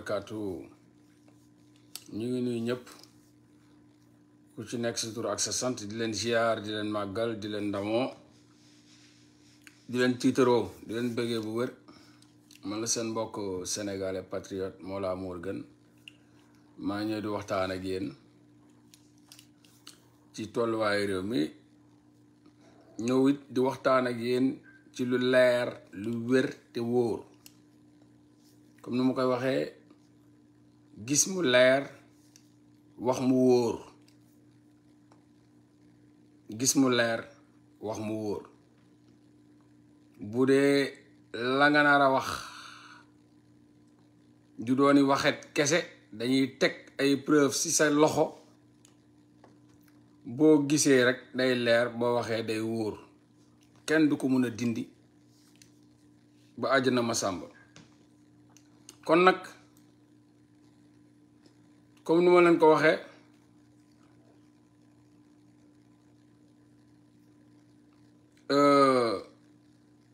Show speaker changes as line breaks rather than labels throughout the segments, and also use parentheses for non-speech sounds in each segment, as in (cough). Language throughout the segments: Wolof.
barakaatu ñu ngi nuyu ñëpp ku ci nekk sa tur sant di leen ziar di leen màggal di leen ndamoo di leen tiitaroo di leen bëggee bu wër man la seen mbokk sénégalais moo la Morgun maa ñëw di waxtaan ak yéen ci tolluwaayu réew mi ñëw it di waxtaan ak yéen ci lu leer lu wér te wóor comme ni ma koy waxee gis mu leer wax mu wóor gis bu dee la nga nar wax ju dooni waxet kese dañuy teg ay preuve ci sa loxo boo gisee rek day leer boo waxee day wóor kenn du ko mën a dindi ba àjjana ma sàmb kon nag comme nu ma leen ko waxee euh,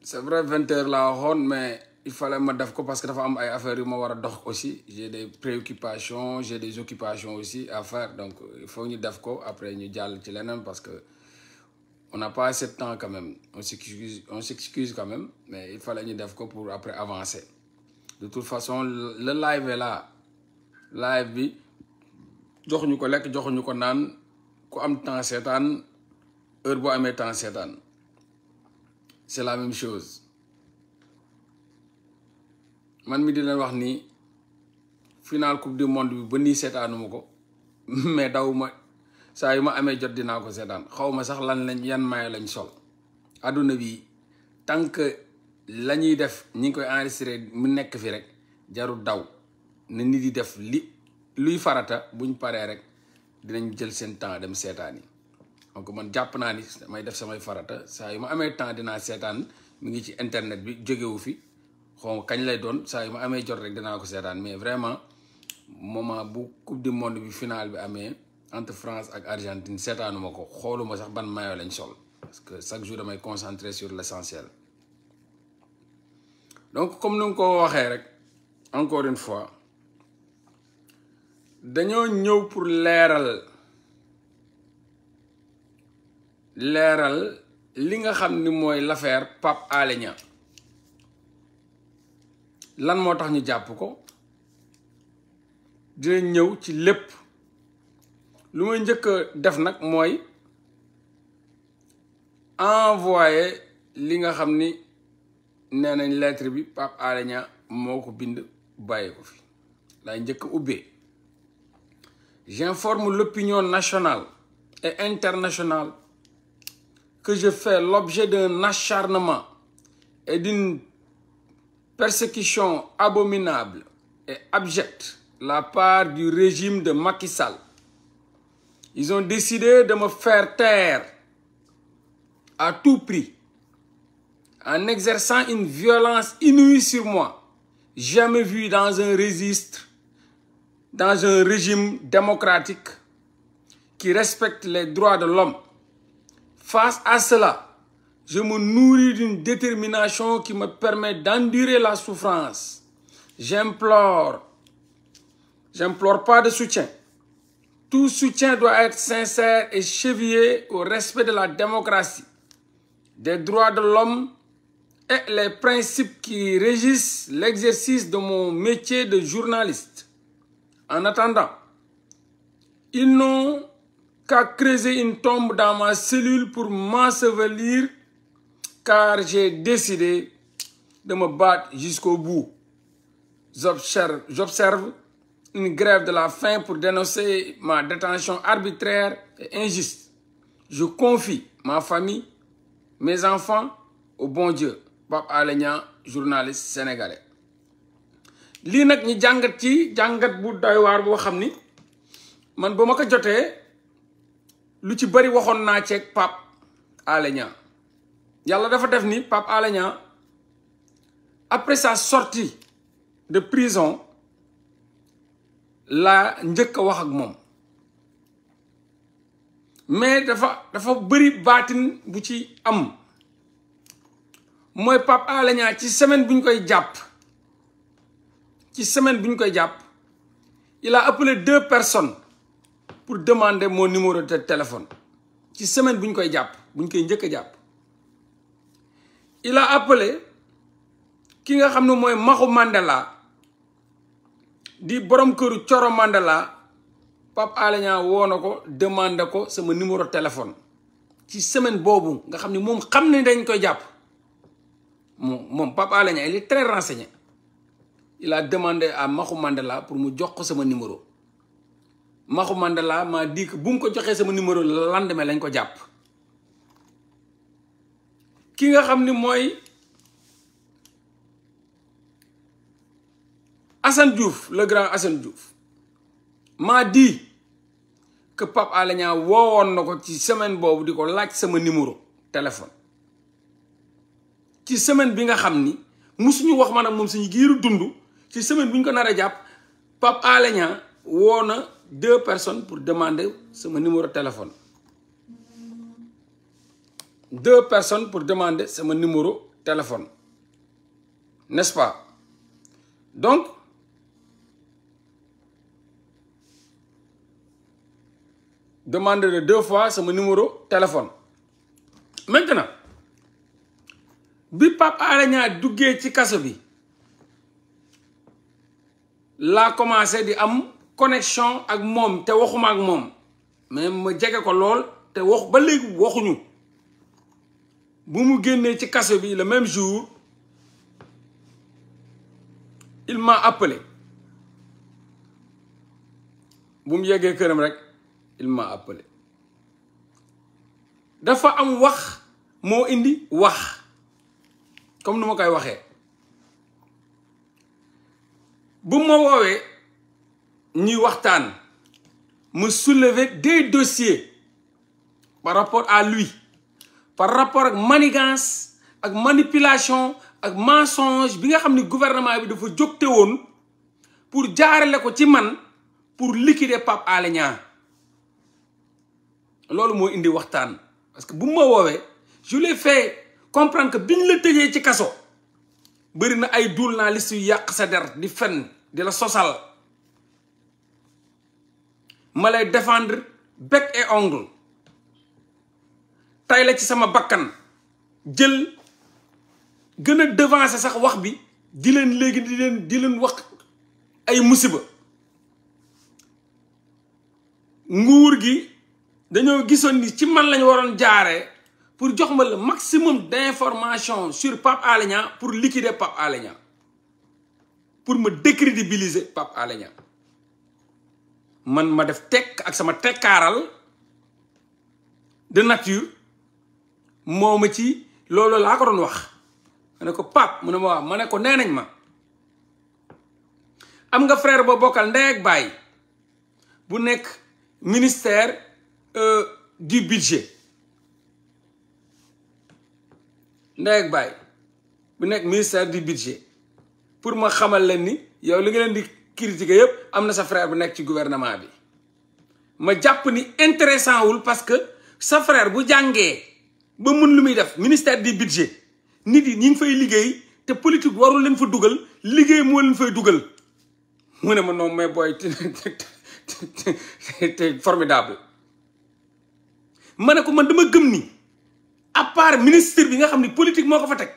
c'est vrai vingt heures laa waxoon mais il fallait ma def ko parce que dafa am ay affaires yu ma war a dox aussi j'ai des préoccupations j'ai des occupations aussi à faire donc il faut ñu def ko après ñu jàll ci leneen parce que on n'a pas assez de temps quand on s'excuse on s'excuse quand même mais il fallait ñu def ko pour après avancer de toute façon le live est là live bi joxuñu ko lekk joxuñu ko naan ku am temps seetaan heure boo amee temps seetaan c'est la même chose man mi dina wax ni final coupe du monde bi ba nii seetaanuma ko (laughs) mais daw ma saa yu ma amee jot dinaa ko seetaan xaw ma sax lan lañ yan maay lañ sol àdduna bi tant que la ñuy def ñi ngi koy enregistré mu nekk fi rek jarul daw na nit di def li luy farata buñ paree rek dinañ jël seen temps dem seetaan yi donc man jàpp naa ni may def samay farata saa yu ma amee temps dinaa seetaan mi ngi ci internet bi jógewu fi xaw kañ lay doon saa yu ma amee jot rek dinaa ko seetaan mais vraiment moment bu coupe du monde bi finale bi amee entre France ak Argentine seetaanuma ko xooluma sax ban maillot lañ sol parce que chaque jour may concentré sur l'essentiel donc comme nu nga ko waxee rek encore une dañoo ñëw pour leeral leeral li nga xam ni mooy l'affaire Pape aleña lan moo tax ñu jàpp ko dina ñëw ci lépp lu may njëkk a def nag mooy envoyé li nga xam ni nee nañ lettre bi Pape Alé moo ko bind bàyyi ko fi laay njëkk a J'informe l'opinion nationale et internationale que je fais l'objet d'un acharnement et d'une persécution abominable et abjecte de la part du régime de Macky Sall. Ils ont décidé de me faire taire à tout prix en exerçant une violence inouïe sur moi, jamais vue dans un registre dans un régime démocratique qui respecte les droits de l'homme. Face à cela, je me nourris d'une détermination qui me permet d'endurer la souffrance. J'implore, j'implore pas de soutien. Tout soutien doit être sincère et chevillé au respect de la démocratie, des droits de l'homme et les principes qui régissent l'exercice de mon métier de journaliste. En attendant, ils n'ont qu'à creuser une tombe dans ma cellule pour m'ensevelir, car j'ai décidé de me battre jusqu'au bout. J'observe une grève de la fin pour dénoncer ma détention arbitraire et injuste. Je confie ma famille, mes enfants au bon Dieu. Pape Alenia, journaliste sénégalais. lii nag ñu jàngat ci jàngat bu doy waar boo xam ni man ba ma ko jotee lu ci bari waxoon naa ceeg Pape Alé yàlla dafa def ni Pape Alé après sa sorti de prison laa njëkk a wax ak moom mais dafa dafa bëri baatin bu ci am mooy Pape Alé ci semaine buñ koy jàpp ci semaine bu ñu koy jàpp il a appelé deux personnes pour demander moo numéro de téléphone ci semaine bu ñu koy jàpp bu ñu koy jëkk a jàpp il a ki nga xam ne mooy Maxu Mandela di borom këru Coro Mandela Pape Alé Niang woo na ko demandé ko sama numéro téléphone ci semaine boobu nga xam ne moom xam ne dañ koy jàpp moom moom Pape Alé Niang il laa demande demandé à Mahou Mandela pour mu jox ko sama numéro Mahou Mandela m'a dit que bu mu ko joxee sama numéro lendemain lañ ko jàpp ki nga xam ni mooy Assane Diouf le grand Assane Diouf m'a dit que Pape Alé woowoon na ko ci semaine boobu di ko laaj sama numéro téléphone ci semaine bi nga xam ni musuñu wax maanaam moom suñu giiru dund ci semaine bu ñu ko nar a jàpp Pape Alé Niang woo na deux personnes pour demande sama numéro téléphone deux personnes pour demander sama numéro téléphone n'est-ce donc demandé na deux fois sama numéro téléphone maintenant bi Pape Alé duggee ci kaso bi laa commencé di am connexion ak moom te waxuma ak moom mais ma jege ko lool te wax ba léegi waxuñu bu mu génnee ci kaso bi la même jour il m'a bu mu yeggee këram rek il m'a dafa am wax moo indi wax comme nu ma koy waxee bu ma woowee ñuy waxtaan mu soulever de dossiers par rapport à lui par rapport ak manigance ak manipulation ak mensonge bi nga xam ni gouvernement bi dafa jógte woon pour jaarale ko ci man pour liquider Pape Alé loolu moo indi waxtaan parce que bu ma woowee je l'ai fait comprendre que biñ la tëjee ci kaso bëri na ay journaliste yu yàq sa der di fen di la sosal ma lay défendre bec et ongle tay la ci sama bakkan jël gën a devancer sax wax bi di leen léegi di leen di leen wax ay musiba nguur gi dañoo gisoon ni ci man lañ waroon jaare pour jox ma le maximum d'information sur Pape Alé pour liquider Pape Alé pour ma décrédibiliser Pape Alé Niang man ma def tekk ak sama tekkaaral de nature moo ma ci loolu laa ko doon wax ma ne ko Pape mu ne ma waaw ma ne ko nee nañ ma am nga frère boo bokkal ndey ak baay bu nekk ministère euh, du budget ndey ak baay bu nekk ministère du budget pour ma xamal leen ni yow li nga leen di critiquer yëpp am na sa frère bu nekk ci gouvernement bi ma jàpp ni intéressant wul parce que sa frère bu jàngee ba mun lu muy def ministère du budget nit yi ñi ngi fay liggéey te politique warul leen fa dugal liggéey moo leen fay dugal mu ne ma noom mais booy (laughs) te formidable ma ne ko man dama gëm ni à part bi nga xam ni politique moo ko fa teg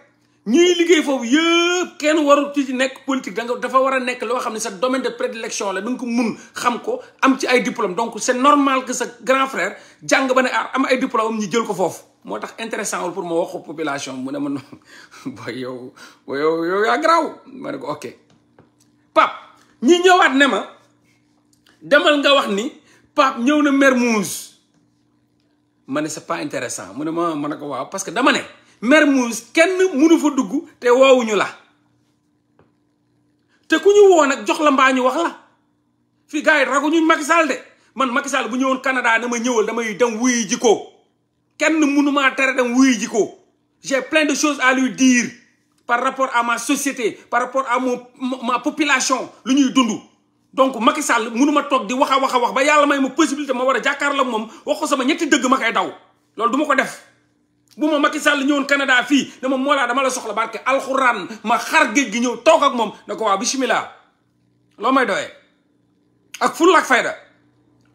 ñuy liggéey foofu yëpp kenn warul ci nekk politique danga dafa war a nekk loo xam ne sa domaine de prédilection la da ko mun xam ko am ci ay diplôme donc c'est normal que sa grand frère jàng ba ne ah, am ay diplôme ñu jël ko foofu moo tax intéressant wul pour ma wax ko population mu ne ma non (laughs) ba yow yow yow yaa ma ne ko ok Pape ñi ñëwaat ne ma demal nga wax ni Pape ñëw na Mermoz ma ne c'est pas intéressant mu ne ma ma ne ko waaw parce que dama ne Mermoz kenn mënu fa dugg te woowuñu la te ku ñu woo nag jox la mbaa ñu wax la fii gars yi raguñu Macky Sall de man Macky Sall bu ñëwoon Canada dama ñëwal damay dem wuyu ji ko kenn mënumaa tere dem wuyu ji ko j'ai de choses à lui dire par rapport a ma société par rapport à mon ma population lu ñuy dundu donc Macky Sall mënuma toog di wax a wax a wax ba yàlla may ma possibilité ma war a jàkkaarloo moom wax ko sama ñetti dëgg ma koy daw loolu duma ko def bu ma Macky Sall ñëwoon Canada fii dama ma Mollah dama la soxla barke alxuraan ma xar géej gi ñëw toog ak moom ne ko waaw bisimilah loo may doyee ak fulla ak fayda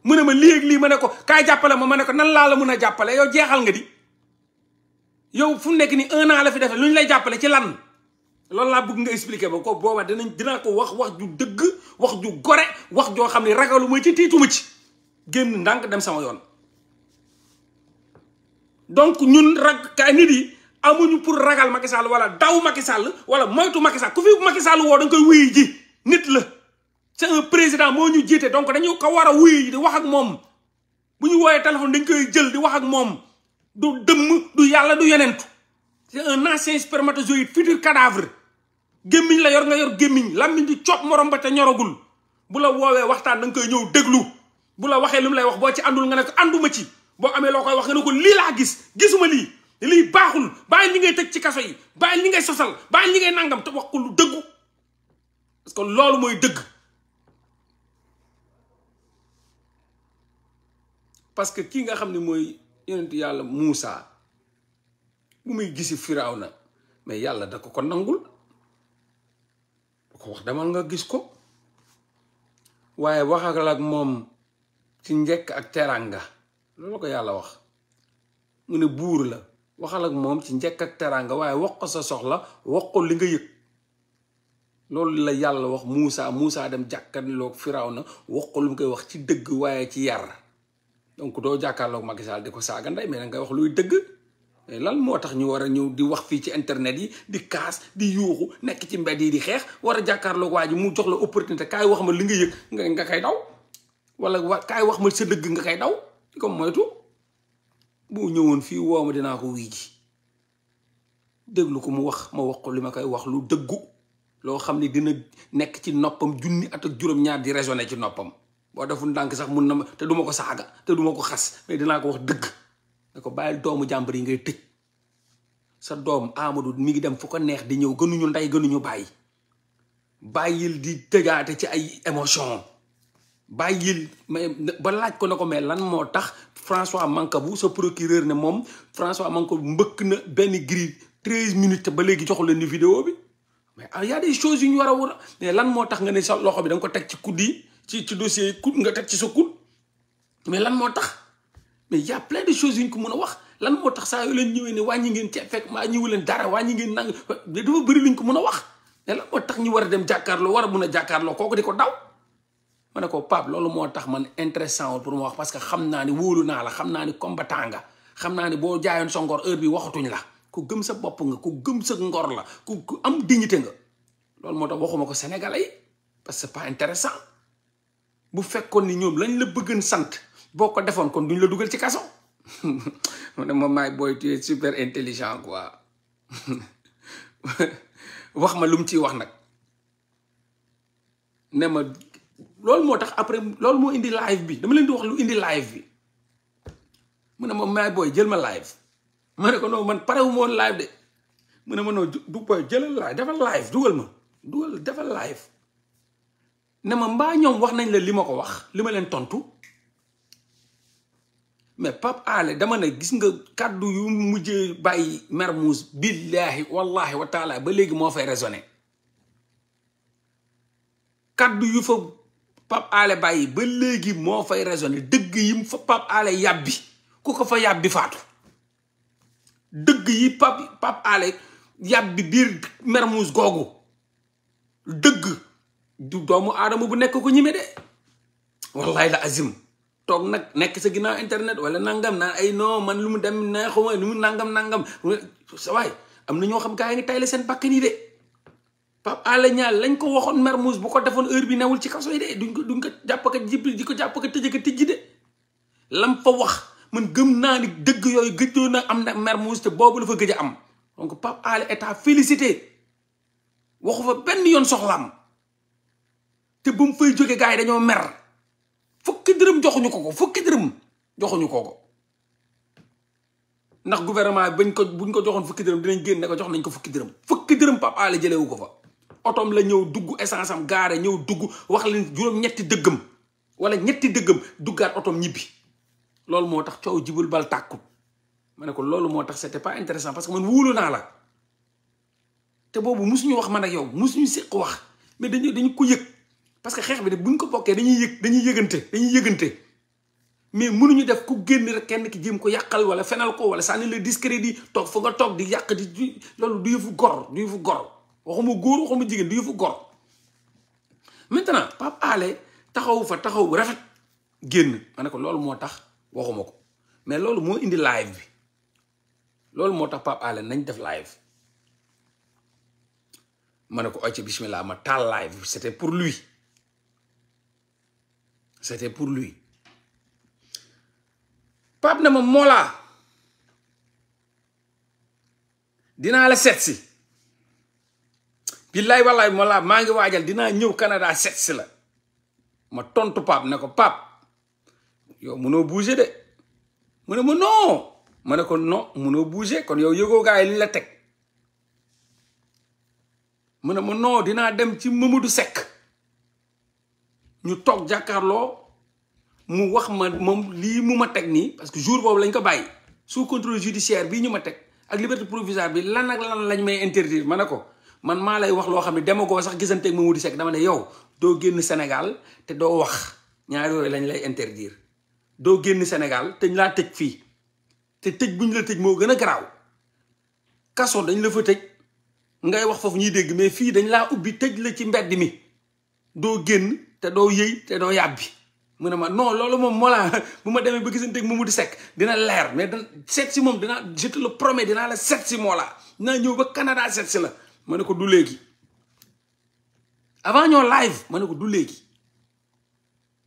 mu ne ma lii ak lii ma ne ko kaa jàppale ma ma ne ko nan laa la mun a jàppale yow jeexal nga di yow fu nekk nii un la fi defee lu ñu lay jàppale ci lan loolu laa bëgg nga expliquer ba ko booba dinañ dinaa ko wax wax ju dëgg wax ju gore wax joo xam ni ragalu ma ci tiituma ci génn ndànk dem sama yoon donc ñun rag kaay nit yi amuñu pour ragal Macky Sall wala daw Macky Sall wala moytu Macky Sall ku fi Macky Sall woo da nga koy wuyu ji nit la c'est un président moo ñu jiite donc dañu ko war a wuyu di wax ak moom bu ñu wooyee téléphone dañ koy jël di wax ak moom du dëmm du yàlla du yenentu c'est un ancien spermatozoïde futur cadavre gémmiñ la yor nga yor gémmiñ lammiñ di coob morom ba te ñoragul bu la woowee waxtaan da koy ñëw déglu bu la waxee lu mu lay wax boo ci àndul nga ne ko ci boo amee loo koy wax nga ne ko lii laa gis gisuma lii lii baaxul bàyyi li ngay tëj ci kaso yi bàyyi li ngay sosal bàyyi li ngay nangam te wax ko lu dëggu parce loolu mooy dëgg parce que kii nga xam ne mooy yonentu yàlla Muusa bu muy gisi firaaw na mais yàlla da ko ko nangul ko wax demal nga gis ko waaye waxal ak moom ci njëkk ak teranga loolu la ko yàlla wax mu ne buur la waxal ak moom ci njëkk ak teraanga waaye wax ko sa soxla wax ko li nga yëg loolu la yàlla wax Moussa muusa dem jàkkaarloog Firawna wax ko lu mu koy wax ci dëgg waaye ci yar donc doo jàkkaarloog Macky Sall di ko saaga nday mais da ngay wax luy dëgg lan moo tax ñu war a ñëw di wax fii ci internet yi di kaas di yuuxu nekk ci mbedd yi di xeex war a jàkkaarloog waa ji mu jox la opportunité kaay wax ma li nga yëg nga kay daw wala kaay wax ma sa dëgg nga kay daw. di ko moytu bu ñëwoon fii woo ma dinaa ko wii ji déglu ko mu wax ma wax ko li ma koy wax lu dëggu loo xam ne dina nekk ci noppam junni at ak juróom-ñaar di raisonné ci noppam boo deful ndànk sax mun na ma te duma ko saaga te duma ko xas mais dinaa ko wax dëgg ne ko bàyyil doomu jàmbur yi ngay tëj sa doom Amadou mi ngi dem fu ko neex di ñëw gënuñu ndey gënuñu bàyyi bàyyil di tëjaate ci ay émotion bàyyil mais ba laaj ko na ko mais lan moo tax François Mancabou sa procureur ne moom François bu mbëkk na benn grille treize minutes ba léegi joxu leen ni vidéo bi mais ah, y a yu ñu war a war mais lan moo tax nga ne sa loxo bi da ko teg ci coude ci ci dossier yi nga teg ci sa coude mais lan moo tax mais y a plein de choses yu ñu ko mën a wax lan moo tax saa leen ñëwee ne wàññi ngeen ceeb fekk maa ñëwu leen dara wàññi ngeen nang mais dafa ko mën a wax mais tax ñu war a dem jàkkaarloo war a mun a jàkkaarloo kooku di ko daw ma ne ko Pape loolu moo tax man intéressant pour ma wax parce que xam naa ni wóolu naa la xam naa ni combattant nga xam naa ni boo jaayoon sa ngor heure bi waxatuñ la ku gëm sa bopp nga ku gëm sa ngor la ku am dignité nga loolu moo tax waxuma ko Sénégalais yi parce que c'est pas intéressant bu fekkoon ni ñoom lañ la bëggan sant boo ko defoon kon duñ la dugal ci kaso (laughs) mu ne ma booy tu es super intelligent quoi
(laughs)
wax ma lu mu ciy wax nag ne ma loolu moo tax après loolu moo indi live bi dama leen di wax lu indi live bi mu ne ma may booy jël ma live ma ne ko non man pare wu ma de mu ne ma non du booy jëlal live dugal ma dugal defal live ne ma mbaa ñoom wax nañ la li ma ko wax li ma leen tontu mais Pape ale dama ne gis nga kàddu yu mujjee bàyyi Mermoz billaahi wallahi wa taala ba léegi moo fay raisonné kàddu yu fa. Pape Alé bàyyi ba léegi moo fay raisonné dëgg yi mu fa Pape yàbbi ku ko fa yàbbi faatu dëgg yi Pape yàbbi biir Mermoz googu dëgg du doomu aadama bu nekk ko ñime de wallahi la azim toog nag nekk sa ginnaaw internet wala nangam naa ay non man lu mu dem neexuma lu mu nangam nangam sa waay am na ñoo xam gaa yi ngi tay seen bakkan yi de Pape Alé ñaar lañ ko waxoon Mermoz bu ko defoon heure bi newul ci kaso yi de duñ ko duñ ko jàpp ak jibbi di ko jàpp ak tëj ak tijji de lam fa wax man gëm naa ni dëgg yooyu gëjoon na am na Mermoz te boobu la fa gëj am donc Pape Alé état félicité waxu fa benn yoon soxlaam te bu mu fay jóge gars yi dañoo mer fukki dërëm joxuñu ko ko fukki dërëm joxuñu ko ko ndax gouvernement bi bañ ko buñ ko joxoon fukki dërëm dinañ génn ne ko jox nañ ko fukki dërëm fukki dërëm Pape Alé jëlewu ko fa otom la ñëw dugg essence am gaare ñëw dugg wax leen juróom-ñetti dëggam wala ñetti dëggam duggaat otom ñibbi loolu moo tax coow jibul bal tàkkut ma ne ko loolu moo tax c'était pas intéressant parce que man wóolu naa la te boobu musuñu wax man ak yow musuñu séq wax mais dañu dañu ko yëg parce que xeex bi de buñ ko bokkee dañuy yëg dañuy yëgante dañu yëgante mais mënuñu def ku génn rek kenn ki jéem ko yàqal wala fenal ko wala sànni le discrédit toog fa nga toog di yàq di loolu du yëfu gor du yëfu gor waxuma góor waxuma jigéen du yëfu gor maintenant Pape Alé taxaw fa taxaw rafet génn ma ne ko loolu moo tax waxuma ko mais loolu moo indi live bi loolu moo tax Pape Alé nañ def live ma ne ko occ bismillah ma taal live bi c'était pour lui c'était pour lui Pape na ma Mollah dinaa la seet si billaay wallaay moo maa ngi waajal dinaa ñëw Canada set si la ma tontu pap ne ko pap yow mënoo bouger de mu ne ma non ma ne ko no mënoo bouger kon yow yëgoo gaa yi li la teg mu ne ma non dinaa dem ci Mamadou sekk ñu toog jàkkaarloo mu wax ma moom lii mu ma teg nii parce que jour boobu lañ ko bàyyi sous contrôle judiciaire bii ñu ma teg ak liberté provisoire bi lan ak lan lañ may interdire ma ne ko man maa lay wax loo xam ne demagoo sax gisante ak Mamadou Seck dama ne yow doo génn Sénégal te doo wax ñaar yooyu lañ lay interdire doo génn Sénégal te ñu laa tëj fii te tëj bu ñu la tëj moo gën a garaaw kaso dañ la fa tëj ngay wax foofu ñuy dégg mais fii dañ laa ubbi tëj la ci mbedd mi doo génn te doo yëy te doo yàbbi mu ne ma noo loolu moom moo laa (laughs) bu ma demee ba gisante ak di Seck dina leer mais dina seet si moom dina je te le dinaa la seet si moo laa dinaa ñëw ba Canada seet la ma ne ko du léegi avant ñoo live ma ne ko du léegi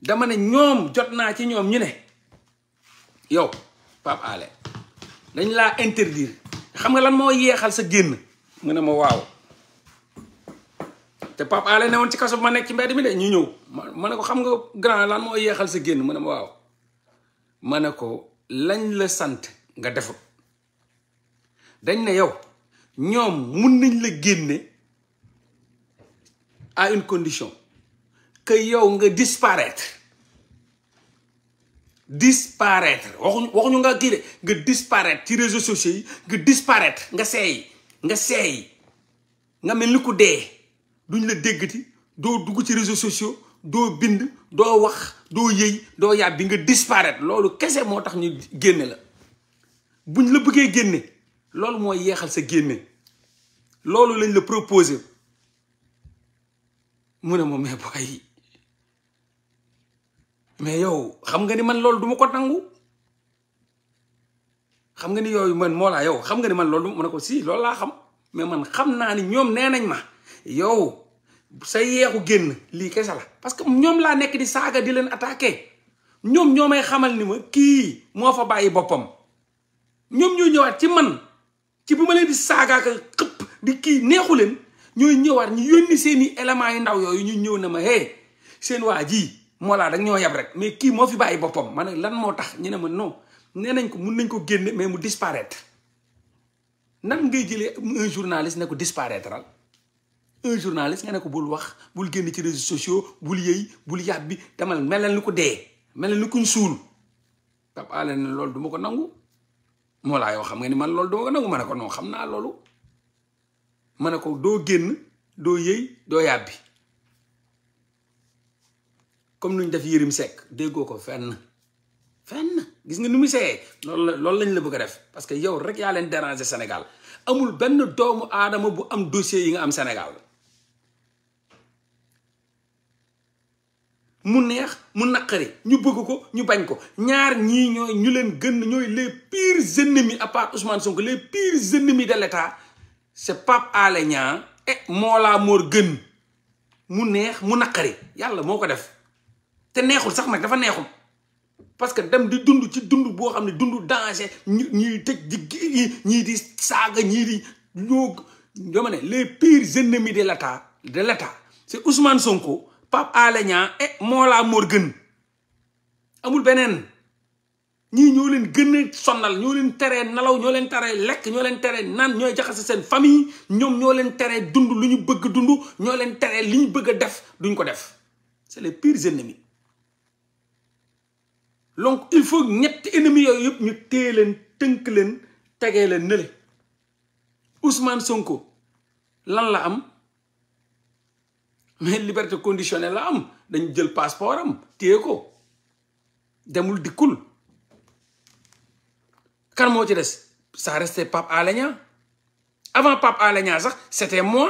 dama ne ñoom jot naa ci ñoom ñu ne yow Pape Alé dañ laa interdire xam nga lan moo yeexal sa génn mu ne ma waaw te Pape Alé ne woon ci kaso ma nekk ci mbedd mi de ñu ñëw ma ne ko xam nga grand lan moo yeexal sa génn mu ne ma waaw ma ne ko lañ la sant nga defut dañ ne yow ñoom mun nañ la génne à une condition que yow nga disparaître disparaître waxuñu waxuñu nga kii de nga disparaître ci réseau sociaux yi nga disparaître nga seey nga seey nga mel ni ku dee duñ la déggti doo dugg ci réseau sociaux doo bind doo wax doo yëy doo yàbbi nga disparaître loolu kese moo tax ñu génne la buñ la bëggee génne loolu mooy yeexal sa génne loolu lañ la proposé mu ne moom mais bàyyi mais yow xam nga ni man loolu duma ko nangu xam nga ni yooyu man moo laa yow xam nga ni man loolu mu ne ko si loolu laa xam mais man xam naa ni ñoom nee nañ ma yow sa yeexu génn lii kese la parce que ñoom laa nekk di saaga di leen attaqué ñoom ñoo may xamal ni ma kii moo fa bàyyi boppam ñoom ñoo ñëwaat ci man ci bi ma leen di saagaaka xëpp di kii neexu leen ñooy ñëwaat ñu yónni seeni i yu ndaw yooyu ñu ñëw na ma hé seen waa ji Mollah da ñoo yab rek mais kii moo fi bàyyi boppam ma ne lan moo tax ñu ne ma non nee nañ ko mun nañ ko génne mais mu disparaître nan ngay jëlee un journaliste ne ko disparaître al un journaliste nga ne ko bul wax bul génn ci réseaux sociaux bul yëy bul yàbbi demal melal ni ko dee melal ni kuñ suul tab aale ne loolu duma ko nangu moo laa yoo xam nga ni man loolu doo ko nangu ma ne ko non xam naa loolu ma ne ko doo génn doo yëy doo yàbbi comme ñu def yërim sekk déggoo ko fenn fenn gis nga ni muy seeyee loolu la loolu lañ la bëgg a def parce que yow rek yaa leen déranger Sénégal amul benn doomu aadama bu am dossier yi nga am Sénégal mu neex mu naqari ñu bëgg ko ñu bañ ko ñaar ñii ñooy ñu leen gën ñooy les pires ennemis à part Ousmane Sonko les pires ennemis de l'État c'est Pape Alé Niang et Mollah Morgun mu neex mu naqari yàlla moo ko def te neexul sax nag dafa neexul parce que dem di dund ci dund boo xam ne dund danger ñu ñuy tëj di ñii di saaga ñii di ñoo dama les pires ennemis de l'État de l'État c'est Ousmane Sonko Pape Alé Niang et eh, moor gën amul beneen ñii ñoo leen gën a sonal ñoo leen teree nelaw ñoo leen tere lekk ñoo leen teree naan ñooy jaxase seen famille ñoom ñoo leen teree dund lu ñu bëgg dund ñoo leen teree li ñu bëgg a def duñ ko def c'est les pires ennemis donc il faut ñetti ennemis yooyu yëpp ñu téye leen tënk leen tegee leen nële Ousmane Sonko lan la am mais liberté conditionnelle la am dañ jël passeport am téye ko demul dikkul kan moo ci des ça restait Pape Alé Niang avant pap Alé sax c'était moi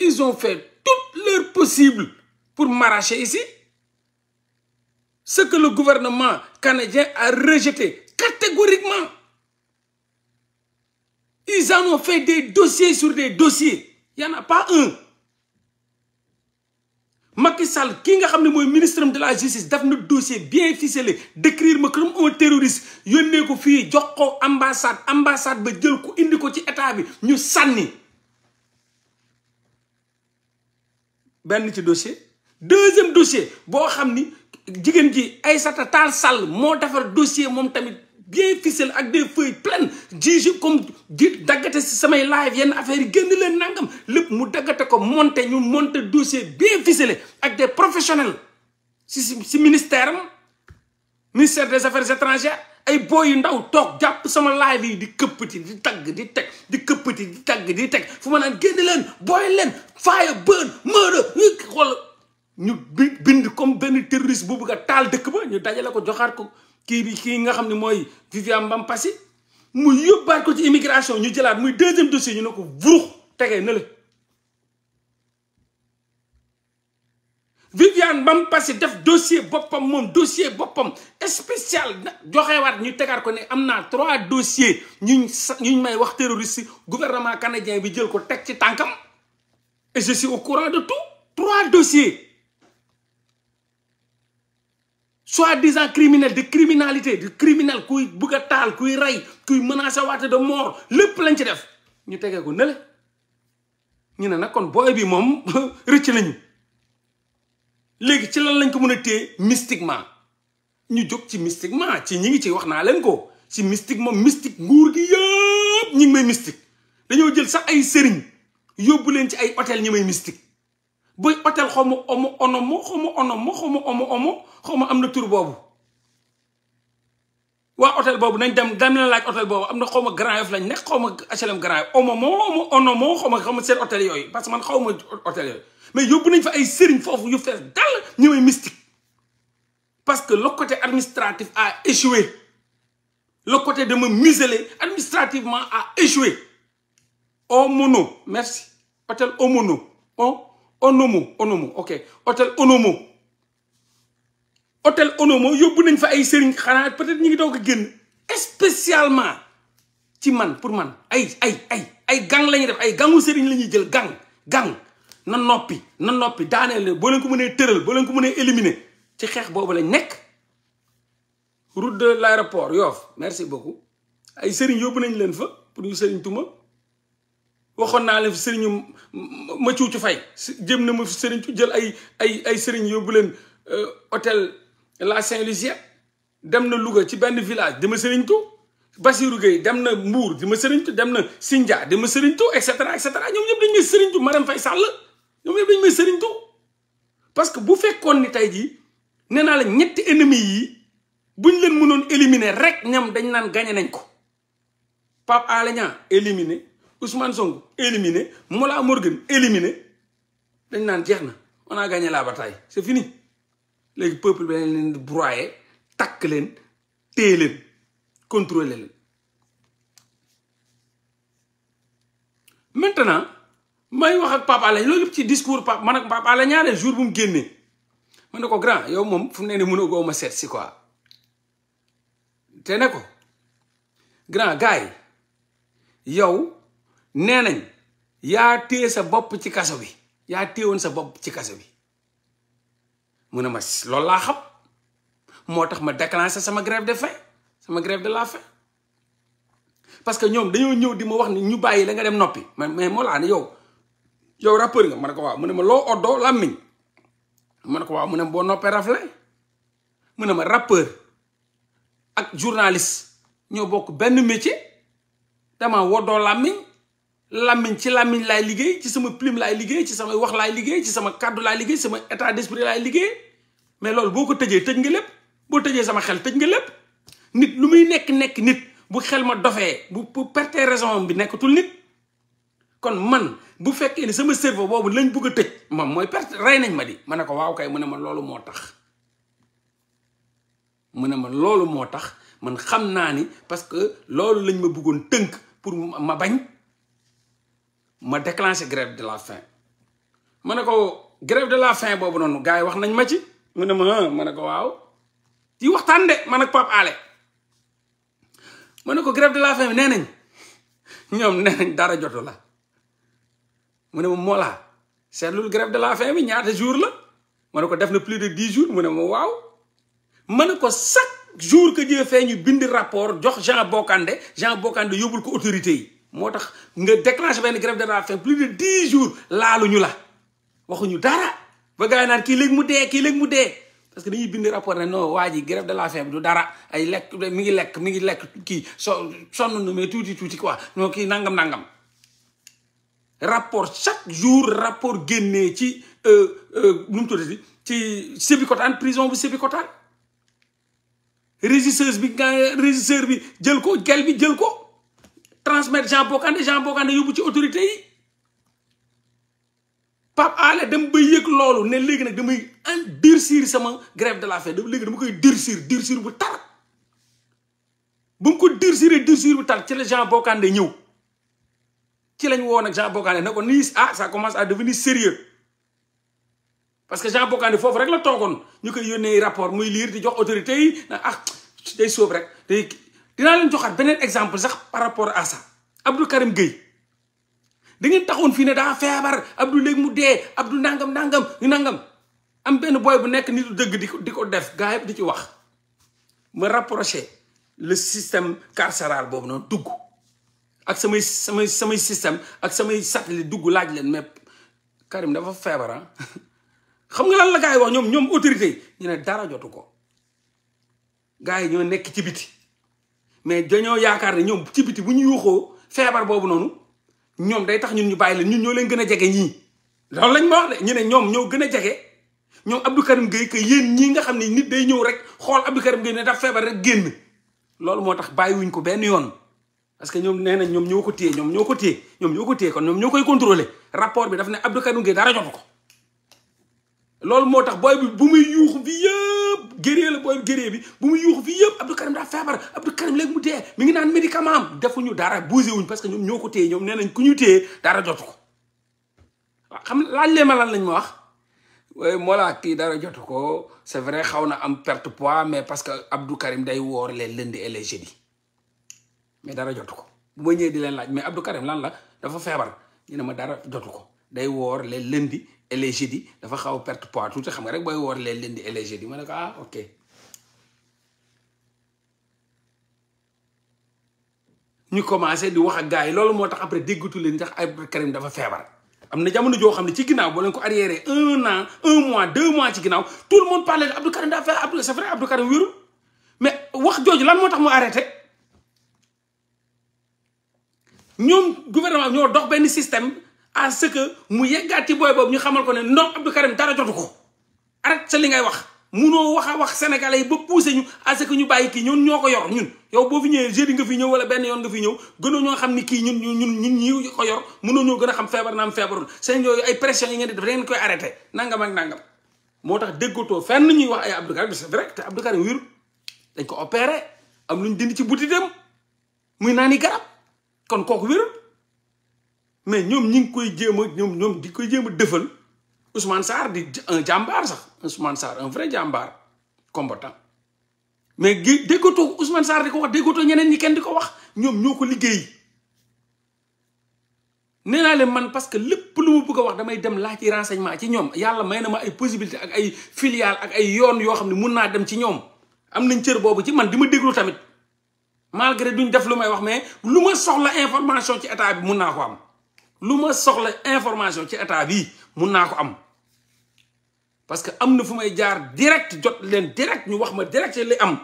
ils ont fait tout leur possible pour m'arracher ici ce que le gouvernement canadien a rejeté catégoriquement ils en ont fait des dossiers sur des dossiers il y en a pas un Macky Sall ki nga xam ne mooy ministre de la justice daf na dossier bien ficelé décrire ma comme un terroriste yónnee ko fii jox ko ambassade ambassade ba jël ko indi ko ci état bi ñu sànni benn ci dossier. deuxième dossier boo xam ni jigéen ji Aïssata Tall Sall moo defar dossier moom tamit bien ficelé ak des feuilles pleines jige comme di daggate si samay live yenn affaires yi génn leen nangam lépp mu daggate ko monté ñu monté dossier bien ficelé ak des professionnels si si ministère am ministère des affaires étrangères ay booy yu ndaw toog jàpp sama live yi di këppati di tagg di teg di këppati di tagg di teg fu ma naan génn leen booy leen fire burn murder xool ñu bind comme benn terroriste bu bëgg a taal dëkk ba ñu dajale ko joxaat ko kii bi kii nga xam ne mooy Viviane Bampasi mu yóbbaat ko ci immigration ñu jëlaat muy deuxième dossier ñu ne ko vurux tegee na la Viviane Bampasi def dossier boppam moom dossier boppam spécial joxewaat ñu tegaat ko ne am naa trois ñu ñuñ ñuñ may wax terroriste gouvernement canadien bi jël ko teg ci tànkam et je suis au courant de tout trois dossiers soi-disant criminel de criminalité du criminel kuy bëgg a taal kuy rey kuy menacé waate de mort lépp lañ ci def ñu tegee ko nële ñu ne nag kon booy bi moom (laughs) rëcc nañu léegi ci lan lañ ko mën a téye mystiquement ñu jóg ci mystiquement ci ñi ngi ci wax naa leen ko ci mystique moom mystique nguur gi yëpp ñi ngi may mystique dañoo jël sax ay sëriñ yóbbu leen ci ay hôtel ñi may mystique buy hôtel xaw ma omo onomo xaw ma onomo xaw ma omo omo xaw ma am na tur boobu waa hôtel boobu nañ dem dem na laaj hôtel boobu am na xaw ma Grand Yoff lañ nekk xaw ma HLM Grand Yoff omo moo omo onomo xaw ma xaw ma seen hôtel yooyu parce que man xaw ma hôtel yooyu mais yóbbu nañ fa ay sëriñ foofu yu fees dal ñëwee mystique parce que le côté administratif a échoué le côté de me museler administrativement a échoué Omono merci hôtel Omono o Onomo Onomo ok hôtel Onomo hôtel Onomo yóbbu nañ fa ay sëriñ xanaa peut-être ñu ngi doog a génn spécialement ci man pour man ay ay ay ay gang lañuy def ay gangu sëriñ la ñuy jël gang gang na noppi na noppi daaneel leen boo leen ko mënee tëral boo leen ko mënee éliminer ci xeex boobu lañ nekk route de l'aéroport Yoff merci beaucoup ay sëriñ yóbbu nañ leen fa pour ñu sëriñ tuma waxoon naa leen fi sëriñu ma cuucu fay jëm na ma fi sëriñ jël ay ay ay sëriñ yóbbu leen euh, hôtel la Saint-Lucien dem na Louga ci benn village dama sëriñtu Basirou Gueye dem na Mbour ma sëriñtu dem na Sindia dama sëriñtu et cetera et cetera ñoom ñëpp dañ may sëriñtu Marème Faye Sall ñoom ñëpp dañ may sëriñtu parce que bu fekkoon ni tey jii nee naa la ñetti ennemis yi buñ leen mënoon éliminer rek ñam dañ naan gañe nañ ko Pape Alé Niang éliminé Ousmane Sonko éliminé Mollah Morgun éliminé dañ naan jeex na on a gagné la bataille c'est fini léegi peuple bi leen di takk leen téye leen contrôler leen maintenant may wax ak Pape Alé loolu yëpp ci discours Pape man ak Pape Alé ñaare jour bu mu génnee man ne ko grand yow moom fu mu ne nii mënoo ko ma seet si quoi te ne ko grand gars yow nee nañ yaa téye sa bopp ci kaso bi yaa téye téyewoon sa bopp ci kaso bi mun ne ma loolu laa xam moo tax ma déclenché sama grève de faim sama grève de la faim parce que ñoom dañoo ñëw di ma wax ni ñu bàyyi la nga dem noppi mais mais moo laa ne yow yow rappeur nga ma ne ko waaw mun ne ma loo oddoo làmmiñ ma ne ko waaw mu ne ma boo noppee rafle mu ne ma rappeur ak journalist ñoo bokk benn métier dama woddoo làmmiñ làmmiñ ci làmmiñ laay liggéey ci sama plume laay liggéey ci sama wax laay liggéey ci sama kàddu laay liggéey sama état d'esprit laay liggéey mais loolu boo ko tëjee tëj nga lépp boo tëjee sama xel tëj nga lépp nit lu muy nekk nekk nit bu xel ma dofee bu bu perte raison bi nekkatul nit kon man bu fekkee ni sama cerveau boobu lañ bëgg a tëj moom mooy perte rey nañ ma di ma ne ko waaw kay mu ne ma loolu moo tax mu ne ma loolu moo tax man xam naa ni parce que loolu lañ ma bëggoon tënk pour ma bañ ma déclenché grève de la faim ma ne ko grève de la faim boobu noonu gars yi wax nañ ma ci mu ne ma ma ne ko waaw di waxtaan de man ak Pape Alé ma ne ko grève de la faim bi nee nañ ñoom nee nañ dara jotu la mu ne ma Mollah seetlul grève de la faim bi ñaata jour la ma ne ko def na plus de dix jours mu ne ma waaw ma ne ko chaque jour que Dieu fait ñu bind rapport jox Jean Bokandé Jean Bokandé yóbbul ko autorité yi moo tax nga déclenché benn grève de la faim plus de dix jours laaluñu la waxuñu dara ba gaay naan kii léegi mu dee kii léeg mu dee parce que dañuy bind rapport ne non waa ji grève de la faim du dara ay lekk mi ngi lekk mu ngi lekk kii so sonn nu mais tuuti tuuti quoi non kii nangam nangam. rapport chaque jour rapport génnee ci euh, euh, nu mu tuddati ci Sébikotane prison bu Sébikotane régisseur bi nga régisseur bi jël ko gel bi jël ko. transmettre Jean Bocandé Jean Bocandé yóbbu ci autorité yi Pape Alé dem ba yëg loolu ne léegi nag damay en durcir sama grève de la faim léegi dama koy durcir durcir bu tar ko durciree durcir bu tar ci la Jean Bocandé ñëw ci lañ woo nag Jean Bocandé ne ko nii ah commence à devenir sérieux parce que Jean Bocandé foofu rek la toogoon ñu koy yónnee rapport muy liir di jox autorité yi ah day sóob rek dinaa leen joxaat beneen exemple sax par rapport à ça Abdou Karim Gueye da ngeen taxoon fii ne daa feebar Abdou léegi mu dee Abdou nangam nangam nangam am benn boy bu nekk nitu dëgg di ko di ko def gars di ci wax ma rapproché le système carcéral boobu noonu dugg ak samay samay samay système ak samay satellite dugg laaj leen mais Karim dafa feebar ah (laughs) xam nga lan la gars yi wax ñoom ñoom autorité ñu ne dara jotu ko gaa yi ñoo nekk ci biti mais dañoo yaakaar ne ñoom ci biti bu ñu yuuxoo feebar boobu noonu ñoom day tax ñun ñu bàyyi leen ñun ñoo leen gën a jege ñii. loolu lañ ma wax de ñu ne ñoom ñoo gën a jege ñoom Abdou Karim Gueye que yéen ñii nga xam ne nit day ñëw rek xool Abdou Karim Gueye ne daf feebar rek génn loolu moo tax bàyyiwuñ ko benn yoon. parce que ñoom nee nañ ñoom ñoo ko téye ñoom ñoo ko téye ñoom ñoo ko téye kon ñoom ñoo koy contrôler rapport bi daf ne Abdou Karim Gueye dara ko. loolu moo tax booy bu muy yuuxu fii yëpp gérée la booy gérée bi bu muy yuuxu fii yëpp Abdou Karim daa feebar Abdou Karim léegi mu dee mi ngi naan médicament am defuñu dara bougé wuñ parce que ñoom ñoo ko ñoom nee nañ ñu téye dara jotu ko waaw xam laaj leen ma lan lañ ma wax moo laa kii dara jotu ko c'est vrai xaw na am perte pois mais parce que Abdou Karim day woor leen lundi et les jeudi mais dara jotu ko bu ma ñëwee di leen laaj mais Abdou Karim lan la dafa feebar ñu ne ma dara jotu ko day woor les lundi et les jeudi dafa xaw perte poids tuuti xam nga rek booy woor leen lundi et les jeudi ma ne ko ah ok ñu commencé di wax a gars yi loolu moo tax après déggatu leen ndax Abdou Karim dafa feebar am na jamono joo xam ne ci ginnaaw boo leen ko arriéré un an un mois deux mois ci ginnaaw tout le monde parlait Abdou Karim dafa feebar c'est vrai Abdou Karim wéru mais wax jooju lan moo tax mu arrêté ñoom gouvernement ñoo dox benn système à ce que mu yeggaat ci booy boobu ñu xamal ko ne ndox Abdou Karim dara jotu ko arrête sa li ngay wax munoo wax a wax sénégalais yi ba poussé ñu à que ñu bàyyi kii ñun ñoo ko yor ñun yow boo fi ñëwee jeudi nga fi ñëw wala benn yoon nga fi ñëw gënoo ñoo xam ni kii ñun ñun ñu ñi ko yor mënoo ñoo gën a xam feebar naam feebarul seen yooyu ay pression yi ngeen di def da ngeen koy arrêté nangam moo tax déggatoo fenn ñuy wax ay Abdou Karim c'est vrai te Abdou Karim wér dañ ko opéré am lu ñu dindi ci butitam muy naani garab kon kooku wérul mais ñoom ñi ngi koy jéem a ñoom ñoom di koy jéem a dëfal Ousmane Sarr di un jàmbaar sax Ousmane Sarr un vrai jàmbaar combattant mais gi déggatoo Ousmane Sarr di ko wax déggatoo ñeneen ñi kenn di ko wax ñoom ñoo ko liggéey nee naa leen man parce que lépp lu ma bëgg a wax damay dem laaj ci renseignement ci ñoom yàlla may na ma ay possibilité ak ay filiale ak ay yoon yoo xam ne mun naa dem ci ñoom am nañ cër boobu ci man di ma déglu tamit malgré duñ def lu may wax mais lu ma soxla information ci état bi mun naa ko am lu ma soxla information ci état bi mun naa ko am parce que am na fu may jaar direct jot leen direct ñu wax ma direct li am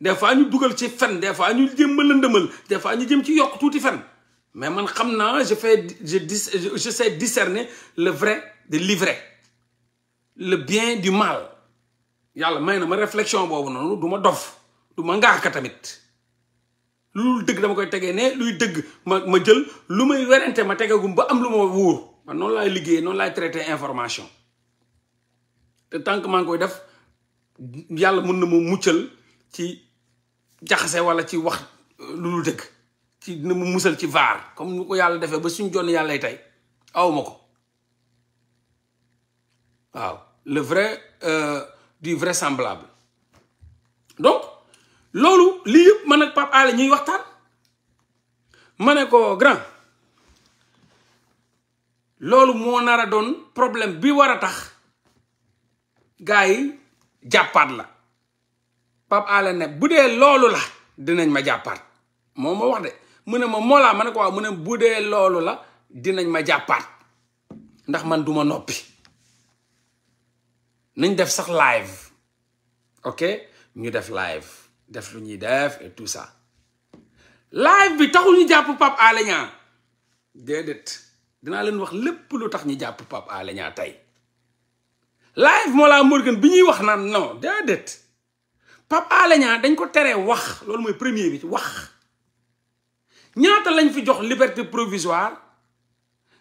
des fois ñu dugal ci fen des fois ñu jëm ma lëndëmal des fois ñu jëm ci yokk tuuti fen mais man xam naa je fais je dis je sais discerner le vrai de l'ivraie le bien du mal yàlla may na ma réflexion boobu noonu du ma dof du ma ngaaka tamit lu dëgg dama koy tegee ne luy dëgg ma ma jël lu may werante ma tegagum ba am lu ma wóor ma noonu laay liggéeyee noonu laay traité information te tant maa ngi koy def yàlla mun na mu muccal ci jaxase wala ci wax euh, lu dëgg ci dina mu musal ci vaar comme nu ko yàlla defee ba suñ jonn yàllay tey aw ko waaw le vrai euh, du vrai semblable loolu lii yëpp man ak Pape ñuy waxtaan ma ne ko grand loolu moo nar a doon problème bi war a tax gaa yi jàppaat na Pape Alé ne bu dee loolu la dinañ ma jàppaat moom ma wax de mu ne ma moolaa ma ne ko waaw mu ne bu dee loolu la dinañ ma jàppaat ndax man duma noppi nañ def sax live ok ñu def live def lu ñuy def et tout ça live bi taxul ñu jàpp Pape Alé Niang déedéet dinaa leen wax lépp lu tax ñu jàpp Pape Alé Niang tey live Mollah Morgun bi ñuy wax naan non déedéet Pape Alé Niang dañ ko teree wax loolu mooy premier bi ci wax ñaata lañ fi jox liberté provisoire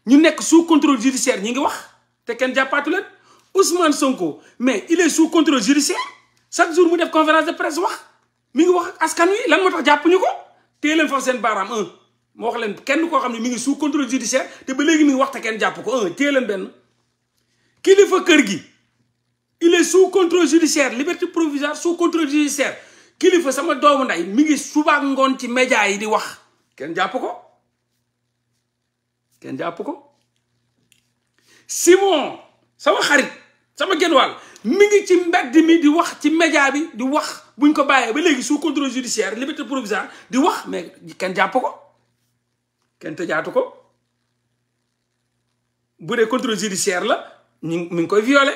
ñu nekk sous contrôle judiciaire ñi ngi wax te kenn jàppaatu leen Ousmane Sonko mais il est sous contrôle judiciaire chaque jour mu def conférence de presse wax mi ngi wax ak askan wi lan moo tax jàppuñu ko téye leen foofu seen baaraam un wax leen kenn koo xam ne mi ngi sous contrôle judiciaire te ba léegi mi ngi kenn jàpp ko un téye kilifa kër gi il est sous contrôle judiciaire liberté provisoire sous contrôle kilifa sama doomu ndey mi ngi suba ngoon ci média yi di wax kenn jàpp ko kenn jàpp ko Simon sama xarit sama genn wàll mi ngi ci mbedd mi di wax ci média bi di wax buñ ko bàyyee ba léegi sous contrôle judiciaire liberté provisoire di wax mais kenn jàpp ko kenn tëjaatu ko bu dee contrôle judiciaire la ñu mi ngi koy viole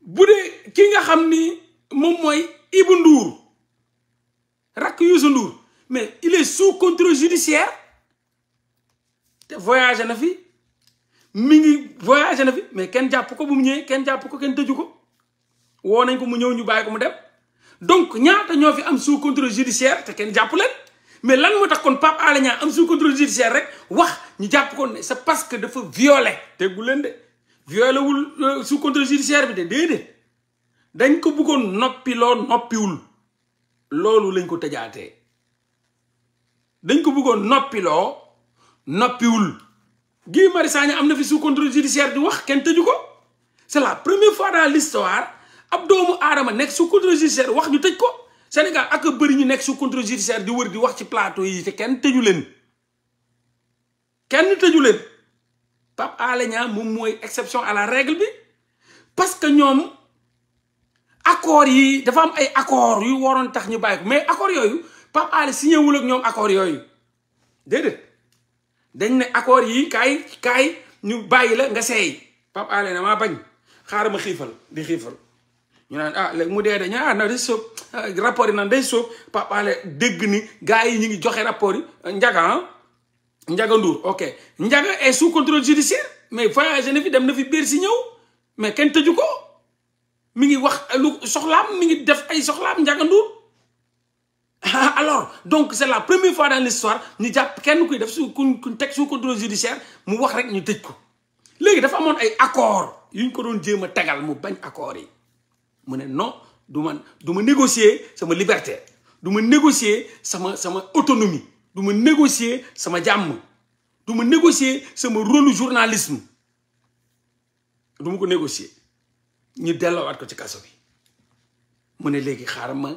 bu dee ki nga xam ni moom mooy Ibou Ndour rakk Youssou Ndour mais il est sous contrôle judiciaire te voyagé na fi mi ngi voyagé na fi mais kenn jàpp ko bu mu ñëwee ko kenn tëju ko woo nañ ko mu ñëw ñu bàyyi ko mu dem donc ñaata ñoo fi am sous contrôle judiciaire te kenn jàpp leen mais lan moo tax kon Pape Alé Niang am sous contrôle judiciaire rek wax ñu jàpp ko ne c'est parce que dafa violé déggu leen de violé wul euh, sous contrôle judiciaire bi de déedéet dañ ko bëggoon noppi loo noppiwul loolu lañ ko tëjaate dañ ko buggoon noppiloo noppiwul Guy Marius Sagna am na fi sous contrôle judiciaire di wax kenn tëju ko c'est la première fois dans l'histoire ab doomu aadama nekk sous contrôle judiciaire wax ñu tëj ko Sénégal ak bëri ñu nekk sous contrôle judiciaire di wër di wax ci plateau yi te kenn tëju leen kenn tëju leen Pape Alé Niang moom mooy exception à la règle bi parce que ñoom accords yi dafa am ay accords yu waroon tax ñu bàyyi ko mais accords yooyu Pape Alé signé wul ak ñoom accords yooyu dañ ne accord yi kaay kaay ñu bàyyi la nga seey Pape Alé na maa bañ xaaral ma xiifal di xiifal ñu naan ah léegi mu dee dañu ah na de sóob ah, rapport yi naan day sóob Pape Alé ni gars yi ñu ngi joxe rapport njaga Ndiaga ah Ndiaga e ok Ndiaga est sous contrôle judiciaire mais voyagé na fi dem na fi biir si ñëw mais kenn tëju ko mi ngi wax lu soxlaam mi ngi def ay soxlaam Ndiaga Ndour (laughs) alors donc c' est la première fois dans l'histoire ñu jàpp kenn kuy def su kuñ kuñ teg sous contrôle judiciaire mu wax rek ñu tëj ko léegi dafa amoon ay accord yu ñu ko doon jéem a tegal mu bañ akoor yi mu ne non du ma du ma négocier sama liberté du ma négocier sama sama autonomie du ma négocier sama jàmm du ma négocier sama rôle journalisme du ma ko négocier ñu delloowaat ko ci kaso bi mu ne léegi xaaral ma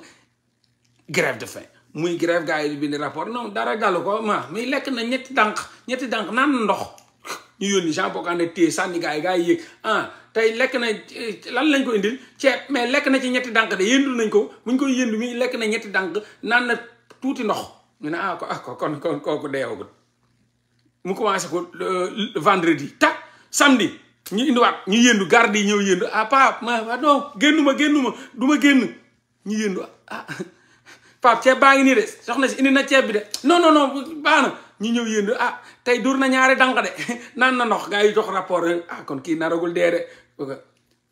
grève de faim muy grève gars yi di rapport non dara gàllu ko ma mais lekk na ñetti dànk ñetti dànk naan na ndox (laughs) ñu yónni Jean Bocandé téye sànni gars yi gars yi ah tey lekk na eh, lan lañ ko indil ceeb mais lekk na ci ñetti dànk de yëndul nañ ko buñ koy yëndu mi lekk na ñetti dànk naan na tuuti ndox ñu ne ah ko ah ko kon kon kooku deewagul mu commencé ko vendredi tak samedi ñu indiwaat ñu yëndu garde yi ñëw yëndu ah papa ma non génnuma génnuma du ma génn ñu yëndu ah, Pape ceeb baa ngi nii de soxna si indi na ceeb bi de non non non baax na ñu ñëw yéen ah tey dur na ñaari dànq de (laughs) naan na ndox gars yi jox rapport ah kon kii naragul dee de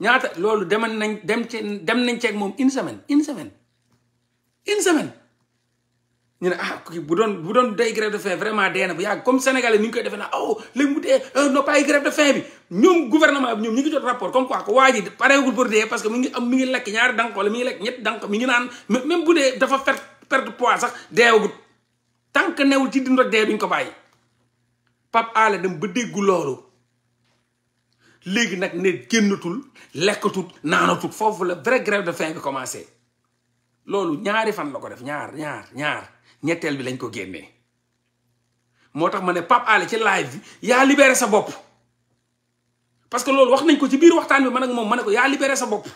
ñaata loolu deman nañ dem ci dem nañ ceeg moom une semaine une semaine une semaine. ñu ne ah bu doon bu doon day grève de faim vraiment dee na bu yàgg comme sénégalais ni ñu koy defee naa oh léegi dee euh, non pas grève de bi ñoom gouvernement bi ñoom ñu ngi jot rapport comme am mi ngi lekk ñaari dank wala mi ngi lekk ñetti dank mi ngi naan même bu dee tant que newul ci dund ak dee duñ ko bàyyi Pape Alé dem ba déggu loolu léegi nag ne génnatul lekkatul naanatul foofu la vrai grève de faim bi commencé loolu ñaari fan la ko def ñaar ñaar ñaar ñetteel bi lañ ko génnee moo tax ma ne Pape ale ci live bi yaa libéré sa bopp parce que loolu wax nañ ko ci biir waxtaan bi man nag moom ma ne ko yaa libéré sa bopp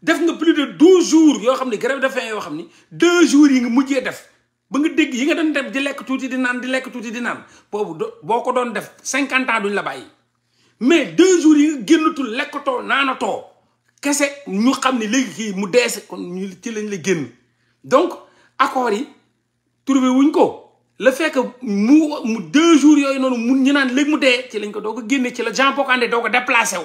def nga plus de douze jours yoo xam ne grève de faim yoo xam ni deux jours yi nga mujjee def ba nga dégg yi nga doon def di lekk tuuti di naan di lekk tuuti di naan boobu boo ko doon def cinquante ans duñ la bàyyi mais deux jours yi nga génnatul lekkatoo naanatoo kese ñu xam ne léegi mu deese kon ñu ci lañ la génn donc accords yi trouvé wuñ ko la fekk mu mu deux jours yooyu noonu mun ñu naan léegi mu dee ci lañ ko doo ko génne ci la Jean Bocandé doo ko déplacé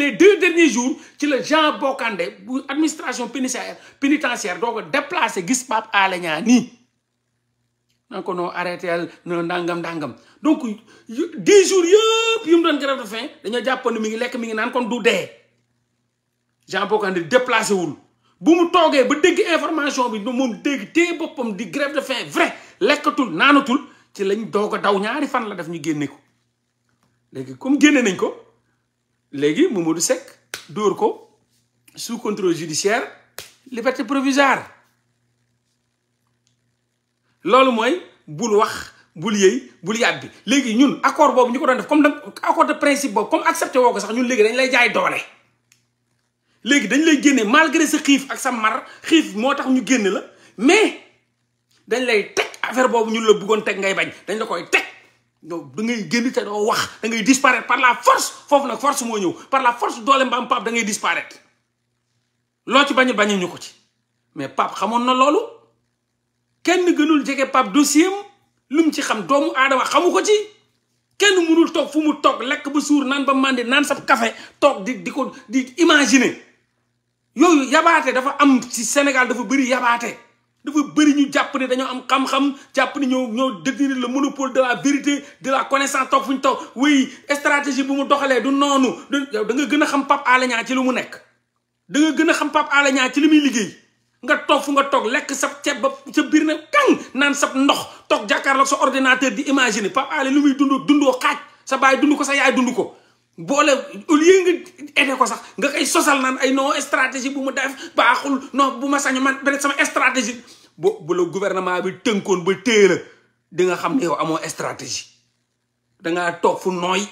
les deux derniers jours ci la Jean Bocandé bu administration pénitentiaire pénitentiaire doo ko déplacé gis Pape Alé Niang nii nan ko noo arrêté no ndàngam ndàngam donc dix jours yëpp yu mu doon grève de faim dañoo jàppoon mi ngi lekk mi ngi naan kon du dee Jean Bocandé déplacé wul bu mu toogee ba dégg information bi moom dégg téye boppam di grève de fin vrai lekkatul naanatul ci lañ doog a daw ñaari fan la def ñu génne ko léegi comme génne nañ ko léegi Mamadou Seck dóor ko sous contrôle judiciaire liberté provisoire loolu mooy bul wax bul yëy bul yàbbi bi léegi ñun accord boobu ñu ko doon def comme da accord de principe boobu comme accepté woo ko sax ñun léegi dañ lay jaay doole léegi dañ lay génne malgré sa xiif ak sa mar xiif moo tax ñu génne la mais dañ lay teg affaire boobu ñun la buggoon teg ngay bañ dañ la koy teg donc da ngay génn te doo wax da ngay disparaître par la force foofu nag force moo ñëw par la force doole mbaam Pape dangay ngay disparaître loo ci bañ bañu ñu ko ci mais Pape xamoon na loolu kenn gënul jege Pape dossier am lu mu ci xam doomu aadama xamu ko ci kenn mënul toog fu mu toog lekk ba suur naan ba màndi naan sa café toog di di ko di imaginer yooyu yabaate dafa am ci Sénégal dafa bëri yabaate dafa bëri ñu jàpp ne dañoo am xam-xam jàpp ne ñoo ñoo la le monopole de la vérité de la connaissance toog fu ñu toog wéy stratégie bu mu doxalee du noonu yow da nga gën a xam Pape Alé ci lu mu nekk da gën a xam Pape ci li muy liggéey nga toog fu nga toog lekk sab ceeb ba sa biir nag kan naan sab ndox toog jàkkaarloog sa ordinateur di imaginer Pape Alé lu muy dund dundoo xaaj sa baay dund ko sa yaay dund ko boole au lieu nga aidé ko sax nga ay sosal naan ay noo stratégie bu ma def baaxul non bu ma sañu man beneen sama stratégie bo bu la gouvernement bi tënkoon ba téye la di nga xam ne yow amoo stratégie dangaa toog fu nooy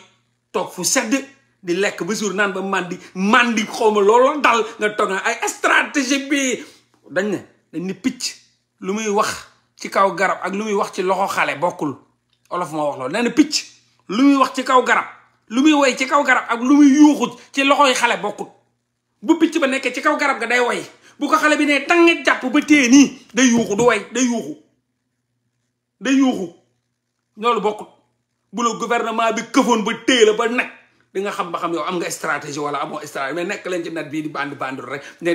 toog fu sedd di lekk ba suur naan ba mandi mandi xaw ma loolu dal nga toog na ay stratégie bi dañ ne dañ ne picc lu muy wax ci kaw garab ak lu muy wax ci loxo xale bokkul olof moo wax loolu nee na picc lu muy wax ci kaw garab lu muy woy ci kaw garab ak lu muy yuuxu ci loxoy xale bokkut bu picc ba nekkee ci kaw garab ga day woy bu ko xale bi ne tànge jàpp ba téye nii day yuuxu du woy day yuuxu day yuuxu loolu bokkut bu la bi këfoon ba téye la ba nag di nga xam ba xam yow am nga stratégie wala amoo stratégie mais nekk leen ci nat bii di bandi bandi rek ne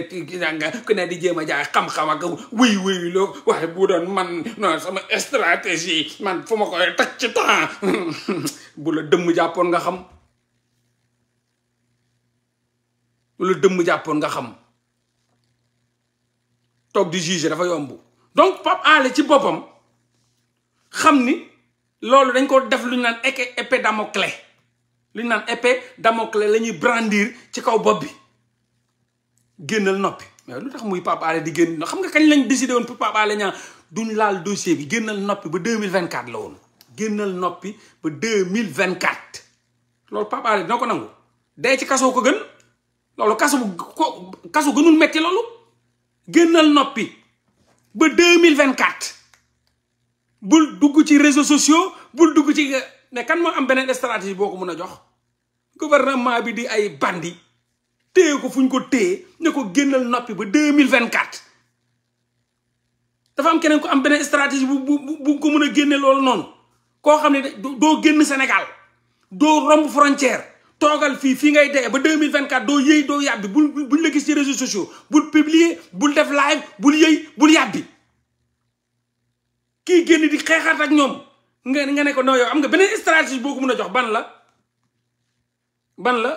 nga ku ne di jéem a jaay xam-xam ak wéy wéy loo waaye bu doon man non sama stratégie man fu ma koy teg temps (laughs) bu la dëmm jàppoon nga xam bu dëmm jàppoon nga xam toog di juger dafa yomb donc Pape Alé ci boppam xam ni loolu dañ ko def lu ñu naan épée Damoclès lu ñu naan épée Damoclès la ñuy brandir ci kaw bopp bi génnal noppi mais lu tax muy Pape Alé di génn xam nga kañ lañ décidé woon pour Pape Alé ñaa duñ laal dossier bi génnal noppi ba deux mille vingt quatre la woon. génnal noppi ba deux mille vingt quatre loolu Pape Alé dina ko nangu dee ci kasoo ko gën loolu kaso ko kaso gënul metti loolu génnal noppi ba deux mille vingt quatre bul dugg ci réseaux sociaux bul dugg ci mais kan moo am beneen stratégie boo ko mën a jox gouvernement bi di ay bandi téye ko fu ñu ko téye ne ko génnal noppi ba deux mille vingt quatre dafa am keneen ko am beneen stratégie bu bu bu ko mën a génne loolu noonu. koo xam ne doo génn Sénégal doo romb frontière toogal fii fii ngay dee ba 2024 doo yëy doo yàbbi bul buñ la gis ci réseaux sociaux bul publier bul def live bul yëy bul yàbbi kii génn di xeexaat ak ñoom nga nga ne ko non am nga beneen stratégie boo ko mën a jox ban la ban la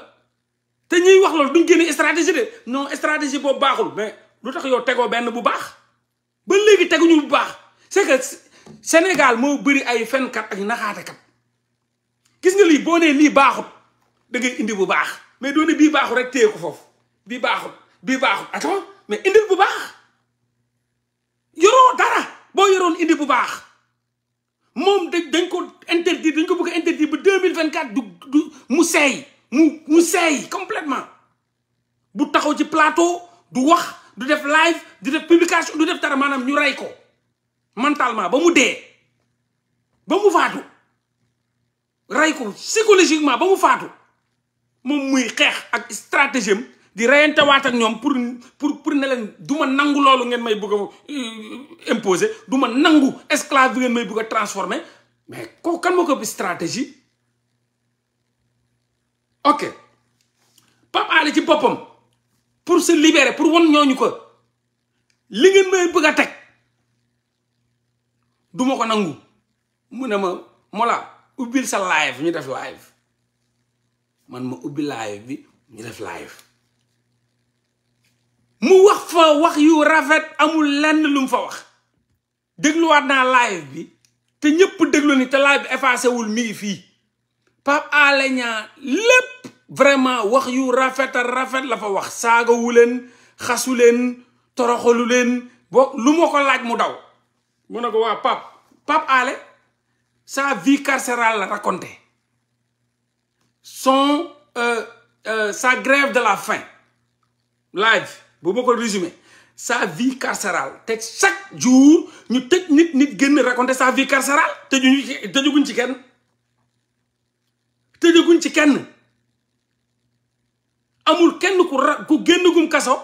te ñuy wax loolu duñ génne stratégie de non stratégie boobu baaxul mais lu tax yow tegoo benn bu baax ba léegi teguñu bu baax c'est Sénégal moo bëri ay fenkat ak naxaatekat gis nga lii boo nee lii baaxut da indi bu baax mais doo bii baaxut rek téye ko foofu bii baaxut bii baaxut attends mais indi bu baax yoroo dara boo yoroon indi bu baax moom dañ dañ ko interdire dañ ko bëgg a interdire ba deux mille vingt quatre du du mu seey mu mu seey completement bu taxaw ci plateau du wax du def live du def publication du def dara maanaam ñu rey ko. mentalement ba mu dee ba mu faatu rey ko psychologiquement ba mu faatu moom muy xeex ak stratégie am di reyantewaat ak ñoom pour pour pour ne leen du ma nangu loolu ngeen may bëgg a euh, imposer du ma nangu esclave bi ngeen may bëgg a transformer mais kooku kan moo ko bi stratégie ok Pape Alé ci boppam pour se libérer pour won ñooñu ko li ngeen may bëgg a teg duma ko nangu mu ne ma Mollah ubbil sa live ñu def live man ma ubbi live bi ñu def live mu wax fa wax yu rafet amul lenn lum fa wax dégluwaat naa live bi te ñëpp déglu ni te live bi effacé wul mi fii Pape ale Niang lépp vraiment wax yu rafeta rafet la fa wax saagawu leen xasu leen leen boo lu ma ko laaj mu daw mu ko waa Pape Pape Alé sa vie carcérale la raconté son euh, euh, sa grève de la faim live bu ko résumé sa vi carcérale te chaque jour ñu tëj nit nit gën raconté sa vie carcérale tëjuñu ci tëjaguñ ci kenn tëjaguñ ci kenn amul kenn ku ra ku génn gum kaso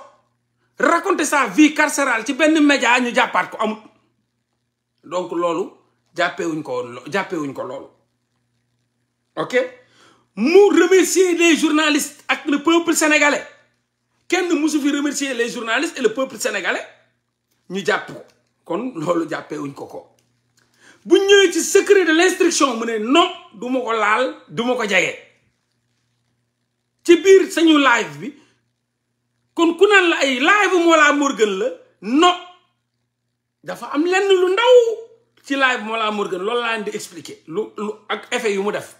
raconté sa vi carcérale ci benn média ñu jàppaat ku amul. donc loolu jàppewuñ ko jàppewuñ ko loolu ok mu remercier les journalistes ak le peuple sénégalais kenn musu fi remercier les journalistes et le peuple sénégalais ñu jàpp kon loolu jàppewuñ ko ko bu ñëwee ci secret de l'instruction mu ne non du ma ko laal du ma ko jege ci biir sañu live bi kon ku naan la ay live Mollah Morgun la non dafa am lenn lu ndaw ci live Mollah Morgun loolu laa leen di expliquer lu lu ak effet yu mu def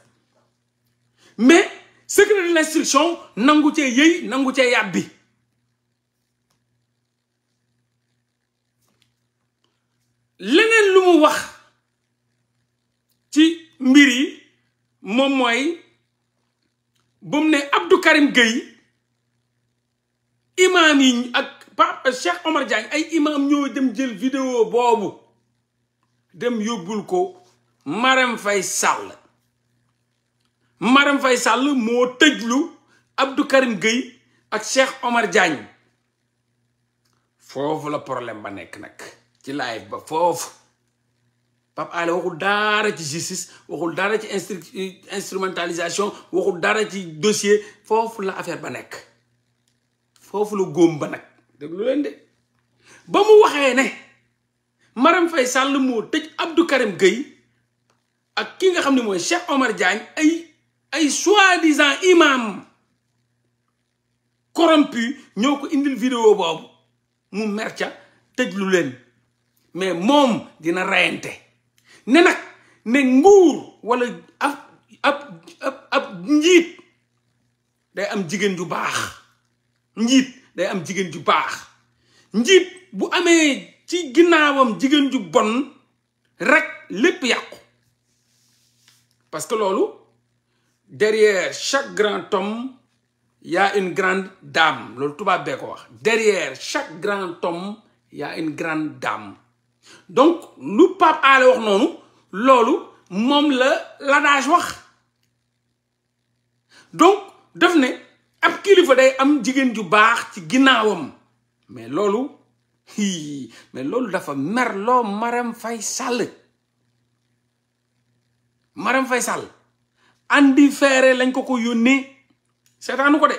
mais secret de nangu cee yëy nangu cee yàbbi leneen lu mu wax ci mbir yi moom mooy ba mu ne Abdou Karim Gueye imaam yi ak Pape Cheikh Omar Diagne ay imaam ñoo dem jël vidéo boobu dem yóbbul ko Marème fay Sall Marème fay Sall moo tëjlu Abdou Karim Gueye ak Cheikh Omar Diagne foofu la problème ba nekk nag ci live ba foofu Pape waxul dara ci justice waxul dara ci instrumentalisation waxul dara ci dossier foofu la affaire ba nekk foofu la góom ba nag déglu leen de ba mu waxee ne Marème Faye sàll moo tëj Abdou Karim Gueye ak ki nga xam ne mooy Cheikh Omar Diagne ay ay soi-disant imam corrompu ñoo ko indil vidéo boobu mu merca tëj lu leen mais moom dina reyante ne nag ne nguur wala ab ab ab njiit day am jigéen ju baax njiit day am jigéen ju baax njiit bu amee ci ginnaawam jigéen ju bon rek lépp yàqu parce que loolu derrière chaque grand homme y une grande dame loolu tubaab bee ko wax derrière chaque grand homme yaa une grande dame donc lu Pape Alé wax noonu loolu moom la l'adage wax donc daf ne ab kilifa day am jigéen ju baax ci ginnaawam mais loolu mais loolu dafa loo Marème fay Sall Marème fay Sall Andy Ferré lañ ko ko yónnee seetaanu ko de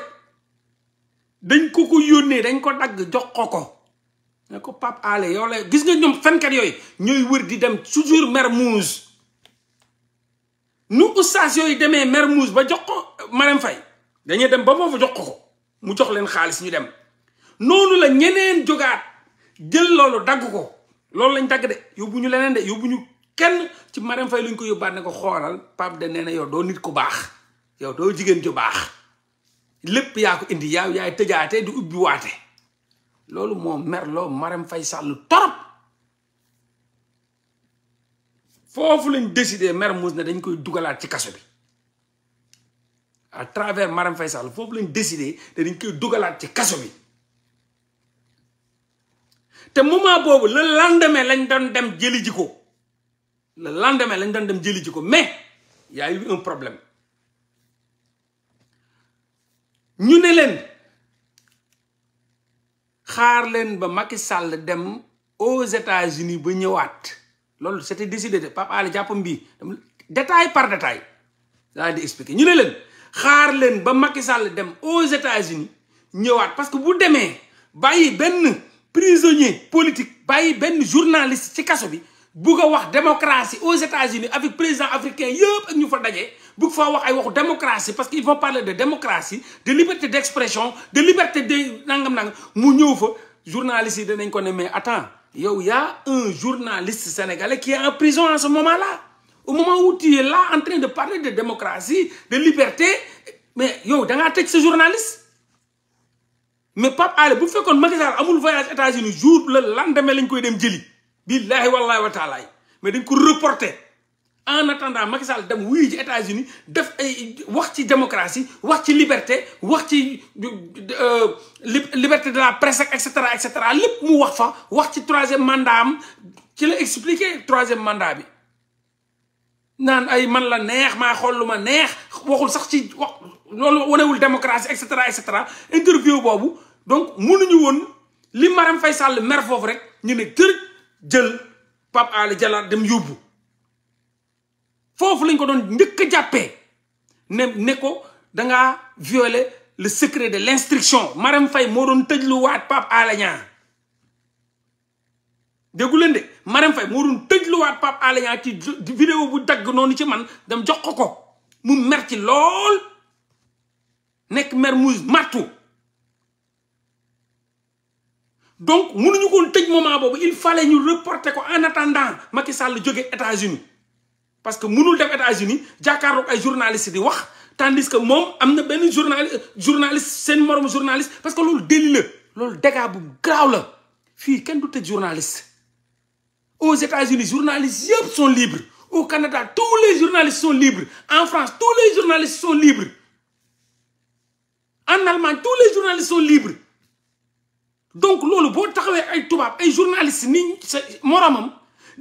dañ ko ko yónnee dañ ko dagg jox ko ko ne ko Pape ale yow la gis nga ñoom fenkat yooyu ñooy wër di dem toujours Mermoz nu ustaas yooyu demee Mermoz ba jox ko Marème Faye dañuy dem ba moo fa jox ko mu jox leen xaalis ñu dem noonu la ñeneen jógaat jël loolu dagg ko loolu lañ dagg de yóbbu ñu leneen de yóbbu ñu kenn ci Marème Faye lañ ko yóbbaat ne ko xoolal Pape de nee na yow doo nit ku baax yow doo jigéen ju baax lépp yaa ko indi yaa yaay tëjaate di ubbiwaate loolu moom moo loo Marème fay Sall torop foofu lañ décidé Mermoz ne dañ koy dugalaat ci kaso bi à travers Marème Faye Sall lañ décidé dañ koy dugalaat ci kaso bi te moment boobu la le lendemain lañ doon dem jëli ji ko le lendemain lañ doon dem jëli ko mais y a un problème ñu ne leen xaar leen ba Macky Sall dem aux États-Unis ba ñëwaat loolu c'était décidé de Pape Alé jàppam bii détail par détail daa di expliquer ñu ne leen xaar leen ba Macky Sall dem aux États-Unis ñëwaat parce que bu demee bàyyi benn. prisonnier politique bàyyi benn journaliste ci kaso bi bugg a wax démocratie aux États-Unis avec président africain yëpp ak ñu fa dajee bugg faa wax ay waxu démocratie parce que il faut parler de démocratie de liberté d'expression de liberté de nangam-nangam mu ñëw fa journaliste yi danañ ko ne mais attends yow y'a un journaliste sénégalais qui est en prison en ce moment-là au moment où tu es là de parler de démocratie de liberté mais yow da ngaa tëj sa journaliste mais Pape Alé bu fekkoon Macky Sall amul voyage États-Unis jour le lendemain lañ koy dem jëli billaahi wallaahi wa taalaay mais dañ ko reporté en attendant Macky Sall dem wuyu ji États-Unis def ay wax ci démocratie wax ci liberté wax ci euh, liberté de la presse ak et cetera et cetera lépp mu wax fa wax ci troisième mandat am ci la expliqué troisième mandat bi naan ay man la neex ma xool lu ma neex waxul sax ci wax loolu wanewul démocratie et cetera et cetera interview boobu donc mënuñu woon li Marème fay Sall mer foofu rek ñu ne kër jël Pape Alé Diallo dem yóbbu foofu lañ ko doon njëkk a jàppee ne ne ko dangaa violer le secret de l'instruction Marème Faye moo doon tëj lu waat Pape Alé Niang déggu leen de Marème fay moo doon tëj lu waat Pape Alé Niang ci vidéo bu dagg noonu ci man dem jox ko ko mu mer ci lool nekk Mermoz martu donc mënuñu ko woon tëj moment boobu il fallait ñu reporter ko en attendant Macky Sall jóge États-Unis parce que mënul def États-Unis jàkkaarloog ay journalistes di wax tandis que moom am na benn journaliste journaliste seen morom journaliste parce que loolu déli la loolu dégât bu graaw la fii kenn du tëj journaliste aux États-Unis journalistes yëpp sont libres au Canada tous les journalistes sont libres en France tous les journalistes sont en Allemagne tous les journalistes sont libres donc loolu boo taxawee ay tubaab ay journalistes ni sa moromam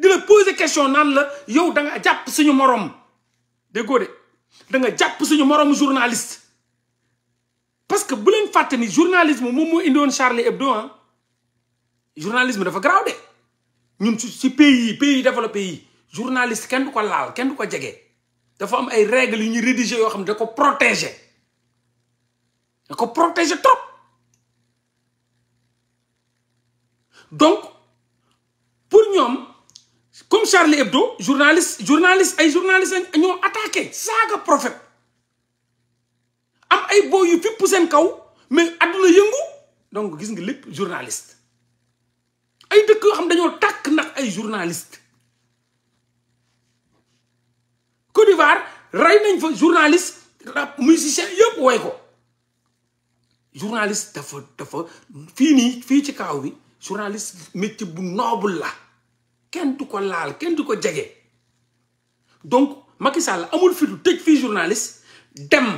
di la poser question naan la yow da nga jàpp suñu morom de da danga jàpp suñu moromu journaliste. parce que bu leen fàtte journalisme moom moo indiwoon Charlie Hebdo ah journalisme dafa garaaw de ñun ci pays yi pays yi développé yi journaliste kenn du ko laal kenn du ko jege dafa am ay règles yu ñuy rédiger yoo xam ne da ko protéger. ko protéger trop donc pour ñoom comme Charlie Hebdo journaliste journaliste ay journaliste ñoo attaqué saaga prophète am ay boo yu fipp seen kaw mais àdduna yëngu donc gis nga lépp journaliste ay dëkk yoo xam dañoo takk ndax ay journaliste Côte d'Ivoire rey nañ fa journaliste rap musicien yëpp woy ko journaliste dafa dafa fii nii fii ci kaw bi journaliste métier bu noobul la kenn du ko laal kenn du ko jege donc Macky Sall amul fitu tëj fii journaliste dem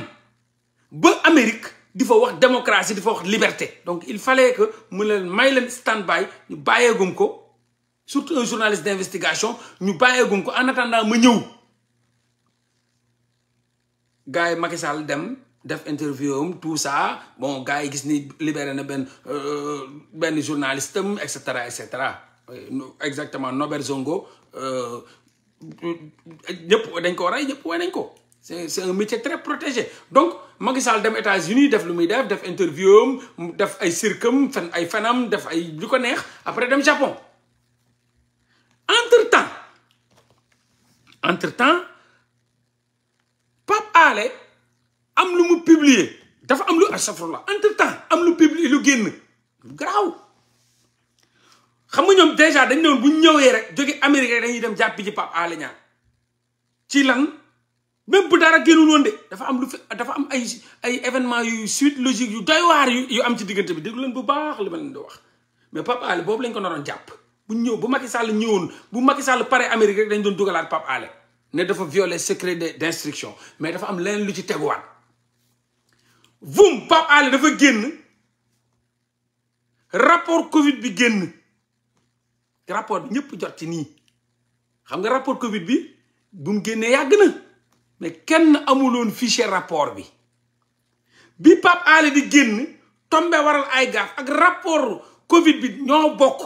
ba Amérique di fa wax démocratie di fa wax liberté donc il fallait que mu leen may leen stand by ñu bàyyeegum ko surtout un journaliste d'investigation ñu bàyyeegum ko en attendant ma ñëw gars yi Macky Sall dem def interview am tout ça bon gars yi gis ni libéré na benn euh, benn journaliste am et cetera et cetera exactement Norbert Zongo euh, ñëpp dañ ko rey ñëpp way nañ ko c'est c'est un métier très protégé donc Macky Sall dem États-Unis def lu muy def def interview am def ay circam fen ay fenam def ay lu ko neex après dem Japon entre temps entre temps Pape Alé am lu mu publier dafa am lu astafurlah entre temps am lu publier lu génn lu garaaw nga ñoom déjà dañ ne woon bu ñu ñëwee rek jóge Amérique dañuy dem jàppi ji Pape Alé Niang ci lan même bu dara génnul woon de dafa am lu fi dafa am ay ay événement yu suite logique yu doy waar yu yu am ci diggante bi déglu leen bu baax li ma wax mais Pape Alé boobu lañ ko naroon jàpp bu ñëw bu Macky Sall ñëwoon bu Macky Sall pare Amérique rek dañ doon dugalaat Pape Alé ne dafa violer secret d'instruction mais dafa am leneen lu ci teguwaat vum Pape Alé dafa génn rapport Covid bi génn rapport bi ñëpp jot ci nii xam nga rapport Covid bi bu mu génnee yàgg na mais kenn amuloon fichier rapport bi bi Pape Alé di génn tombé waral ay gaaf ak rapport Covid bi ñoo bokk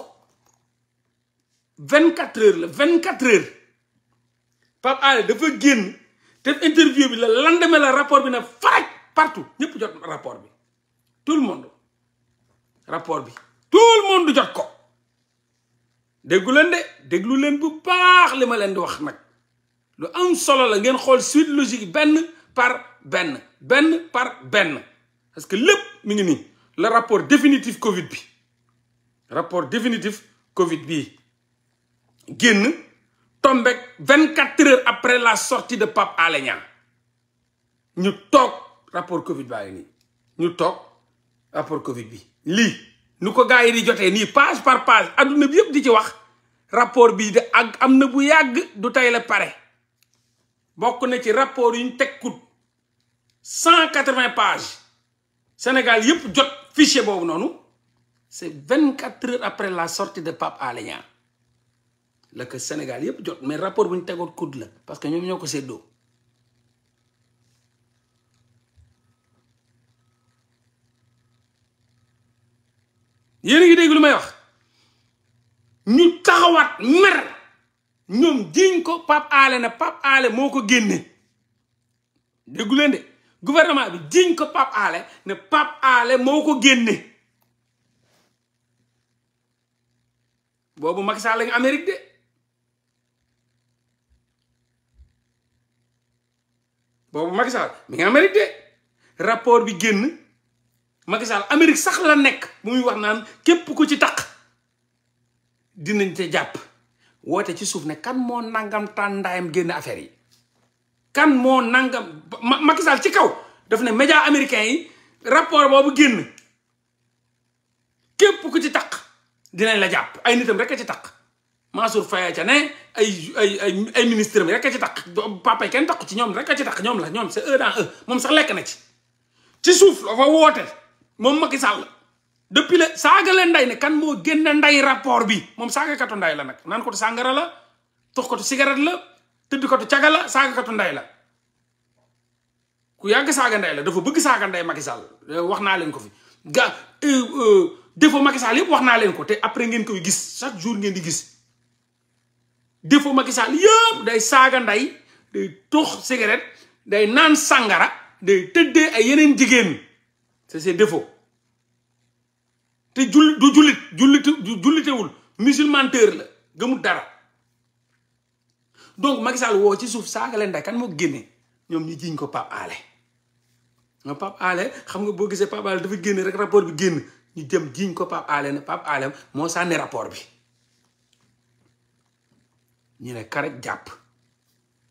vingt quatre heures la vingt quatre heures Pape Alé dafa génn def interview bi la lendemain la rapport bi na faraj partout ñëpp jot rapport bi tout le monde rapport bi tout le monde jot ko déggu leen de déglu leen bu baax li ma leen di wax nag lu am solo la ngeen xool suite logique benn par benn benn par benn parce que lépp mi ngi nii le rapport définitif Covid bi rapport définitif Covid bi génn tombé vingt quatre heures après la sortie de Pape Alé Niang ñu toog. rapport Covid baa ñu toog rapport Covid bi. lii nu ko gars yi di jotee nii page par page adduna bi yëpp di ci wax rapport bii de ak am na bu yàgg du tey la pare bokk na ci rapport yu ñu teg kut cent quatre-vingts pages Sénégal yëpp jot fichier boobu noonu c'est vingt-quatre heures après la sortie de pap Alé Niang la ko Sénégal yëpp jot mais rapport bu ñu tegoon kut la parce que ñoom ñoo ko séddoo. yéen a ngi dégg lu may wax ñu taxawaat mer ñoom jiñ ko Pape Alé na Pape Alé moo ko génne déggu leen de gouvernement bi jiñ ko Pape ale ne Pape ale moo ko génne boobu Macky Sall lañ Amérique de boobu Macky Sall mi ngi Amérique de rapport bi génn Macky Sall Amérique sax la nekk bu muy wax naan képp ko ci taq dinañ te jàpp woote ci suuf ne kan moo nangam tàndaayam génn affaire yi kan moo nangam Macky Sall ci kaw daf ne média américain yi rapport boobu génn képp ku ci taq dinañ la jàpp ay nitam rek a ci taq Mansour Faye ca ne ay ay ay ay ministre mi ci taq papa yi kenn taq ci ñoom rek a ci taq ñoom la ñoom c'est eux moom sax lekk na ci ci suuf la fa woote moom Macky Sall depuis le saaga leen ndey ne kan moo génn nday rapport bi moom saagakatu nday la nag naan ko tu sàngara la tux ko tu cigarette la tëdd ko tu caga la saagakatu nday la ku yàgg saaga ndey la dafa bëgg saaga nday Macky Sall eh, wax naa leen ko fi ga eh, eh, défaut Macky Sall yëpp wax naa leen ko te après ngeen koy gis chaque jour ngeen di gis défaut Macky Sall yëpp day saaga ndey day tux cigarette day naan sàngara day tëddee ay yeneen jigéen c'est ses défauts te jul du jullit jullit jullitewul musulmanteur la gëmul dara donc Macky Sall woo ci suuf saaga leen day kan moo génnee ñoom ñu jiiñ ko Pape Alé nga Pape Alé xam nga boo gisee Pape Alé dafa génne rek rapport bi génn ñu jëm jiiñ ko Pape Alé ne Pape Alé moo sànni rapport bi ñu ne karek jàpp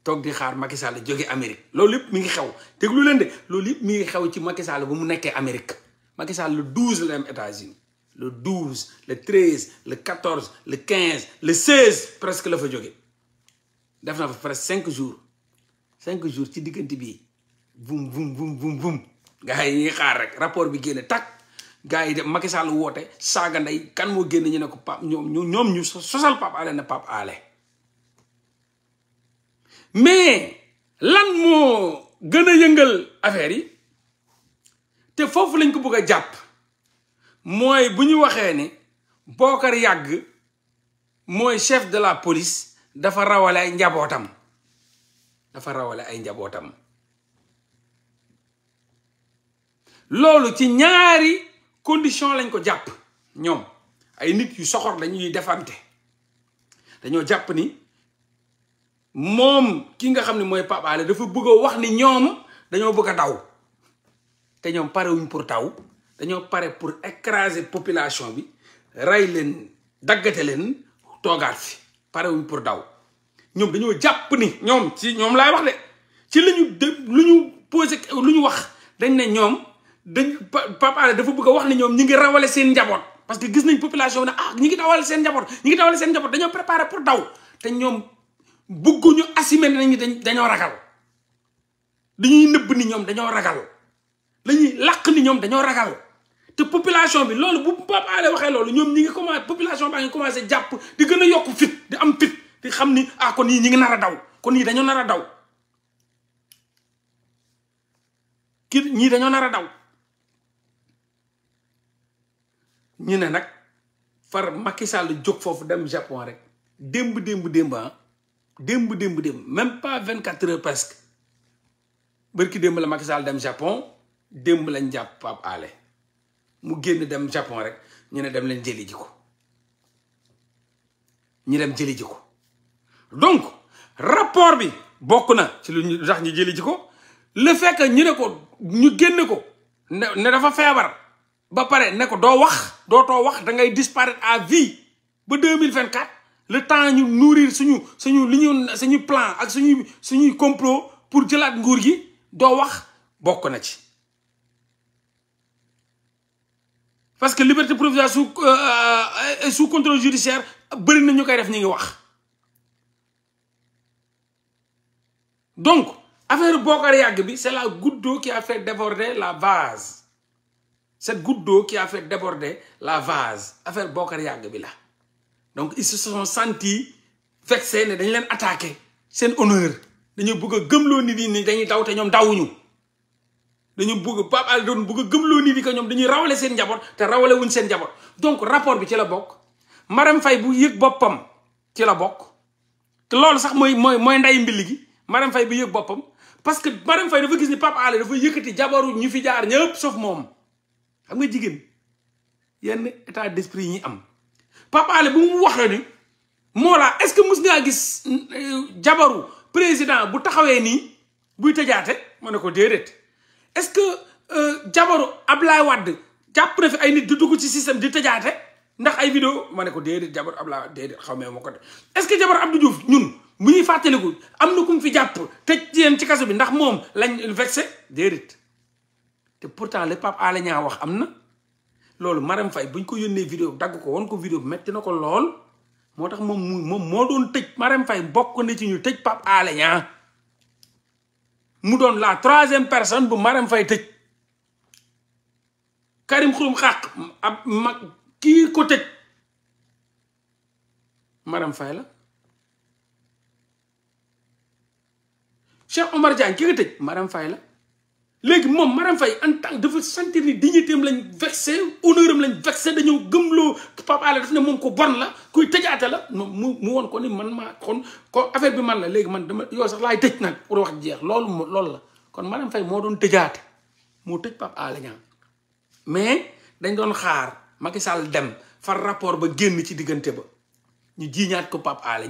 toog di xaar Macky Sall jóge Amérique loolu yëpp mu ngi xew déglu leen de loolu yëpp mi ngi xew ci Macky Sall ba mu nekkee Amérique Macky Sall le 12 la am États-Unis le 12 le 13 le 14 le 15 le 16 presque la fa jóge def na fa presque cinq jours cinq jours ci diggante bi vum vum vum vum vum gars yi ñuy xaar rek rapport bi génne tak gars yi de Macky Sall woote saaga ndey kan moo génne ñu ne ko Pape ñoom ñoom ñu sosal Pape Alé na Pape ale mais lan moo gën a yëngal affaire yi te foofu lañ ko bëgg a jàpp mooy bu ñu waxee ne Bocar yàgg mooy chef de la police dafa rawale ay njabootam dafa rawale ay njabootam loolu ci ñaari condition lañ ko jàpp ñoom ay nit yu soxor dañuy defante dañoo jàpp ni moom kii nga xam ne mooy Pape dafa bëgg wax ni ñoom dañoo bëgg a daw te ñoom pare pour taw dañoo pare pour écraser population bi rey leen daggate leen toogaat fi pare wuñ pour daw ñoom dañoo jàpp ni ñoom ci ñoom laay wax de ci li ñu de lu ñu posé lu ñu wax dañ ne ñoom dañ Pape Alé dafa a wax ni ñoom ñi ngi rawale seen njaboot parce que gis nañ population bi ne ah ñi ngi dawal seen njaboot ñi ngi dawal seen njaboot dañoo préparé pour daw te ñoom bëgguñu assumer nañu dañ dañoo ragal dañuy nëbb ni ñoom dañoo ragal lañuy làq ni ñoom dañoo ragal te population bi loolu bu Pape Alé waxee loolu ñoom ñi ngi commencé population baa ngi commencé jàpp di gën a yokk fit di am fit di xam ni ah kon yii ñi ngi nar a daw kon yii dañoo nar a daw kii ñii dañoo nar a daw ñu ne nag far Macky Sall jóg foofu dem Japon rek démb démb démb ah démb démb démb même pas vingt quatre heures presque bërki démb la Macky dem Japon démb lañ jàpp ab Alé mu génn dem Japon rek ñu ne dem leen jëli ko ñu dem jëli ji donc rapport bi bokk na ci lu ñu tax ñu jëli ji ko le fait ñu ne ko ñu génn ko ne dafa feebar ba pare ne ko doo wax doo too wax da ngay disparaître à vie ba deux mille vingt quatre le temps ñu nourrir suñu suñu li ñu suñu plan ak suñuy suñuy complot pour jëlaat nguur gi doo wax bokk na ci parce que liberté provisoire sous euh, euh, sous contrôle judiciaire bëri na ñu koy def ñu ngi wax donc affaire Bokar Yàgg bi c'est la goutte d'eau qui a fait la vase cette goutte d'eau qui a fait la vase affaire Bokar Yàgg bi la donc ils se sont sentis vexés ne dañ leen attaqué seen honneur dañu bugg a gëmloo nit ñi ni dañuy daw te ñoom dawuñu dañu bugg Pape Alé doon bëgg a gëmloo nit ñi que ñoom dañuy rawale seen njaboot te rawale wuñ seen njaboot donc rapport bi ci la bokk Marème fay bu yëg boppam ci la bokk te loolu sax mooy mooy mooy nday mbilli gi Marème fay bu yëg boppam parce que Marème Faye dafa gis ni Pape Alé dafa yëkkati jabaru ñu fi jaar ñëpp sauf moom xam nga jigéen yenn état d'esprit yi ñu am Pape Alé bu mu waxee ni Mollah est-ce que mus ngaa gis euh, jabaru président bu taxawee nii buy tëjaate ma ne ko déedéet est-ce que euh, jabaru Ablaye Wade jàpp na fi ay nit di dugg ci système di tëjaate ndax ay vidéo ma ne ko déedéet jabaru Ablaye Wade déedéet xaw ma ko de est-ce que jabaru Abdou Diouf ñun mu ñuy fàttaliku am na ku mu fi jàpp tëj leen ci kaso bi ndax moom lañ vexé déedéet te pourtant le Pape Alé Niang wax am na. loolu Marème Faye buñ ko yónnee vidéo dagg ko won ko vidéo bi metti na ko lool moo tax moom mu moom moo doon tëj Marème Faye bokk na ci ñu tëj Pape Alé Niang mu doon la troisième personne bu Marème Faye tëj Karim Xurum Xaq ab mag kii ko tëj Marème Faye la Cheikh Omar Diagne ki nga tëj Marème Faye la léegi moom Marème fay en tant dafa sentir ni dignité am lañ vexé honneur am lañ vexé dañoo gëmloo Pape Alé daf ne moom ko bon la kuy tëjaate la mu mu woon ko ni man maa kon ko affaire bi man la léegi man dama yow sax laay tëj nag pour wax jeex loolu moo loolu la kon Marème fay moo doon tëjaate moo tëj Pape Alé mais dañ doon xaar Macky Sall dem far rapport ba génn ci diggante ba ñu jiiñaat ko Pape Alé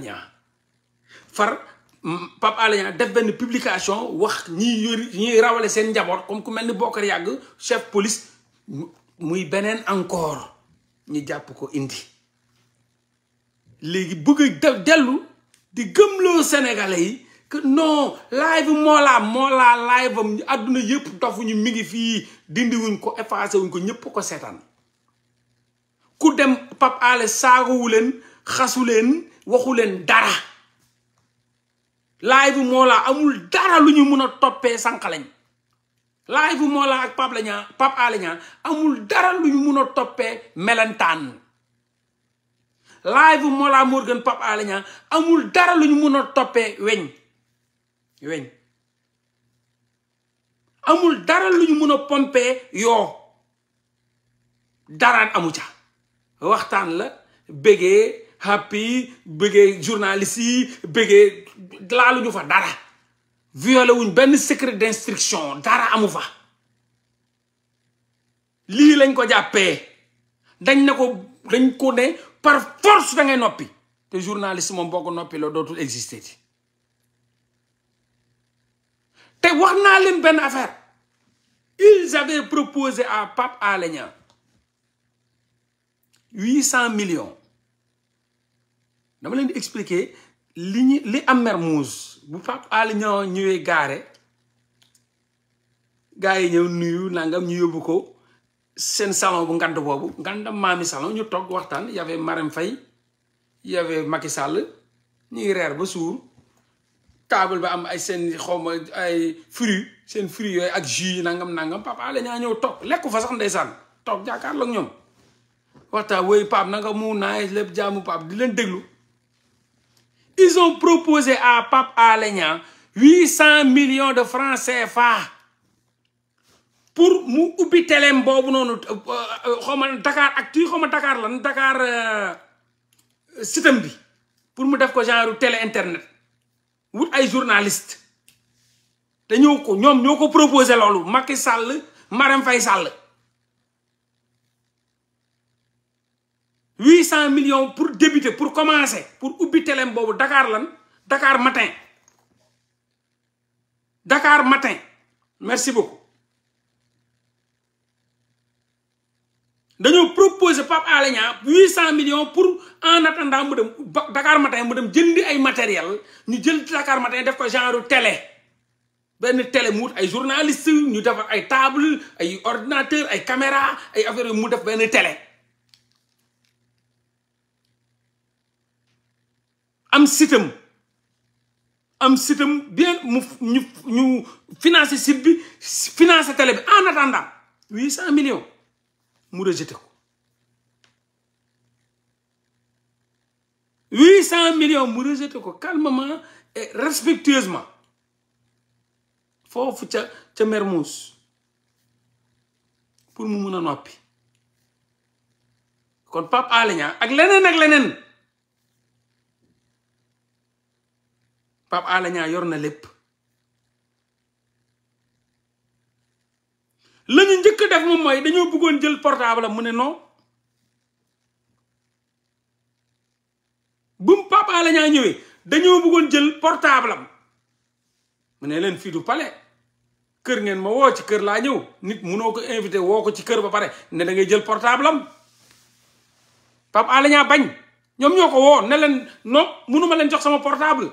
far Pape Alé Niang def benn publication wax ñi yor ñiy rawale seen njaboot comme ku mel ni Bokar Yàgg chef police muy beneen encore ñu jàpp ko indi léegi bëgg a dellu di gëmloo sénégalais yi que non live moolaa moolaa live am àdduna yëpp dofuñu mi ngi fii dindiwuñ ko effacé wuñ ko ñëpp ko seetaan ku dem Pape Alé saagawu leen xasu waxu leen dara live Mollah amul dara lu ñu mun a toppee Sankhaleñ live Mollah ak Pape Alé Niang Pape amul dara lu ñu mun a toppee melentaan live Mollah Morgun Pape Alé Niang amul dara lu ñu mun a toppee weñ weñ amul dara lu ñu mun a pompee yoo daraan amu ca waxtaan la bégee happy bëggee journaliste yi bëggee laaluñu fa dara violé wuñ benn secret d'instruction dara amu fa lii lañ ko jàppee dañ ne ko dañ ko ne par force da noppi te journaliste moom boo ko noppi la dootul exister ci te wax naa leen benn affaire ils avaient proposé à Pape Alé Niang huit cent millions dama leen di expliquer li ñu li am Mermoz bu Pape Alé ñoo ñëwee gaare gars yi ñëw nuyu nangam ñu yóbbu ko seen salon bu ngand boobu ngandam maami salon ñu toog waxtaan y avait fay Faye y sàll Macky ñuy reer ba suur table ba am ay seen xawma ay fruits seen fruits yooyu ak jus nangam nangam Pape Alé ñaa ñëw toog lekku fa sax ndeysaan toog jàkkaarloo ak ñoom waxtaan wooyu Pape nanga mu naay lépp jaamu Pape di leen déglu ils proposé à Pape Alé Niang huit cent millions de francs CFA pour mu ubbi teleem boobu noonu euh, xaw ma Dakar Actu xaw ma Dakar lan Dakar euh, sitam bi pour mu def ko genre télé internet wut ay journaliste te ñoo ko ñoom ñoo ko proposé loolu Macky Sall Marème fay Sall huit cent millions pour débuter pour commencer pour ubbi teleem boobu dakaar lan dakaar matin dakaar matin merci beaucoup dañoo proposer par Alé Niang huit cent millions pour en attendant mu dem Dakar matin mu dem jëndi ay matériel ñu jël Dakar matin def ko genre télé benn télé mu wut ay journaliste ñu defar ay table ay ordinateur ay caméra ay affaire yu mu def benn télé am sitam am sitam bien mu finance ñu finance site bi financé télé bi en attendant huit cent millions mu rejeté ko huit cent millions mu rejeté ko calmement et respectueusement foofu ca ca Mermoz pour mu mun a noppi kon Pape Alé Niang ak leneen ak leneen Pape Alé Niang yor na lépp lañu ñu njëkk def moom mooy dañoo buggoon jël portable mu ne non bu mu Pape Alé Niang ñëwee bëggoon jël portable mu ne leen fii du palais kër ngeen ma woo ci kër laa ñëw nit munoo ko invité woo ko ci kër ba pare ne da jël portable am Pape Alé bañ ñoom ñoo ko woo ne leen non ma leen jox sama portable.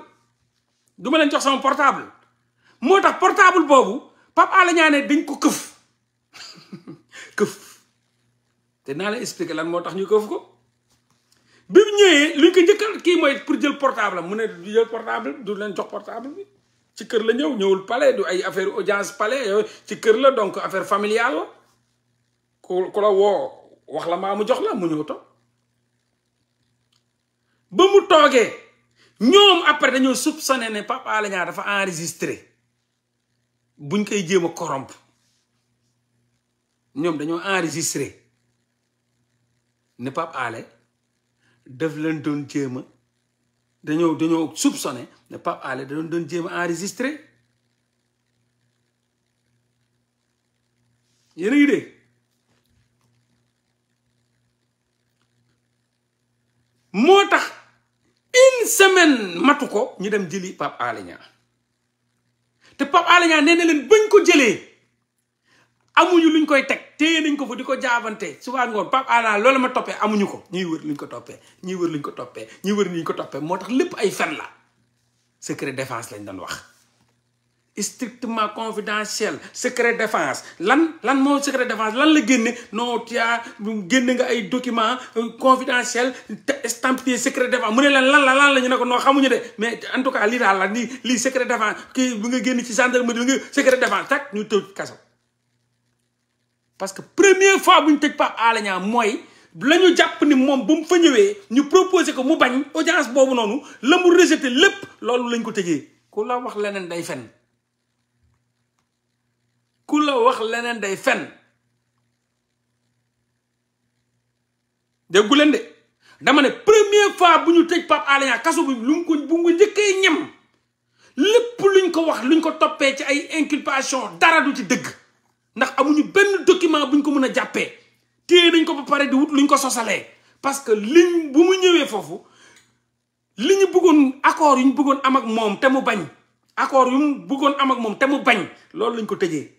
du ma leen jox sama portable moo tax portable boobu Pape Alé Niang dañ ko këf (laughs) këf te naa la expliqué lan moo tax ñu këf ko bi mu ñëwee luñ ko njëkkal kii mooy pour jël portable mu ne du jël portable du leen jox portable bi ci kër la ñëw ñëwul palais du ay affaire audience palais yooyu ci kër la donc affaire familiale la ku ku la woo wax la maa mu jox la mu ñëw ba mu toogee ñoom après dañoo soupçonné ne Pape Alé Niang dafa enregistré buñ koy jéem a corrompre ñoom dañoo enregistré ne Pape Alé daf leen doon jéem dañoo dañoo soupçonné ne Pape Alé da doon jéem a enregistré yéen moo tax. une semaine matu ko ñu dem jëli Pape Alé Niang te Pape Alé Niang nee na leen bañ ko jëlee amuñu luñ koy teg te nañ ko fa di ko jaabante suba ngoon Pape Alé loolu ma toppee amuñu ko ñuy wër luñ ko toppee ñuy wër luñ ko toppee ñuy wër luñ ko toppee moo tax lépp ay fen la secret défense lañ doon wax. strictement confidentiel secret défense lan lan moo secret défense lan la génne non tia génne nga ay document euh, confidentiel estampillé secret défense mu ne leen lan la lan la ñu ne ko noo xamuñu de mais en tout cas lii daal la lii lii secret défense kii bi nga génn ci gendarmerie bi nga secret ñu tëj kaso parce que première fois bu ñu tëj Pape Alé Niang mooy la ñu jàpp ni moom ba mu fa ñëwee ñu proposé ko mu bañ audience boobu noonu la mu rejeté lépp loolu lañ ko tëjee ku la wax leneen day fen ku la wax leneen day fen déggu leen de dama ne première fois bu ñu tëj par Alé Niang kaso bi lu mu ko bu nga njëkkee ñem lépp luñ ko wax luñ ko toppee ci ay inculpation dara du ci dëgg ndax amuñu benn document buñ ko mën a jàppee te nañ ko ba pare di wut luñ ko sosalee parce que liñ bu mu ñëwee foofu li ñu bëggoon accord yu ñu bëggoon am ak moom te mu bañ accord yu mu bëggoon am ak moom te mu bañ loolu lañ ko tëjee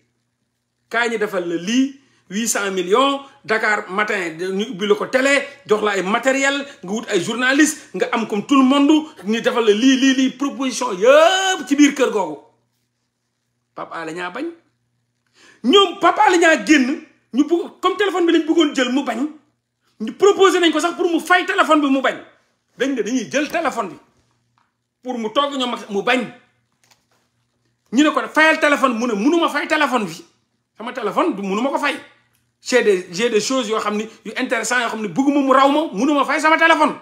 kaa ñu defal la lii huit cent millions Dakar matin ñu ubbi la ko télé jox la ay matériel nga wut ay journaliste nga am comme tout le monde ñu defal la lii lii lii proposition yëpp ci biir kër googu Pape Alé bañ ñoom Pape Alé génn ñu bugg comme téléphone bi lañ bëggoon jël mu bañ ñu proposé nañ ko sax pour mu fay téléphone bi mu bañ dañ ne dañuy jël téléphone bi pour mu togg ñoom mu bañ ñu ne ko fayal téléphone mu ne mënuma fay téléphone bi sama téléphone du munu ma ko fay j'ai de j'ai des yoo xam ni yu intéressant yoo xam ni bëgguma mu raw ma munu ma fay sama téléphone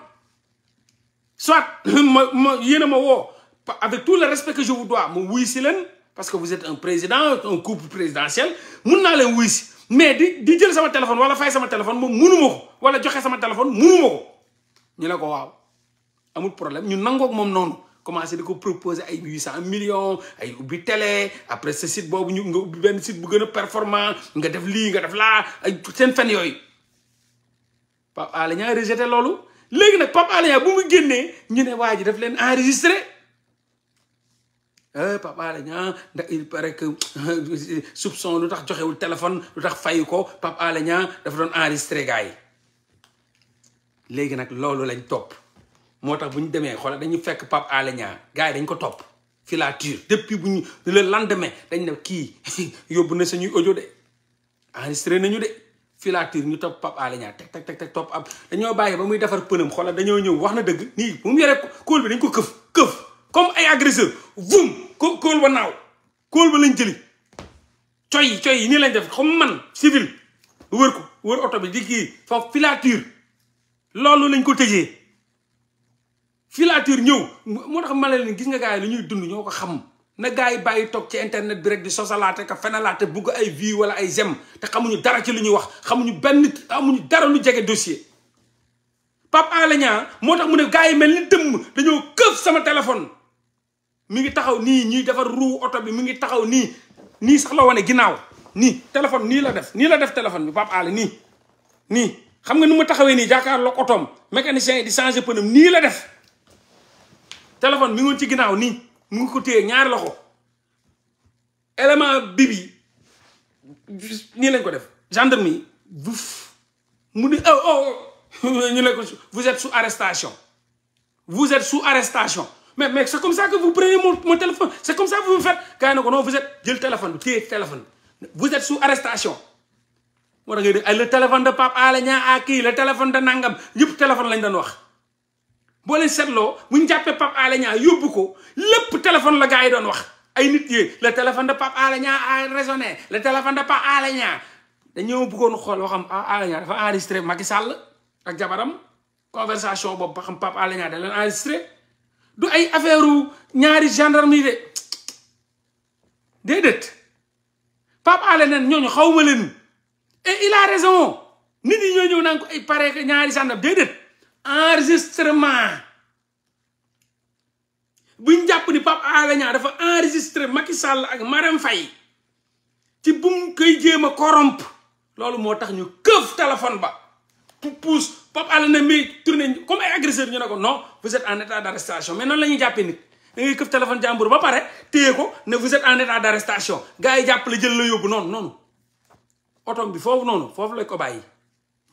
soit (coughs) ma ma yéen a ma woo avec tout le respect que je vous dois ma wuy si leen parce que vous êtes un président un couple présidentiel mun naa leen wuy si mais di di jël sama téléphone wala fay sama téléphone moom munu ma ko wala joxe sama téléphone munu ko ñu ne ko waaw amul problème ñu nangook moom noonu commencé di ko proposer ay huit cent millions ay ubbi télé après sa site boobu ñu nga ubbi benn site bu gën a performant nga def lii nga def laa ay seen fen yooyu Pape Alé Niang rejeté loolu léegi nag Pape Alé Niang bu mu génnee ñu ne waa ji daf leen enregistré eh, Pape Alé ñaa ndax il que (laughs) soupçon lu tax joxewul téléphone lu tax fayu ko Pape Alé Niang dafa doon enregistré gars léegi nag loolu lañ topp moo tax bu ñu demee xoolal dañu fekk Pape Alé Niang gars yi dañ ko topp filature depuis bu ñu le lendemain dañ ne kii (laughs) yóbbu na suñuy ojo de enregistré nañu de filature ñu topp Pape Alé Niang teg teg teg teg topp ab dañoo bàyyi ba muy defar pënam xoolal dañoo ñëw wax na dëgg nii bu mu yore kóol bi dañ ko këf këf comme ay agresseur vum ko kóol ba naaw kool ba lañ jëli coy yi yi nii lañ def comme man civil wër ko wër oto bi di kii foofu filature loolu lañ ko tëjee filature ñëw moo tax ma ne leen gis nga gars yi lu ñuy dund ñoo ko xam na gars yi bàyyi toog ci internet bi rek di sosalaate ka fenalaate bugg ay vie wala ay gem te xamuñu dara ci lu ñuy wax xamuñu benn amuñu dara lu jege dossier Pape Alé moo tax mu ne gars yi mel ni dëmm dañoo këf sama téléphone mu ngi taxaw nii ñuy defar ruu oto bi mu ngi taxaw nii nii sax la wone ginnaaw nii téléphone nii la def nii la def téléphone bi Pape Alé nii nii xam nga nu ma taxawee nii jàkkaarloog otoom mécanicien yi di changé pneu nii la def téléphone mi ngi ci ginnaaw nii mu ngi ko téye ñaari loxo élément bibi nii lañ ko def gendarme yi buuf mu ni oh, oh oh ñu ne ko vous êtes sous arrestation vous êtes sous arrestation mais mais c'est comme ça que vous prenez mon mon téléphone c'est comme ça que vous me faites gars yi ne jël téléphone bi téye téléphone bi vous sous arrestation. moo a ngay dégg ay le téléphone de Pape Alé Niang a ah, kii le téléphone de Nangam yëpp téléphone lañ doon wax. boo leen seetloo bu ñu jàppee Pape Alé Niang yóbbu ko lépp téléphone la gars yi doon wax ay nit yi le téléphone de Pape Alé Niang a raisonné le téléphone de Pape Alé Niang dañoo bëggoon xool waxam Alé Niang dafa enregistré Macky Sall ak jabaram conversation boobu ba xam Pape Alé Niang da leen enregistré du ay affaire ñaari gendarmerie de déedéet Pape Alé Niang ñooñu xaw ma leen et il raison nit yi ñoo ñëw naan ko ay pare ñaari gendarme déedéet. enregistrement buñ jàpp ni Pape Alé Niang dafa enregistré Macky sàll ak Marème fay ci bum koy jéem a corrompre loolu moo tax ñu këf téléphone ba pousse Pape Alé na mais tourné comme ay ñu ne ko non vous êtes en état d' arrestation mais noonu la ñuy jàppee nit da ngay këf téléphone jàmbur ba pare téye ko ne vous êtes en état d' arrestation gars yi jàpp la jël la yóbbu noonu noonu otom bi foofu noonu foofu lañ ko bàyyi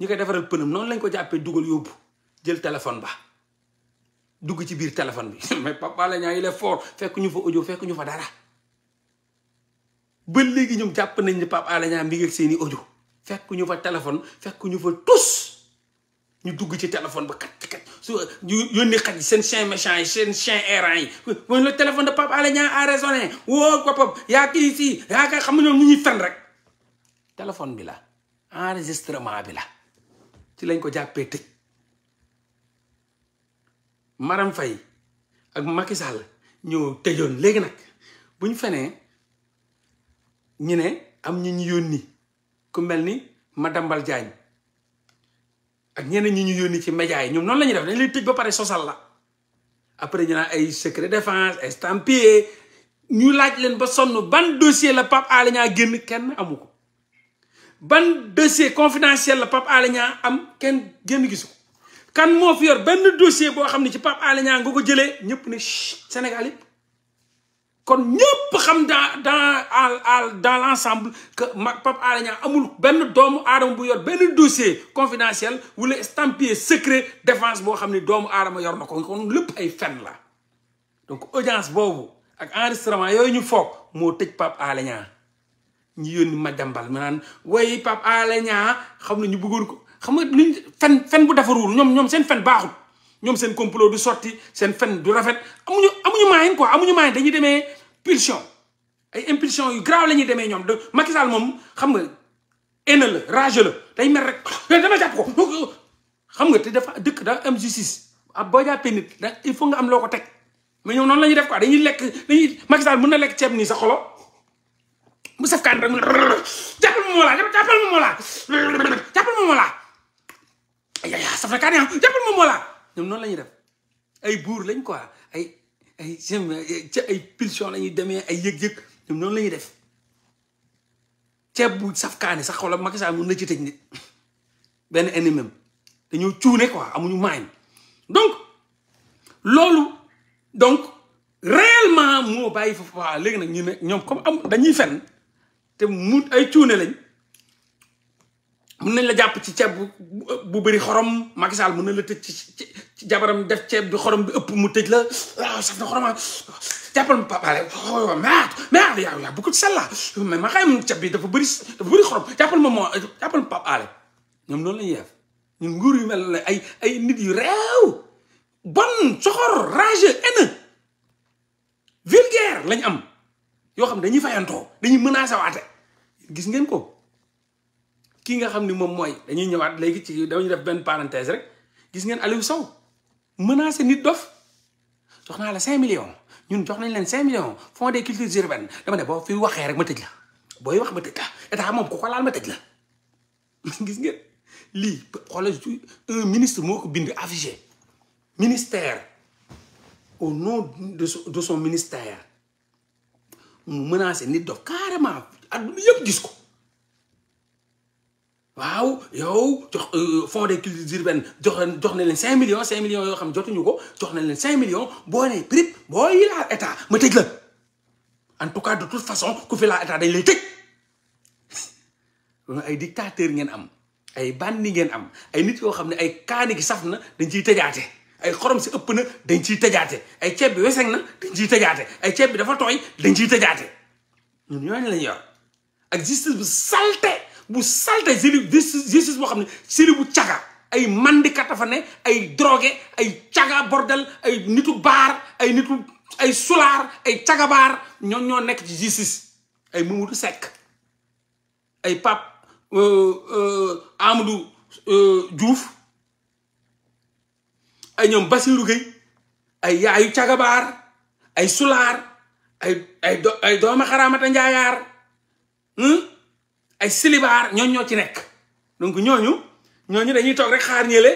ñu koy defaral pënam noonu lañ ko jàppee dugal yóbbu jël téléphone ba dugg ci biir téléphone bi (laughs) mais Pape Alé Niang il est fekkuñu fekk ñu fa audio fekk fa dara ba léegi ñoom jàpp nañ ne Pape Alé Niang mi seeni audio fekkuñu fa téléphone fekk ñu fa tous ñu dugg ci téléphone ba kat kat su ñu yónni xaj seen chien méchant yi seen chien errant yi mooy le téléphone de Pape Alé Niang a raisonné woo ko Pape yaa kii fii yaa ka xam nga ñoom ñu ñuy fen rek téléphone bi la enregistrement bi la ci lañ ko jàppee tëj Maram Faye ak Macky Sall ñoo tëjoon léegi nag bu ñu fenee ñu ne am ñu ñu yónni ku mel ni ma Madambal Diagne ak ñeneen ñi ñu yónni ci média yi ñoom noonu la ñuy def nañ lay tëj ba pare sosal la après ñu naan ay secret défense estampillé ñu laaj leen ba sonn ban dossier la Pape Alé génn kenn amu ko ban dossier confidentiel la Pape Alé am kenn génn gisu ko kan moo fi yor benn dossier boo xam ne ci Pape Alé Niang nga ko jëlee ñëpp ne Sénégal yëpp kon ñëpp xam dans dans dans l' ensemble que Pape amul benn doomu aadama bu yor benn dossier confidentiel wala estampillé secret défense boo xam ne doomu aadama yor na ko kon lépp ay fen la donc audience boobu ak enregistrement yooyu ñu foog moo tëj Pape Alé Niang ñu yónni ma jambal ma naan way Pape Alé Niang ñu bëggoon ko xam nga luñ fen fen bu defaruwul ñoom ñoom seen fen baaxul ñoom seen complot du sorti seen fen du rafet amuñu amuñu moyen quoi amuñu moyen dañuy demee pulsion ay impulsion yu grave la ñuy demee ñoom de Macky moom xam nga haine la rage la day mer rek (coughs) dama jàpp ko xam nga te dafa dëkk da am justice ah boo jàppee nit da il faut nga am loo ko teg mais ñoom noonu la ñuy def ko dañuy lekk dañuy Macky na lekk ceeb nii sa xolo mu saf kaan rek mu ne jàppal ma moo laa jàppal ma moo moo laa yaa safara kaane ah jàppal ma Mollah ñoom noonu la ñuy def ay buur lañ quoi ay ay ci ay pulsion la demee ay yëg-yëg ñoom noonu lañuy def ceeb bu saf kaani sax xoolal Macky Sall mun na ci tëj nit benn ennemi dañoo cuune quoi amuñu maañ donc loolu donc réellement moo bàyyi foofu léegi nag ñu ne ñoom comme am dañuy fenn te mu ay cuune lañ. mun nañ la jàpp ci ceeb bu bëri xorom Macky Sall mun nañ la tëj ci ci jabaram def ceeb bi xorom bi ëpp mu tëj la waaw saf na xoroma jàppal ma papale merde merde yaa yaa beaucoup de sel la mais ma xayma ceeb bi dafa bëri dafa bëri xorom jàppal ma moo jàppal ma papale ñoom noonu la ñuy def nguur yu mel ne ay ay nit yu réew bon soxor rageux haineux vulgaire lañ am yoo xam dañuy fayantoo dañuy a waate gis ngeen ko kii nga xam ni moom mooy dañuy ñëwaat léegi ci dañuy def benn parenthèse rek gis ngeen Aliou saw menacé nit dof jox naa la cinq millions ñun jox nañ leen 5 millions fonds des cultures urbaines dama ne boo fi waxee rek ma tëj la booy wax ma tëj la état ko laal ma tëj (laughs) gis ngeen lii xoolal ministre moo ko bind affiché ministère au nom de son de son mu menacé nit dof carrément adduna yëpp gis ko. waaw yow jox euh, fonds des cultures urbaines jox leen jox na leen cinq millions cinq millions yoo xam ne jotuñu ko jox na leen cinq millions boo nee boo yi état ma tëj la tout cas de toute façon ku fi laal état dañ lay tëj (laughs) ay dictateur ngeen am ay bandi ngeen am ay nit yoo xam ne ay kaani gi saf na dañ ciy tëjaate ay xorom si ëpp na dañ ciy tëjaate ay ceeb bi weseng na dañ ciy tëjaate ay ceeb bi dafa tooy dañ ciy tëjaate ñun ñooñu lañ yor ak justice bu salte bu salte jili justice boo xam ne jili bu caga ay mandikat dafa ne ay drogué ay caga bordel ay nitu baar ay nitu ay sulaar ay caga baar ñoom ñoo nekk ci justice ay Mamadou Seck ay Pape euh, euh, Amadou euh, Diouf ay ñoom Bassirou Gueye ay ay sulaar ay ay ay dooma xaraamata njaayaar hmm? ay silibaar ñooñ ñoo ci nekk donc ñooñu ñooñu dañuy toog rek xaar ñële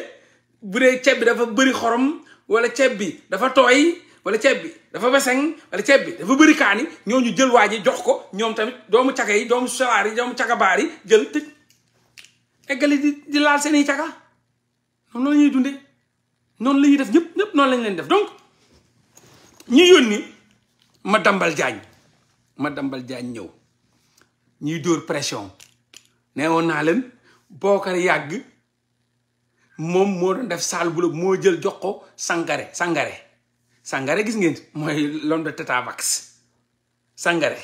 bu dee ceeb bi dafa bëri xorom wala ceeb bi dafa tooy wala ceeb bi dafa beseng wala ceeb bi dafa bëri kaani ñooñu jël waa ji jox ko ñoom tamit doomu caga yi doomu salaar yi doomu cagabaar yi jël tëj eggali di di laal seeni caga noonu la ñuy dundee noonu la ñuy def ñëpp ñëpp noonu lañ leen def donc ñu yónni ma dambal jaañ ma dambal jaañ ñëw ñuy dóor pression nee woon naa leen Bocar yàgg moom moo doon def saal bu la moo jël jox ko sàngare sàngare Sangaré gis ngeen mooy l'homme de Tetavax Sangaré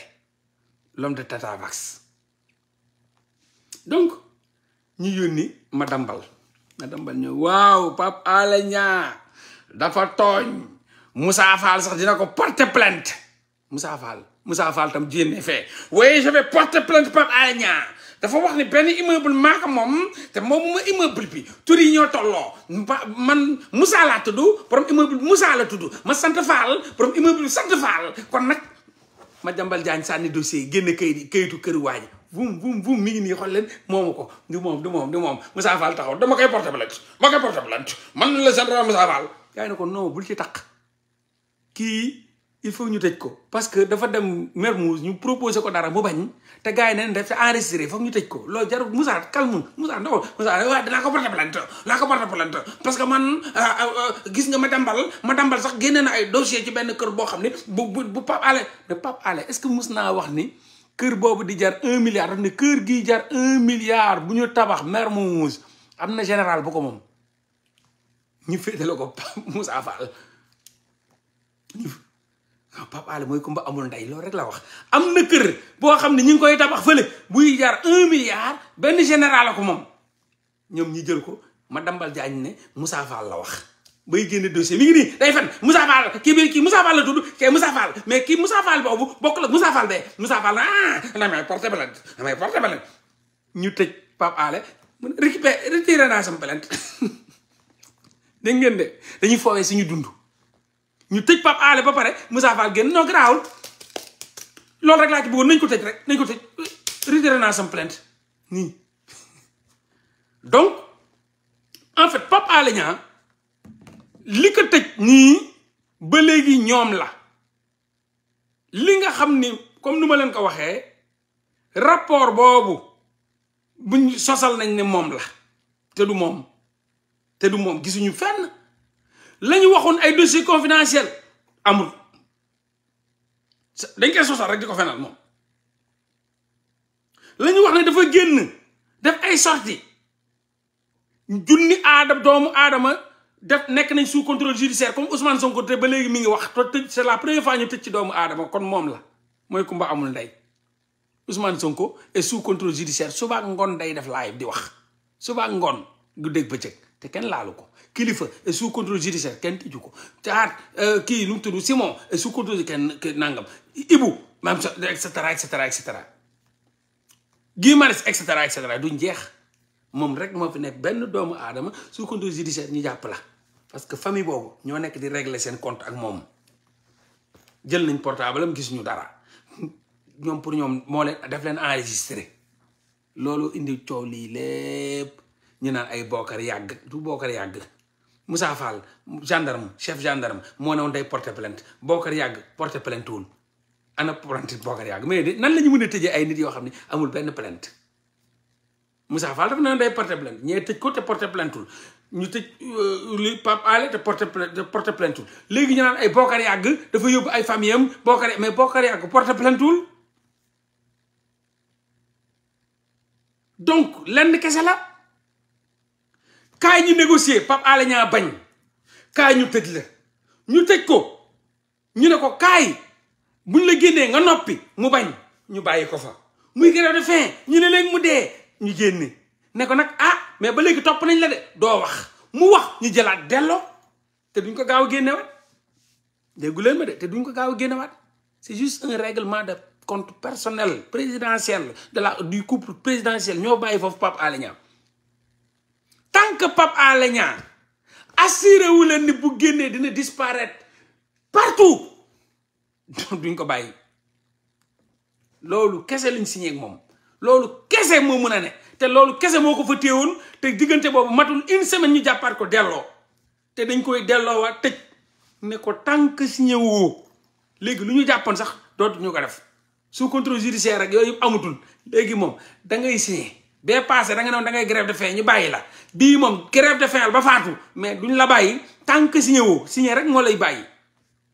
l'homme de Tetavax donc ñu yónni ma dambal ma dambal ñëw waaw Pape Alé Niang dafa tooñ Moussa sax dina ko porter plainte Moussa Moussa Fall tam jéem fee waaye je vais porter plainte Pape Alé dafa wax ni benn immeuble maa ko moom te moom ma bi tur yi ñoo tolloo man Moussa laa tudd borom immeuble bi la tudd ma sant Fall borom immeuble bi sant kon nag ma jambal jaañ sànni dossier yi génn kayit kayitu kër waaji vum vum vum mi ngi nii xool leen moomu ko du moom du moom du moom Moussa taxaw dama koy porter plainte ma koy porter plainte man la général Moussa Fall yaa ngi ko non bul ci taq kii il faut ñu tëj ko parce que dafa dem Mermoz ñu proposé ko dara mu bañ te gars yi neen def te enregistré foog ñu tëj ko loolu jarul Moussa calme Moussa ndaw Moussa waaw dinaa ko porté plainte dinaa ko porté plainte parce que man euh, euh, gis nga ma dambal ma sax génne na ay dossier ci benn kër boo xam ne bu bu bu Pape Alé mais Pape est-ce que mus naa wax ni kër boobu di jar un milliard daf ne kër gii jar un milliard bu ñu tabax Mermoz am na général bu ko moom ñu féetale ko Moussa Fall non Pape Alé mooy kumba amul ndey loolu rek la wax am na kër boo xam ne ñu ngi koy tabax fële buy jaar un milliard benn général ko moom ñoom ñi jël ko ma dambal jaañ ne Moussa Fall la wax bay génne dossier mi ngi nii day fen kii bi kii Moussa Fall la tudd kii Moussa mais kii Moussa Fall boobu bokk la Moussa Fall bee Moussa Fall ah damay porté plainte damay porté plainte ñu tëj Pape Alé mun récupéré retiré naa sama plainte (laughs) dégg ngeen de dañuy foowee suñu dund ñu tëj Pape Alé ba pare Moussa Fall génn ñoo garaawul loolu rek laa ci bëggoon nañ ko tëj rek nañ ko tëj retiré naa sama plainte nii donc en fait Pape Alé Niang li ko tëj nii ba léegi ñoom la li nga xam ni comme nu ma leen ko waxee rapport boobu buñ sosal nañ ne moom la te du moom te du moom gisuñu fenn la ñu waxoon ay dossier confidentiel amul dañ koy sosal rek di ko fenal moom la ñu wax ne dafa génn def ay sorti junni aada doomu aadama def nekk nañ sous contrôle judiciaire comme Ousmane Sonko te ba léegi mi ngi wax te tëj c'est la première fois ñu tëj ci doomu aadama kon moom la mooy kumba amul ndey Ousmane Sonko est sous contrôle judiciaire suba ngoon day def live di wax suba ngoon gu dégg bëccëg te kenn laalu ko kilifa est sous contrôle judiciaire kenn tëju ko caat euh, kii nu mu tudd Simon est sous contrôle kenn nangam Ibou maam sa et cetera et cetera et cetera Guy Marius et duñ jeex moom rek moo fi nekk benn doomu aadama sous contrôle judiciaire ñu jàpp la parce que famille boobu ñoo nekk di réglé seen compte ak moom jël nañ portable am gis ñu dara ñoom pour ñoom moo leen def leen enregistré loolu indi coow lii lépp ñu naan ay bookar yàgg du bookar yàgg Moussa Fall gendarme chef gendarme moo ne woon day porter plainte Bokar Yàgg porter plainte wul ana porter Bokar Yàgg mais de nan la ñu mën a tëjee ay nit yoo xam ne amul benn plainte Moussa Fall dafa na woon day porter plainte ñee tëj ko te porter plainte wul ñu tëj euh, li Pape Alé porte porter plainte porter plainte wul léegi ñu naan ay Bokar Yàgg dafa yóbbu ay famille am Bokar mais Bokar Yàgg porte plainte wul donc lenn kese la. kaay ñu négocier Pape ale Niang bañ kaay ñu tëj la ñu tëj ko ñu ne ko kaay buñ la génnee nga noppi mu bañ ñu bàyyi ko fa muy grève de faim ñu ne leen mu dee ñu génne ne ko nag ah mais ba léegi topp nañ la de doo wax mu wax ñu jëlaat delloo te duñ ko gaaw a génnewaat déggu leen ma de te duñ ko gaaw a génnewaat c'est juste un règlement de compte personnel présidentiel de la du couple présidentiel ñoo bàyyi foofu Pape Alé Niang tant que Pape Alé Niang assuré wu leen ni bu génnee dina disparaître partout duñ ko bàyyi loolu kese lañ signé ak moom loolu kese moo mun a ne te loolu kese moo ko fa téewoon te diggante boobu matul une semaine ñu jàppaat ko delloo te dañ koy delloowaat tëj ne ko tànk si signé woo léegi lu ñu jàppoon sax dootu ñu ko def sous contrôle judiciaire rek yooyu amatul léegi moom da ngay signé bee passé na nga noon dangay ngay grève de faim ñu bàyyi la bii moom grève de faim ba faatu mais duñ la bàyyi tant que signé woo signé rek moo lay bàyyi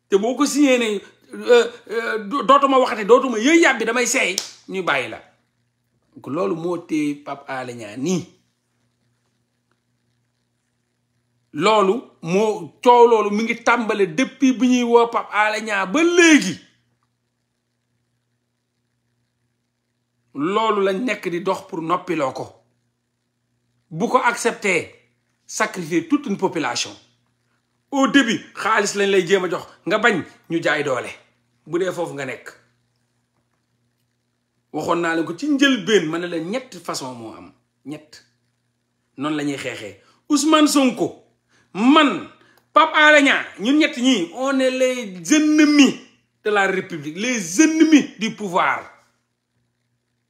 te boo ko siñee ne euh, euh, dootuma waxate dootuma yëy yàbbi damay seey ñu bàyyi la loolu moo téye Pape Alé Niang nii loolu moo coow loolu mi ngi tàmbale depuis bi ñuy woo Pape Alé Niang ba léegi loolu lañ nekk di dox pour noppiloo ko bu ko accepté sacrifier tout une population au début xaalis lañ lay jéem a jox nga bañ ñu jaay doole bu dee foofu nga nekk waxoon naa la ko ci njëlbeen ma ne la ñett façon moo am ñett noonu la ñuy xeexee Ousmane Sonko man Pape Alé Niang ñun ñett ñii on est les ennemis de la République les ennemis du pouvoir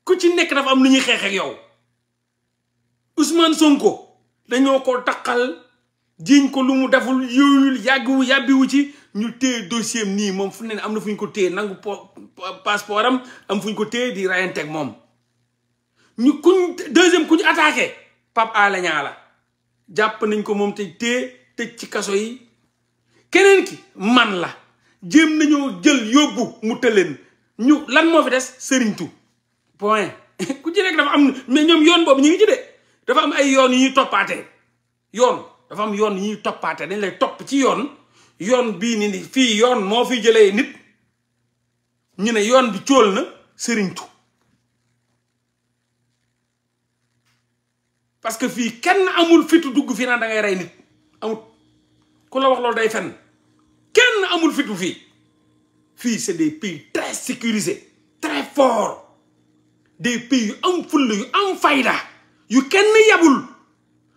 ku ci nekk dafa am lu ñuy xeex ak yow Ousmane Sonko dañoo ko taqal jiiñ ko lu mu deful yooyul yàggiwu yàbbiwu ci ñu téye dossier am nii moom fu ne am na fu ñu ko téye nangu po passeport am am fu ñu ko téye di rayanteeg moom. ñu kuñ deuxième ku ñu attaqué Pape Alé la jàpp nañ ko moom te téye tëj ci kaso yi keneen ki man la jéem nañoo jël yóbbu mu tëleen ñu lan moo fi des sëriñtu point (laughs) ku ci nekk dafa am mais ñoom yoon boobu ñu ngi ci dafa am ay yoon yu ñuy toppaatee yoon dafa am yoon yi ñu toppaatee dañ lay topp ci yoon yoon bii ni ni fii yoon moo fi jëlee nit ñu ne yoon bi cóol na sëriñtu parce que fii kenn amul fitu dugg fii naan da rey nit amut ku la wax loolu day fenn kenn amul fitu fii fii c'est des pays très sécurisés très forts de pays yu am fulla yu am fayda yu kenn yabul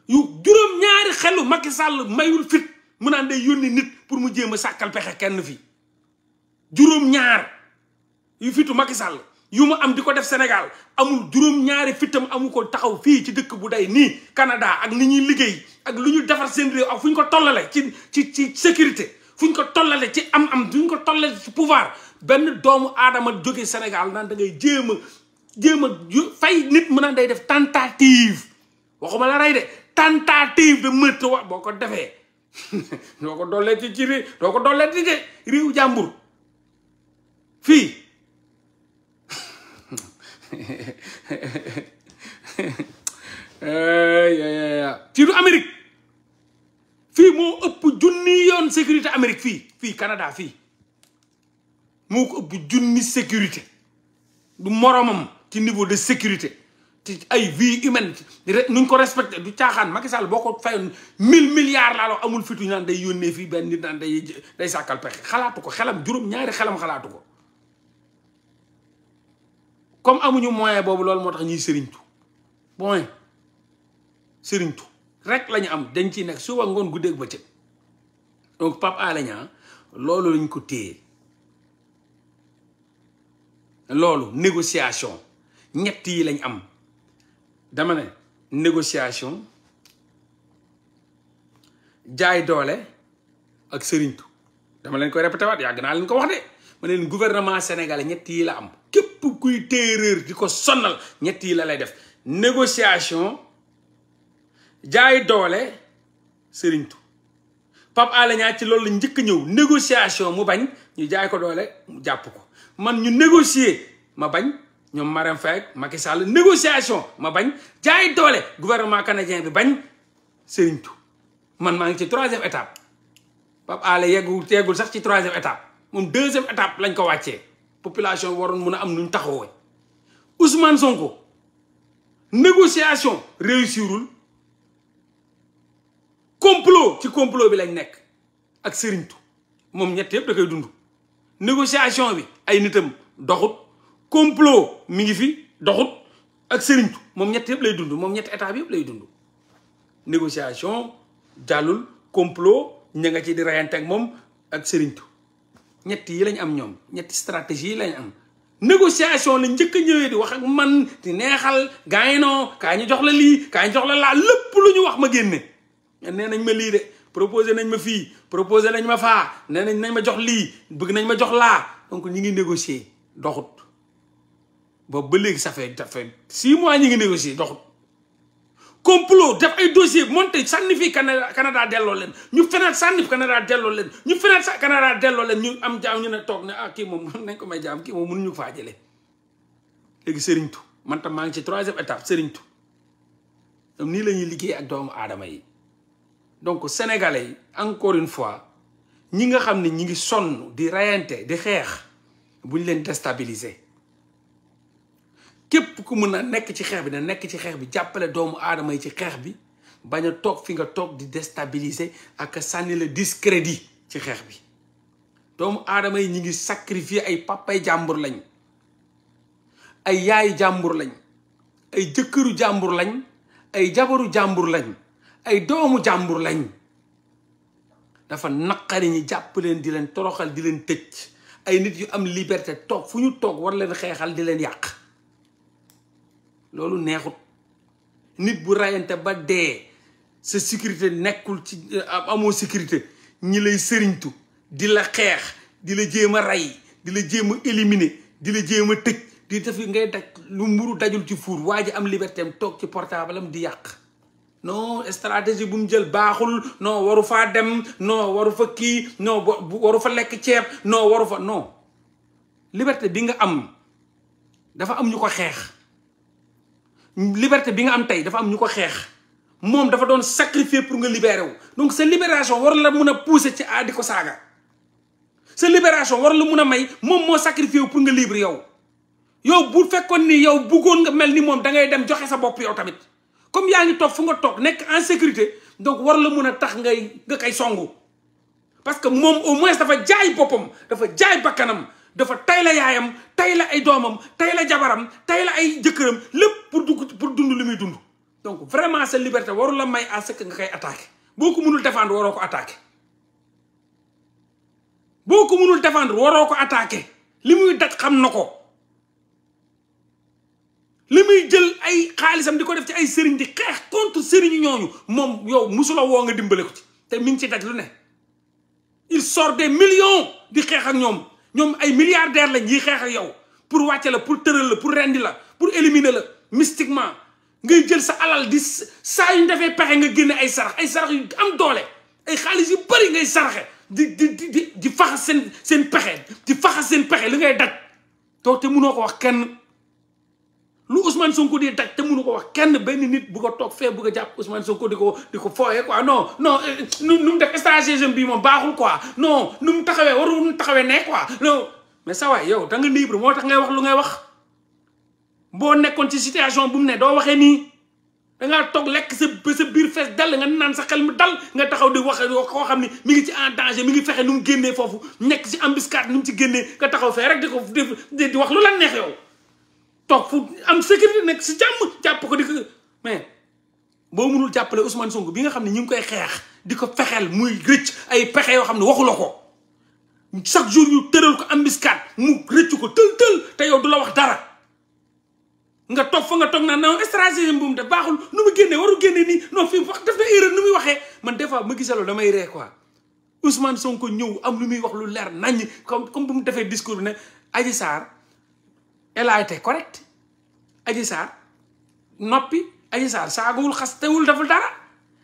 yu juróom-ñaari xelu Macky Sall mayul fit mu naan day yónni nit pour mu jéem a sàkkal pexe kenn fii juróom-ñaar yu fitu Macky Sall yu mu am di ko def Sénégal amul juróom-ñaari fitam amu ko taxaw fii ci dëkk bu dey nii Canada ak ni ñuy liggéey ak lu ñu defar seen réew ak fu ñu ko tollale ci ci ci sécurité fu ñu ko tollale ci am am fu ñu ko tollale ci pouvoir benn doomu aadama jóge Sénégal naan da ngay jéem a jéem a fay nit mu naan day def tentative waxuma la rey de tentative de meurtre wa boo ko defee
(laughs) doo
ko dollee ci ci réew doo ko dollee ci de fii fii (laughs) du fii moo ëpp junni yoon sécurité Amérique fii fii Canada fii moo ko ëpp junni sécurité du moromam ci niveau de sécurité ci ay vie humaine nuñ ko respecté du caaxaan Macky Sall boo ko fayoon mille milliards laa la amul fitu naan day yónnee fii benn nit naan day day sàkkal pexe xalaatu ko xelam juróom-ñaari xelam xalaatu ko comme amuñu moyen boobu loolu moo tax ñuy sëriñtu moyen sëriñtu rek lañu am dañ ci nekk suba ngoon gu ba bëccëg donc Pape Alé Niang loolu lañ ko téye loolu négociation ñett yi lañ am dama ne négociation jaay doole ak sëriñtu dama leen koy répété waat yàgg naa leen ko wax de ma ne leen gouvernement sénégalais ñett yi la am képp kuy téeréer di ko sonnal ñett yi la lay def négociation jaay doole sëriñtu Pape Alé Niang ci loolu la njëkk ñëw négociation mu bañ ñu jaay ko doole mu jàpp ko man ñu négocier ma bañ ñoom Marème Faye Macky Sall négociation ma bañ jaay doole gouvernement canadien bi bañ sëriñtu man maa ngi ci troisième étape Pape Alé yeggul yeggul sax ci troisième étape moom deuxième étape lañ ko wàccee population waroon mun a am nuñ taxawoo Ousmane Sonko négociation réussirul complot ci complot bi lañ nekk ak sëriñtu moom ñett yëpp da koy dund négociation bi ay nitam doxut complot mi ngi fi doxut ak sëriñtu moom ñetti yëpp lay dund moom ñetti état bi yëpp lay dund négociation jàllul complot ña nga ci di rayante moom ak sëriñtu ñetti yi lañ am ñoom ñetti stratégie yi lañ am négociation la njëkk a ñëwee di wax ak man di neexal gaañinoo kaa ñu jox la lii kaa ñu jox la laa lépp lu ñu wax ma génne nee nañ ma lii de proposé nañ ma fii proposé nañ ma faa nee nañ nañ ma jox lii bëgg nañ ma jox laa donk ñu ngi négocier doxut boobu ba léegi ça fait ça fait six mois ñi ngi négocier doxul complot def ay dossier monté sànni fii Canada Canada delloo leen ñu fenaat sànni Canada delloo leen ñu fenaat sa Canada delloo leen ñu am jaam ñu ne toog ne ah kii moom (laughs) nañ ko may jaam kii moom mënuñu faa jëlee léegi sëriñtu man tam maa ngi ci troisième étape sëriñtu donc nii la ñuy liggéey ak doomu aadama yi donc sénégalais yi encore une fois ñi nga xam ne ñi ngi sonn di rayante di xeex bu ñu leen déstabiliser képp ku mën a nekk ci xeex bi na nekk ci xeex bi jàppale doomu aadama yi ci xeex bi bañ a toog fi nga toog di déstabiliser ak sànni la discrédit ci xeex bi doomu aadama yi ñu ngi sacrifier ay pàppaay jàmbur lañ ay yaayu jàmbur lañ ay jëkkëru jàmbur lañ ay jabaru jàmbur lañ ay doomu jàmbur lañ dafa naqari ñi jàpp leen di leen toroxal di leen tëj ay nit yu am liberté toog fu ñu toog war leen xeexal di leen yàq loolu neexut nit bu rayante ba dee sa sécurité nekkul ci amoo sécurité ñi lay sëriñtu di la xeex di la jéem a rey di la jéem a éliminer di la jéem a tëj di def ngay daj lu mburu dajul ci fuur waa ji am liberté am toog ci portable am di yàq noo stratégie bu mu jël baaxul noo waru faa dem non waru fa kii non waru fa lekk ceeb noo waru fa non liberté bi nga am dafa am ñu ko xeex liberté bi nga am tey dafa am ñu ko xeex moom dafa doon sacrifier pour nga libéré wu donc sa libération war la mun a pousser ci aadi ko saaga sa libération war la mun a may moom moo sacrifier wu pour nga libre yow yow bu fekkoon ni yow buggoon nga mel ni moom da ngay dem joxe sa bopp yow tamit comme yaa ngi toog fu nga toog nekk en sécurité donc war la mun a tax ngay nga koy songu parce que moom au moins dafa jaay boppam dafa jaay bakkanam dafa tay la yaayam tay la ay doomam tay la jabaram tay la ay jëkkëram lépp pour dugg pour dund li muy dund donc vraiment sa liberté warul la may à ce nga koy attaqué boo ko mënul défendre waroo ko attaqué boo ko mënul défendre waroo ko attaqué li muy daj xam na ko li muy jël ay xaalisam di ko def ci ay sëriñ di xeex contre sëriñu ñooñu moom yow musula woo nga dimbale ko ci te mi ngi ci daj lu ne il sort des millions di xeex ak ñoom ñoom ay milliardaire la yiy xeex ak yow pour wàcce la pour tëral la pour rendi la pour éliminer la mystiquement ngay jël sa alal di saa yu ñu defee pexe nga génne ay sarax ay sarax yu am doole ay xaalis yu bëri ngay saraxe di di di di seen seen pexe di faxas seen pexe li ngay daj toog te mënoo ko wax kenn lu Ousmane Sonko di daj te mënu ko wax kenn benn nit bu ko toog fee bu ko jàpp Ousmane Sonko di ko di ko fooyee quoi non non euh, nu nu mu def stratagème bi moom baaxul quoi non nu mu taxawee waru nu taxawee ne quoi mais sa yow da nga moo tax ngay wax lu ngay wax boo nekkoon ci situation bu mu ne doo waxee nii da ngaa toog lekk sa biir fees dal nga sa xel mu dal nga taxaw di wax koo xam ni mi ngi ci en danger mi ngi fexe nu mu génnee foofu nekk si ci embuscade nu mu ci génnee nga taxaw fee rek di ko di wax lu lan neex yow. toog fu am sécurité nekk si jàmm jàpp ko di ko mais boo mënul jàppale Ousmane Sonko bi nga xam ne ñu ngi koy xeex di ko fexeel muy rëcc ay pexe yoo xam ne waxula ko chaque jour yu tëral ko embuscade mu rëcc ko tël tël te yow du la wax dara nga toog fa nga toog naa non stratégie bu mu def baaxul nu mu génnee waru génne nii non fi wax def na erreur nu muy waxee man des fois ma gisaloo damay ree quoi Ousmane Sonko ñëw am lu muy wax lu leer naññ comme comme bu mu defee discours bi ne elle a été correcte noppi Adji Sarr saagawul xastewul deful dara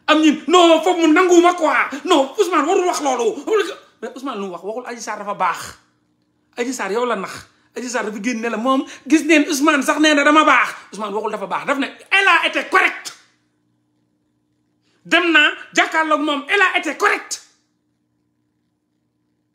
am ñun non foofu mu nanguwuma quoi mu wax waxul Adji Sarr dafa baax Adji Sarr yow la nax Adji Sarr dafa génne la moom gis neen Ousmane sax nee na dama baax Ousmane waxul dafa baax daf ne elle a été correcte dem naa jàkkaarloog moom elle a été correcte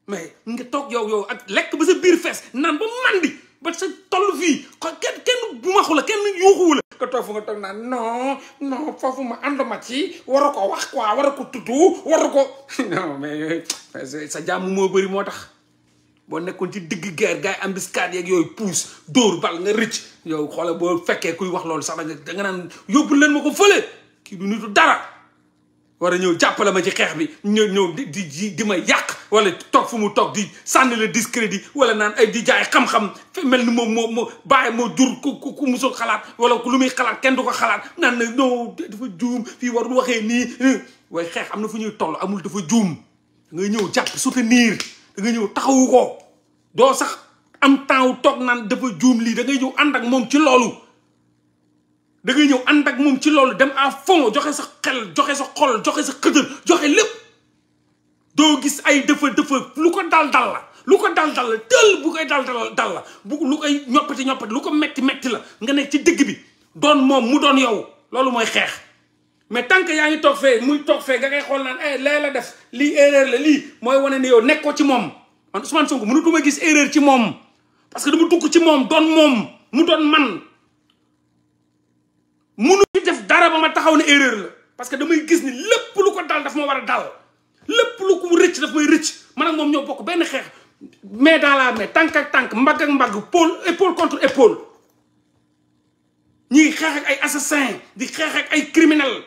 mais nga toog yow yow ak lekk ba sa biir fees naan ba mandi ba sa toll fii kenn kenn bu maxu la kenn yuuxuwu la nga toog fu nga toog naa non non foofu ma ànd ma ci war a ko wax quoi waru ko tudd waru ko (laughs) non mais sa jàmm moo bari moo tax boo nekkoon ci digg guerre gaa yi embuscade yeeg yooyu puus dóor bal nga rëcc yow xoolal boo fekkee kuy wax loolu sax da nga naan yóbbu leen ma ko fële kii du nitu dara war a ñëw jàppale ma ci xeex bi ñëw ñëw di di di ma yàq wala toog fu mu toog di sànni le discrédit wala naan ay di jaay xam-xam mel ni moom moom moo bàyyi moo jur ku ku musul xalaat wala lu muy xalaat kenn du ko xalaat naan na non dafa juum fii warul waxee nii way xeex am na fu ñuy toll amul dafa juum da ñëw jàpp soutenir da nga ñëw taxawu ko doo sax am temps wu toog naan dafa juum lii da ngay ñëw ànd ak moom ci loolu da ngay ñëw ànd ak moom ci loolu dem a fond joxe sa xel joxe sa xol joxe sa xëdal joxe lépp doo gis ay dëfa dëfa lu ko dal dal la lu ko dal la tël bu koy dal dal dal la bu lu koy ñoppati ñoppati lu ko metti metti la nga nekk ci dëgg bi doon moom mu doon yow loolu mooy xeex mais tant yaa ngi toog fee muy toog fee nga koy xool naan eh lee la def lii erreur la lii mooy wane ne yow nekkoo ci moom man Ousmane Sonko mënatuma gis erreur ci moom parce que dama tukk ci moom doon moom mu doon man munu ci def dara ba ma taxaw ne erreur la parce que damay gis ni lépp lu ko dal daf ma war a dal lépp lu ko rëcc daf may rëcc man ak moom ñoo bokk benn xeex mais dans la main tànk ak tànk mbagg ak mbagg pôle épaule contre épaule ñuy xeex ak ay assassin di xeex ak ay criminel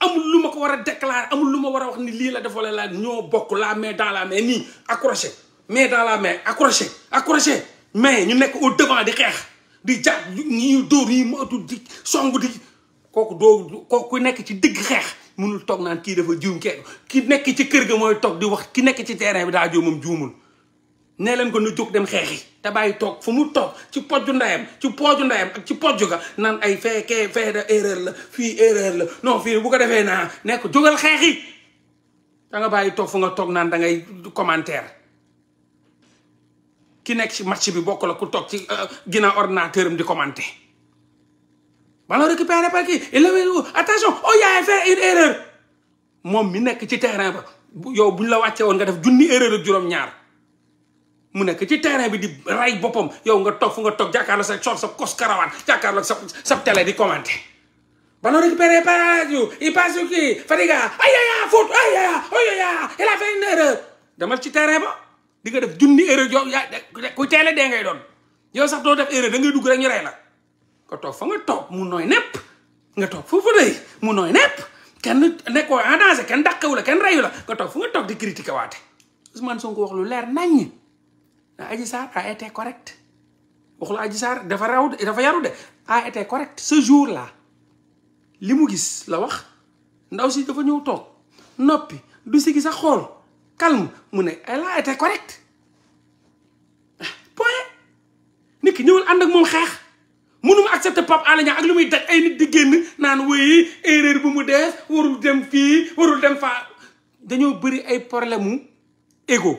amul lu ma ko war a déclarer amul lu ma war a wax ni lii la dafa la la ñoo bokk la main dans la main nii accroché main dans la main accroché accroché mais ñu nekk au devant di xeex di jàpp ñi dóor yi moytu di song di kooku doo kooku nekk ci digg xeex mënul toog naan kii dafa juum kee ki nekk ci kër ga mooy toog di wax ki nekk ci terrain bi daa joo moom juumul leen ko na jóg dem xeexi te bàyyi toog fu mu toog ci pojju ndayam ci pojju ndayam ci pojju ga naan ay feekee fee da la fii erreur la non fii bu ko defee naa nekk jógal xeexi da nga bàyyi toog fu nga toog naan dangay ngay commentaire ki nekk ci match bi bokk la ku toog ci euh, ginnaaw ordinateur am di commenter ballon récupéré par kii il attention oh yaa ngi fait une erreur moom mi nekk ci terrain ba yow bu ñu la wàccee woon nga def junni erreur juróom-ñaar mu nekk ci terrain bi di rey boppam yow nga toog fu nga toog jàkkaarloo sa sol sa kos karawaan jàkkaarloo sa sa télé di commenter. ballon récupéré par il passe kii Fadiga ay ay ay faute ay ay ay oh, il a fait une erreur demal ci terrain di nga def junni erreur yow yaa ku teel a dee ngay doon yow sax doo def erreur da ngay dugg rek ñu rey la nga toog fa nga toog mu nooy nepp nga toog foofu day mu nooy nepp kenn nekkoo en danger kenn dàqewu la kenn reyu la nga toog fu nga toog di critiqué waate man Ousmane ko wax lu leer naññ na Adji Sarr a été correct wax lu Adji Sarr dafa raw dafa yaru de a été correct ce jour là li mu gis la wax ndaw si dafa ñëw toog noppi du sigi sax xool kalm mu ne elle a été correcte point nit ki ñëwal ànd ak moom xeex mënuma accepter Pape Alé Niang ak lu muy daj ay nit di génn naan way erreur bu mu def warul dem fii warul dem faa dañoo bari ay problème mu égo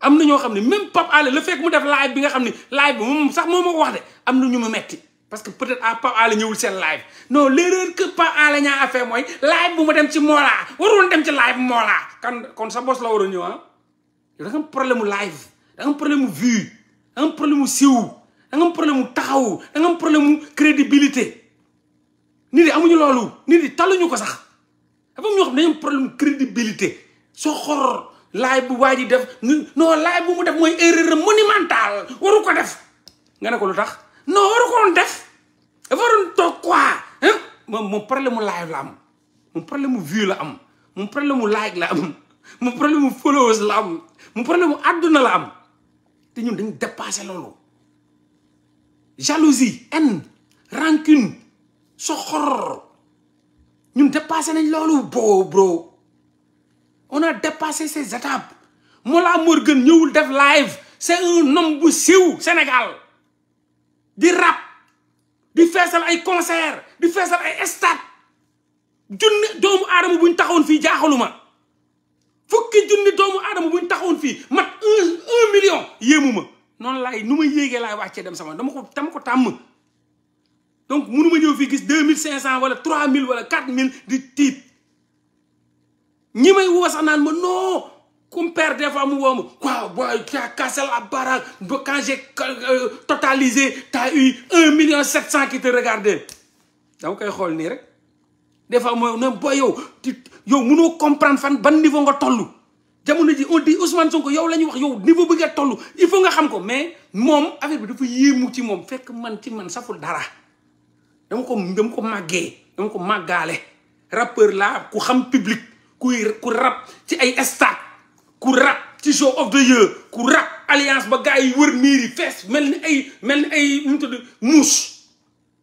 am na ñoo xam ne même Pape Alé la fekk mu def live bi nga xam ne live bi moom sax moo ma wax de am na ñu mu metti parce que peut-être ah Pape Alé ñëwul seen live non l'erreur que Pape Alé Niang a mooy live bu ma dem ci Mollah waroon dem ci live Mollah kan kon sa boss la waroon ñëw ah yow problème mu live da problème mu vue da problème mu siiw da nga problème mu taxaw da nga am problème mu crédibilité nit yi amuñu loolu nit yi ñu ko sax dafa am ñoo xam ne dañu am problème mu crédibilité soo bu waa ji def non live bu mu def mooy erreur war waru ko def nga ne ko lu tax non waru ko woon def dafa mu toog quoi moom mu live la am moom problème mu view la am mu problème mu like la am moom problème mu followers la am moom problème mu àdduna la am te ñun dañu dépassé loolu jalousie haine rancune soxor ñun dépassé nañ loolu boo bro on a dépassé ces étapes Mollah Morgun ñëwul def live c'est un homme bu siiw Sénégal di rap di feesal ay concert di feesal ay stade junni doomu aadama ñu taxawoon fii jaaxaluma fukki junni doomu aadama buñ taxawoon fii mat un un million yéemu ma noonu laay nu ma yéegee laay wàccee dem sama dama ko dama ko tàmm donc munu ma ñëw fii gis deux mille cinq cent wala trois mille wala quatre mille di tiit ñi may woo sax naan ma non compère des fois mu woo ma quoi booy tu as cassé la baraque ba quand j'ai euh, totalisé tu as eu un million sept cent qui te regardait dama koy xool nii rek des fois mooy ne booy yow ti yow mënoo comprendre fan ban niveau nga toll jamono ji on dit Ousmane Sonko yow la ñuy wax yow niveau bi nga toll il faut nga xam ko mais moom affaire bi dafa yéemu ci moom fekk man ci man saful dara dama ko dama ko màggee dama ko màggaale rappeur la ku xam public kuy ku rap ci ay stade ku rap ci show of the year ku rap alliance ba gars yi wër miir yi fees mel ni ay mel ni ay nu mu muus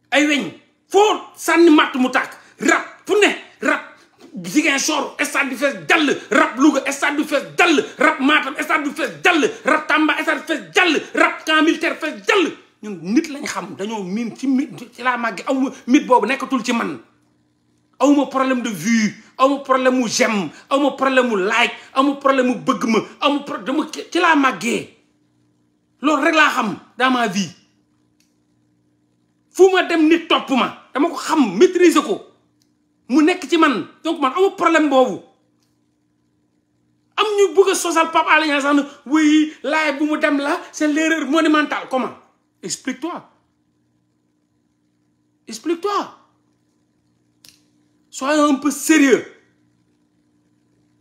ay weñ foo sànni mat mu tàkk rap fu ne rap Ziguinchor stade bi fees dall rap Louga stade bi fees dall rap Matam stade bi fees dall rap Tamba stade bi fees dall rap camp militaire fees dall ñun nit lañ xam dañoo miin ci mit ci laa màgge awma mit boobu nekkatul ci man awma problème de vue amu problème mu aw amu problème mu like amu problème mu bëgg ma amu dama ci laa màggee loolu rek laa xam dans ma vie fu ma dem nit topp ma dama ko xam maîtriser ko mu nekk ci man donc man amu problème boobu am ñu bëgg a sosal Pape Alé Niang sax na wéyi laay bu mu dem la c'est l'erreur monumentale comment explique-toi explique-toi soyons un peu sérieux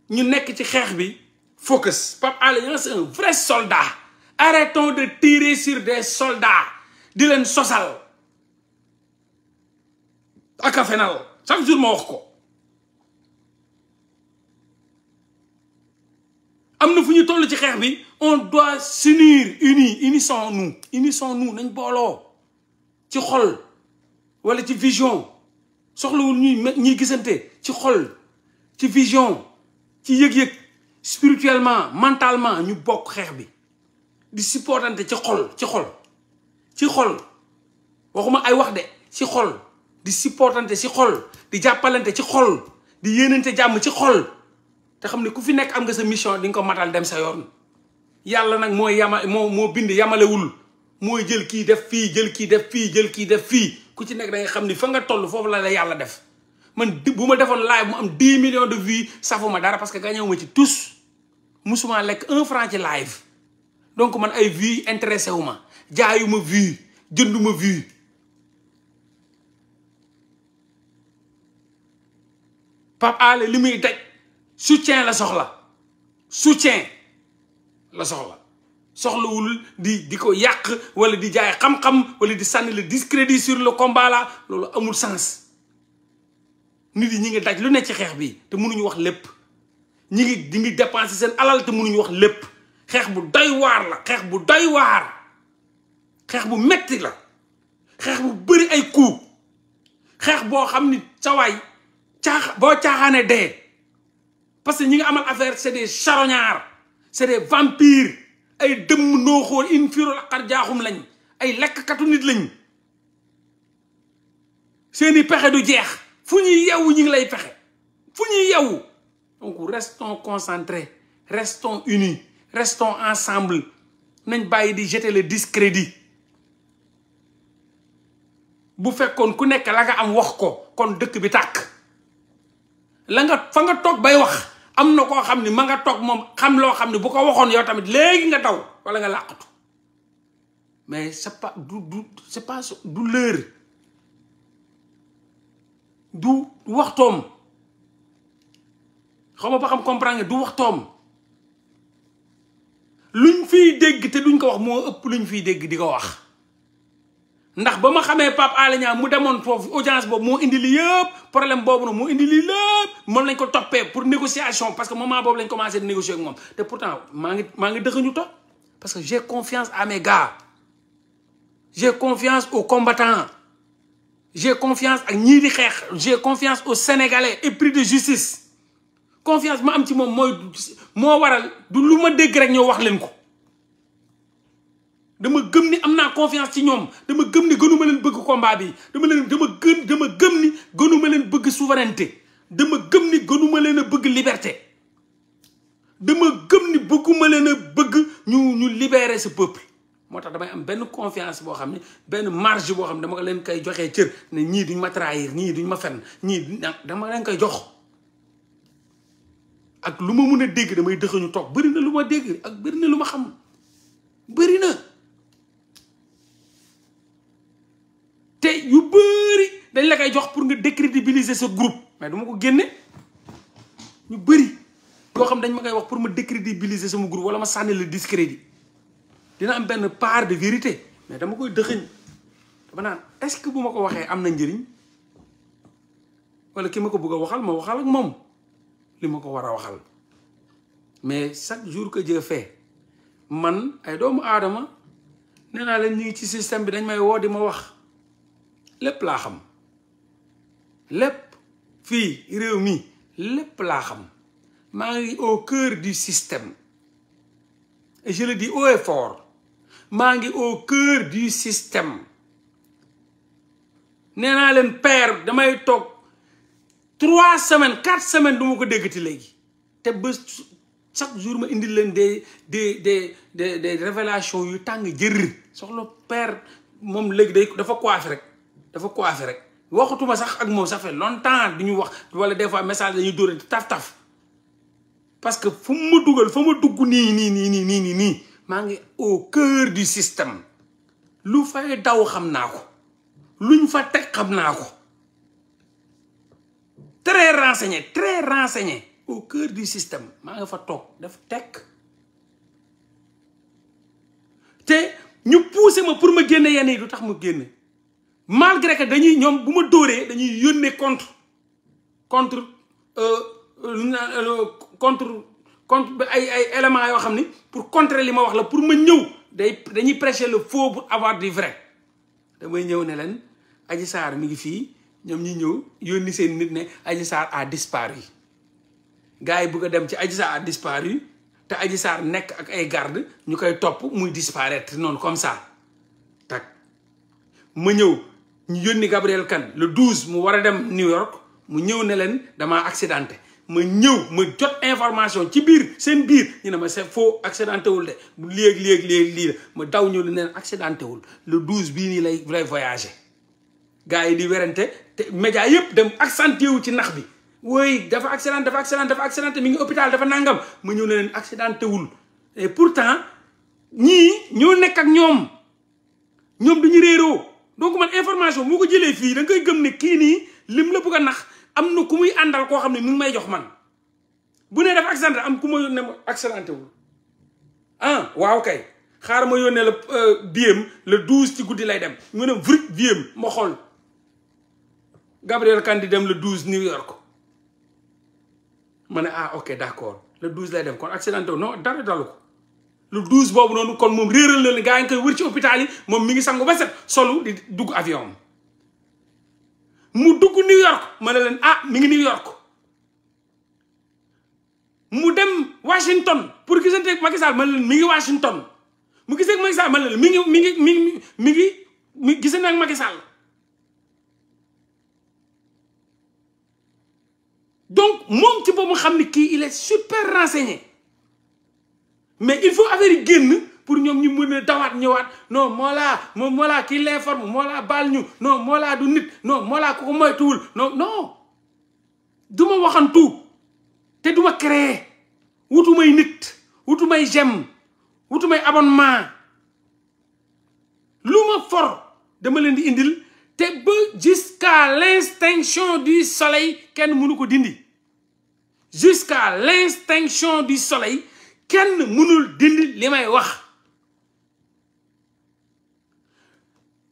ñu nekk ci xeex bi focus Pape Alé Niang c'est un vrai soldat arrêtons de tirer sur des soldats di leen sosal ak a fenal chaque jour ma wax ko am na fu ñu toll ci xeex bi on doit s'unir unis unissons-nous unissons-nous nañ booloo ci xol walla ci vision soxlawul ñuy ñuy gisante ci xol ci vision ci yëg-yëg spirituellement mentalement ñu bokk xeex bi di supportante ci xol ci xol ci xol waxuma ay wax de ci xol di supportante ci xol di jàppalante ci xol di yéenante jàmm ci xol te xam ne ku fi nekk am nga sa mission di nga ko matal dem sa yoon yàlla nag moo yama moo moo bind yamalewul mooy jël kii def fii jël kii def fii jël kii def fii ku ci nekk da xam ni fa nga toll foofu la la yàlla def man di bu ma defoon live mu am 10 millions de vues safuma dara parce que gañewu ma ci tous musuma lekk un franc ci live donc man ay vues intéressé wu ma jaayu ma vue jëndu ma vue li muy daj soutien la soxla soutien la soxla soxlawul di di ko yàq wala di jaay xam-xam wala di sànni le discrédit sur le combat là loolu amul sens nit yi ñi ngi daj lu ne ci xeex bi te mënuñu wax lépp ñi ngi di ngi seen alal te mënuñu wax lépp xeex bu doy waar la xeex bu doy waar xeex bu metti la xeex bu bëri ay coup xeex boo xam ni sawaay caax boo caaxaane dee parce que ñi ngi amal affaire c'est des charognards c'est des vampires ay dëmm nooxóor in fiirol aqar jaaxum lañ ay lekkkatu nit lañ seeni pexe du jeex fu ñuy yewwu ñu ngi lay pexe fu ñuy yewwu donc restons concentrés restons unis restons ensemble nañ bàyyi di jeter le discrédit bu fekkoon ku nekk la nga am wax ko kon dëkk bi tàkk la nga fa nga toog bay wax am na koo xam ni ma nga toog moom xam loo xam ni bu ko waxoon yow tamit léegi nga daw wala nga làqatu mais c'est pas du du c'est pas du l'heure du waxtoom xaw ma ba xam comprendre du waxtoom luñ fiy dégg te luñ ko wax moo ëpp luñ fiy dégg di ko wax ndax ba ma xamee Pape Alé Niang mu demoon foofu audience boobu moo indi lii yëpp problème boobu noonu moo indi lii lépp moom lañ ko toppee pour négociation parce que moment boobu lañ commencé di négocier ak moom te pourtant maa ngi maa ngi dëxañu to parce que j'ai confiance amee mes gars j'ai confiance aux combattants j'ai confiance ak ñii di xeex j'ai confiance aux sénégalais épris de justice confiance ma am ci moom mooy moo waral du lu ma dégg rek ñoo wax leen ko dama gëm ni am naa confiance ci ñoom dama gëm ni gënuma leen bëgg combat bi dama leen dama gën dama gëm ni gënuma leen bëgg souveraineté dama gëm ni gënuma leen a bëgg liberté dama gëm ni bëgguma leen a bëgg ñu ñu libérer ce peuple moo tax damay am benn confiance boo xam ne benn marge boo xam ne dama leen koy joxee cër ne ñii duñ ma trahir ñii duñ ma fenn ñii dama leen koy jox ak lu ma mun a dégg damay dëxañu toog bëri na lu ma dégg ak bëri na lu ma xam bëri na dañ la koy jox pour nga décrédibiliser sa group mais duma ko génne ñu bëri yoo xam dañ ma koy wax pour ma décrédibiliser sama groupe wala ma sànni le discrédit dina am benn part de vérité mais dama koy dëxëñ dama naan est-ce que bu ma ko waxee am na njëriñ wala ki ma ko bëgg a waxal ma waxal ak moom li ma ko war a waxal mais chaque jour que Dieu fait man ay doomu aadama nee naa leen ñu ngi ci système bi dañ may woo di ma wax lépp laa xam lépp fii réew mi lépp laa xam maa ngi au cœur du système et je le dis haut et maa ngi au cœur du système nee naa leen père damay toog trois semaines quatre semaines du ma ko déggati léegi te bés chaque jour ma indil leen de des de des des révélations yu tàng jër soxla père moom léegi day dafa coiffé rek dafa ko coiffé rek waxutuma sax ak moom ça fait longtemps du ñu wax wala des fois message la ñuy dóore taf-taf parce que fu ma dugal fa ma dugg nii nii nii nii nii nii maa ngi au cœur du système lu fay daw xam naa ko luñ fa teg xam naa ko très renseigné très renseigné au cœur du système maa ngi fa toog daf teg te ñu poussé ma pour ma génn yenn yi lu tax mu génn malgré que dañuy ñoom bu ma dóoree dañuy yónnee contre contre euh, euh, euh, contre contre ay ay éléments yoo xam ni pour contre li ma wax la pour ma ñëw day dañuy prêcher le faut pour avoir di vrai damay ñëw ne leen aji Sarr mi ngi fii ñoom ñu ñëw yónni seen nit ne Adji Sarr a disparu gars yi bëgg a dem ci Adji Sarr a disparu te aji Sarr nekk ak ay garde ñu koy topp muy disparaître noonu comme ça tak ma ñëw ñu yónni Gabriel kan le 12 mu war a dem New York mu ñëw ne leen damaa accidenté ma ñëw ma jot information ci biir seen biir ñu ne ma c'est foo accidenté wul de mu léegi léegi léegi lii ma daw ñëw ne leen accidenté wul le 12 bii nii lay lay voyagé. gars yi di werante te média yëpp dem accentué wu ci nax bi wooy dafa accidenté dafa accidenté dafa accidenté mi ngi hôpital dafa nangam ma ñëw ne leen accidenté wul et pourtant ñii ñoo nekk ak ñoom ñoom du ñu réeroo. donc man information moo ko jëlee fii da ngay gëm ne kii nii lim la bëgg a nax am na ku muy àndal koo xam ne mu ngi may jox man bu ne def accidenté am ku ma yónnee ma accidenté wul ah waaw kay xaar ma yónnee la biem euh, le douze ci guddi lay dem mu ne vrit biem ma xool Gabriel Kandji dem le douze New York ma ne ah ok d'accord le douze lay dem kon accidenté wu non dara dalu lu douze boobu noonu kon moom réeral na leen gaa yi nga koy wër ci hôpital yi moom mi ngi sangu ba set solu di dugg avion mu dugg New York ma ne leen ah mi ngi New York mu dem Washington pour gisante Macky Sall ma ne leen mi ngi Washington mu gisee Macky Sall ma ne leen mi ngi mi ngi mi ngi mi ngi mi gisee nag Macky Sall donc moom ci boobu xam ni kii il est super renseigné. mais il faut affaire génn pour ñoom ñi mën a dawaat ñëwaat non Mollah moom Mollah kii l'informe Mollah baal ñu non Mollah du nit non Mollah ku ko moytuwul non non du waxantu te du ma wutumay nit wutumay j'aime wutumay abonnement lu ma for dama leen di indil te ba jusqu'à l'extinction du soleil kenn mënu ko dindi jusqu'à l'extinction du soleil kenn mënul dindi li may wax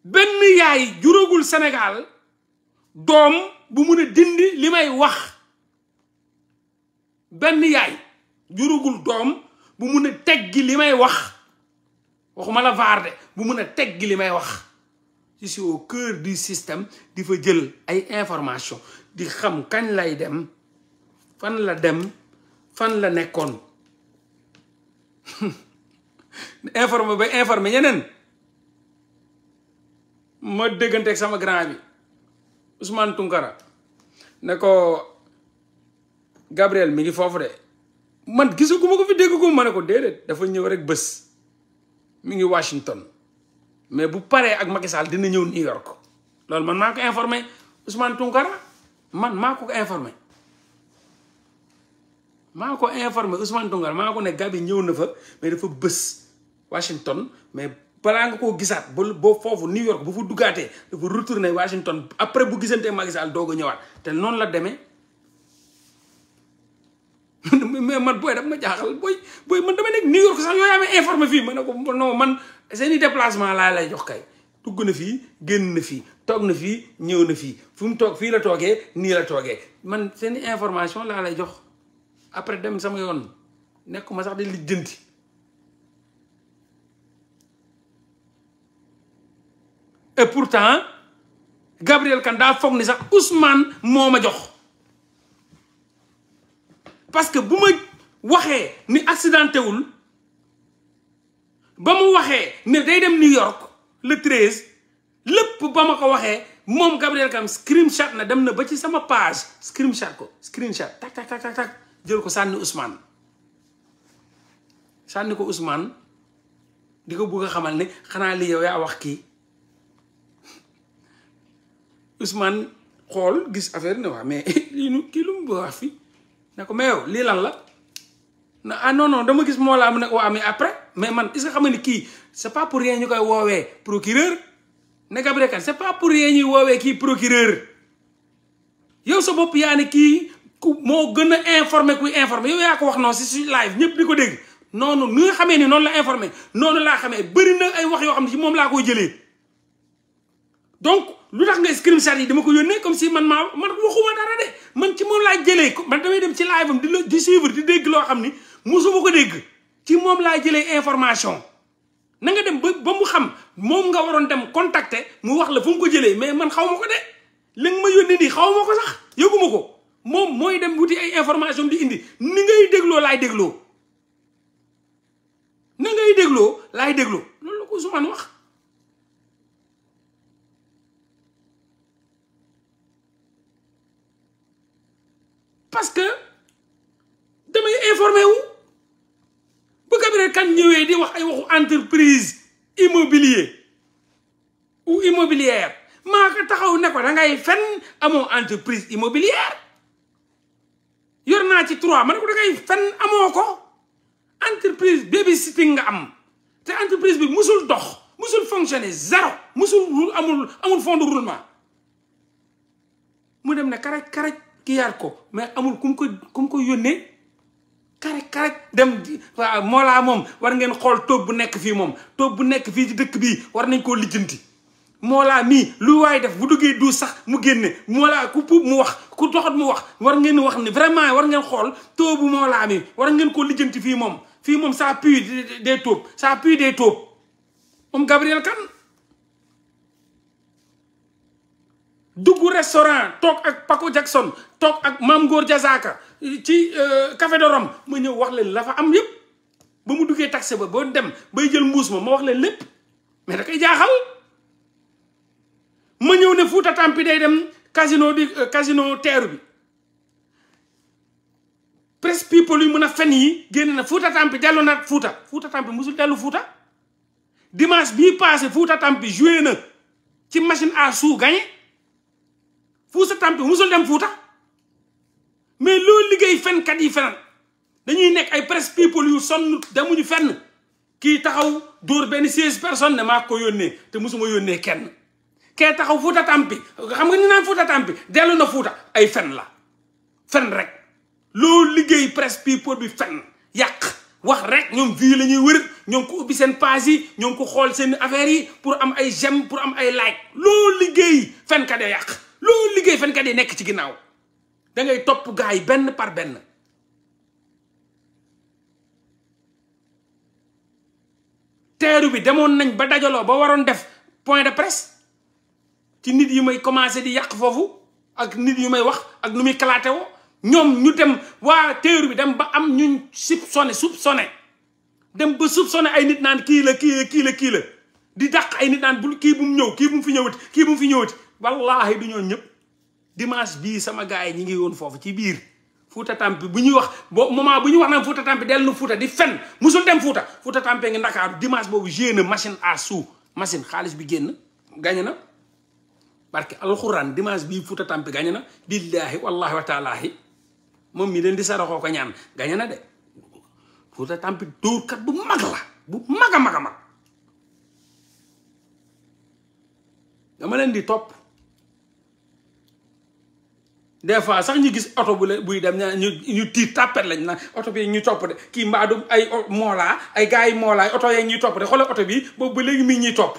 benn yaay juróogul doom bu mën a dindi li wax benn yaay doom bu mën li may wax waxuma la vaar bu mën a teggi li may wax ci suis au cœur du système di fa jël ay information di xam kañ lay dem fan la dem fan la nekkoon (laughs) informé ba informé ñeneen ma dégganteeg sama grand bi Ousmane Tunkara ne ko Gabriel mi ngi foofu de man gisagu ma ko fi dégg ko ma ne ko déedéet dafa ñëw rek bës mu ngi Washington mais bu paree ak Macky Sall dina ñëw New York loolu man maa ko informé Ousmane Tunkara man maa ko ko informé maa ko informé Ousmane Tounkara maa ko ne Gabi ñëw na fa mais dafa bës Washington mais balaa nga koo gisaat ba ba foofu New York bu fa duggaatee dafa retourné Washington après bu gisantee Macky Sall doog ñëwaat te noonu la demee. (laughs) mais man booy daf ma jaaxal booy booy man dama nekk New York sax yooyu amee informé fii ma ne ko non man seen i déplacement laa lay jox kay. tugg na fii génn na fii toog na fii ñëw na fii fu mu toog fii la toogee nii la toogee man seen information laa lay jox. après dem sama yoon nekkuma sax di lijjanti et pourtant Gabriel Kane daa foog ni sax Ousmane moo ma jox parce que bu ma waxee ni accidenté wul ba mu waxee ne day dem New York le treize lépp ba ma ko waxee moom Gabriel Kane screenshot na dem na ba ci sama page screenshot ko screenshot tak tak tak tak jël ko sànni Ousmane sànni ko Ousmane di ko bugg a xamal ne xanaa li yow yaa wax kii Ousmane xool gis affaire ne waa mais (laughs) lii nu kii lu mu bëgg wax fii ne ko mais yow lii lan la na ah non dama gis moo laa am ne waa mais après mais man est-ce que xam ni kii c'est pas pour rien ñu koy woowee procureur ne Gabriel Kane c'est pas pour rien ñuy woowee kii procureur yow sa bopp yaa ne kii ku moo gën a informé kuy informé yow yaa ko wax noonu si si live ñëpp di ko dégg noonu ni xamee ni noonu la informé noonu laa xamee bëri na ay wax yoo xam ne ci moom laa koy jëlee donc lu tax nga screenshot yi dama ko yónnee comme si man maa man waxuma dara de man ci moom laa jëlee man damay dem ci live am di la di suivre dégg loo xam ni mosuma ko dégg ci moom laa jëlee information na nga dem ba ba mu xam moom nga waroon dem contacter mu wax la fu mu ko jëlee mais man xaw ma ko de li ma yónnee nii xaw ma ko sax yëguma ko moom mooy dem wuti ay information bi indi ni ngay dégloo laay dégloo na ngay dégloo laay dégloo loolu la ko Ousmane wax parce que damay informé wu bu Gabriel Kane ñëwee di wax ay waxu entreprise immobilier ou immobilière maa ko taxaw ne ko da ngay fenn amoo entreprise immobilière yor naa ci trois ma ne ko dangay fenn amoo ko entreprise baby sitting nga am te entreprise bi musul dox musul fonctionner zéro musul amul amul fond de roulement mu dem ne karaj karaj ki yar ko mais amul ku mu ko ku yónnee karaj karaj dem waaw moo laa moom war ngeen xool toog bu nekk fii moom toog bu nekk fii ci dëkk bi war nañ koo lijjanti Mollah mii lu waay def bu duggee duus sax mu génne Mollah ku puub mu wax ku doxat mu wax war ngeen wax ni vraiment war ngeen xool toobu Mollah mi war ngeen koo lijjanti fii moom fii moom saa pue des taupes ça pue des taupes moom Gabriel Kane dugg restaurant toog ak Paco Jackson toog ak Mame Ngor Diazaka ci euh, Café de Rome ma ñëw wax leen la fa am yëpp ba mu duggee taxi ba boo dem bay jël mbuus ma ma wax leen lépp mais da koy jaaxal ma ñëw ne Fouta Tampi day dem casino di euh, casino teeru bi presse people yu mën a fen yi génn na Fouta Tampi dellu na Fouta Fouta Tampi musul dellu Fouta dimanche bii passé Fouta Tampi joué na ci machine à sous gagné Fouta Tampi musul dem Fouta mais loolu liggéey fenkat yi fenal dañuy nekk ay presse people yu sonn demuñu fenn kii taxaw dóor benn seize personnes ne maa ko yónnee te musuma yónnee kenn kee taxaw Fuuta Tampi xam nga ñu naan Fuuta Tampi dellu na Fuuta ay fen la fen rek loo liggéey presse people bi fen yàq wax rek ñoom vie la ñuy wër ñoom ko ubbi seen page yi ñoom ko xool seen affaires yi pour am ay gem pour am ay like loo liggéey fenkat yi yàq loo liggéey fenkat yi nekk ci ginnaaw dangay ngay topp gars benn par benn teeru bi demoon nañ ba dajaloo ba waroon def point de presse ci nit yu may commencé di yàq foofu ak nit yu may wax ak nu muy kalaate ñoom ñu dem waa téer bi dem ba am ñu soupçonné sone dem ba soupçonné ay nit naan kii kii la kii di dàq ay nit bul kii bu mu ñëw kii mu fi ñëwati kii bu fi ñëwati wallaahi du ñoo ñëpp dimanche bii sama gars yi ñi ngi woon foofu ci biir Fouta Tampi bu ñuy wax bo moment bu ñuy wax naan Fouta Tampi dellu na Fouta di fen musul dem Fouta Fouta Tampi ngi Ndakaaru dimanche boobu génn machine à sous machine xaalis bi génn gañe na parce que alxuraan dimanche bii Fuuta Tampi gañe na billaahi wallaahi wa taalaahi moom mi leen di saraxoo ko ñaan gañe na de Fuuta Tampi dóorkat bu mag la bu mag a mag a mag dama leen di topp des fois sax ñu gis oto bu la buy dem ñu ñu tiir tàppet lañ na oto bi ñu topp de kii mbaadu ay moolaa ay gars yi moolaa oto yeeg ñuy topp de xoolal oto bi boobu ba léegi mii ñuy topp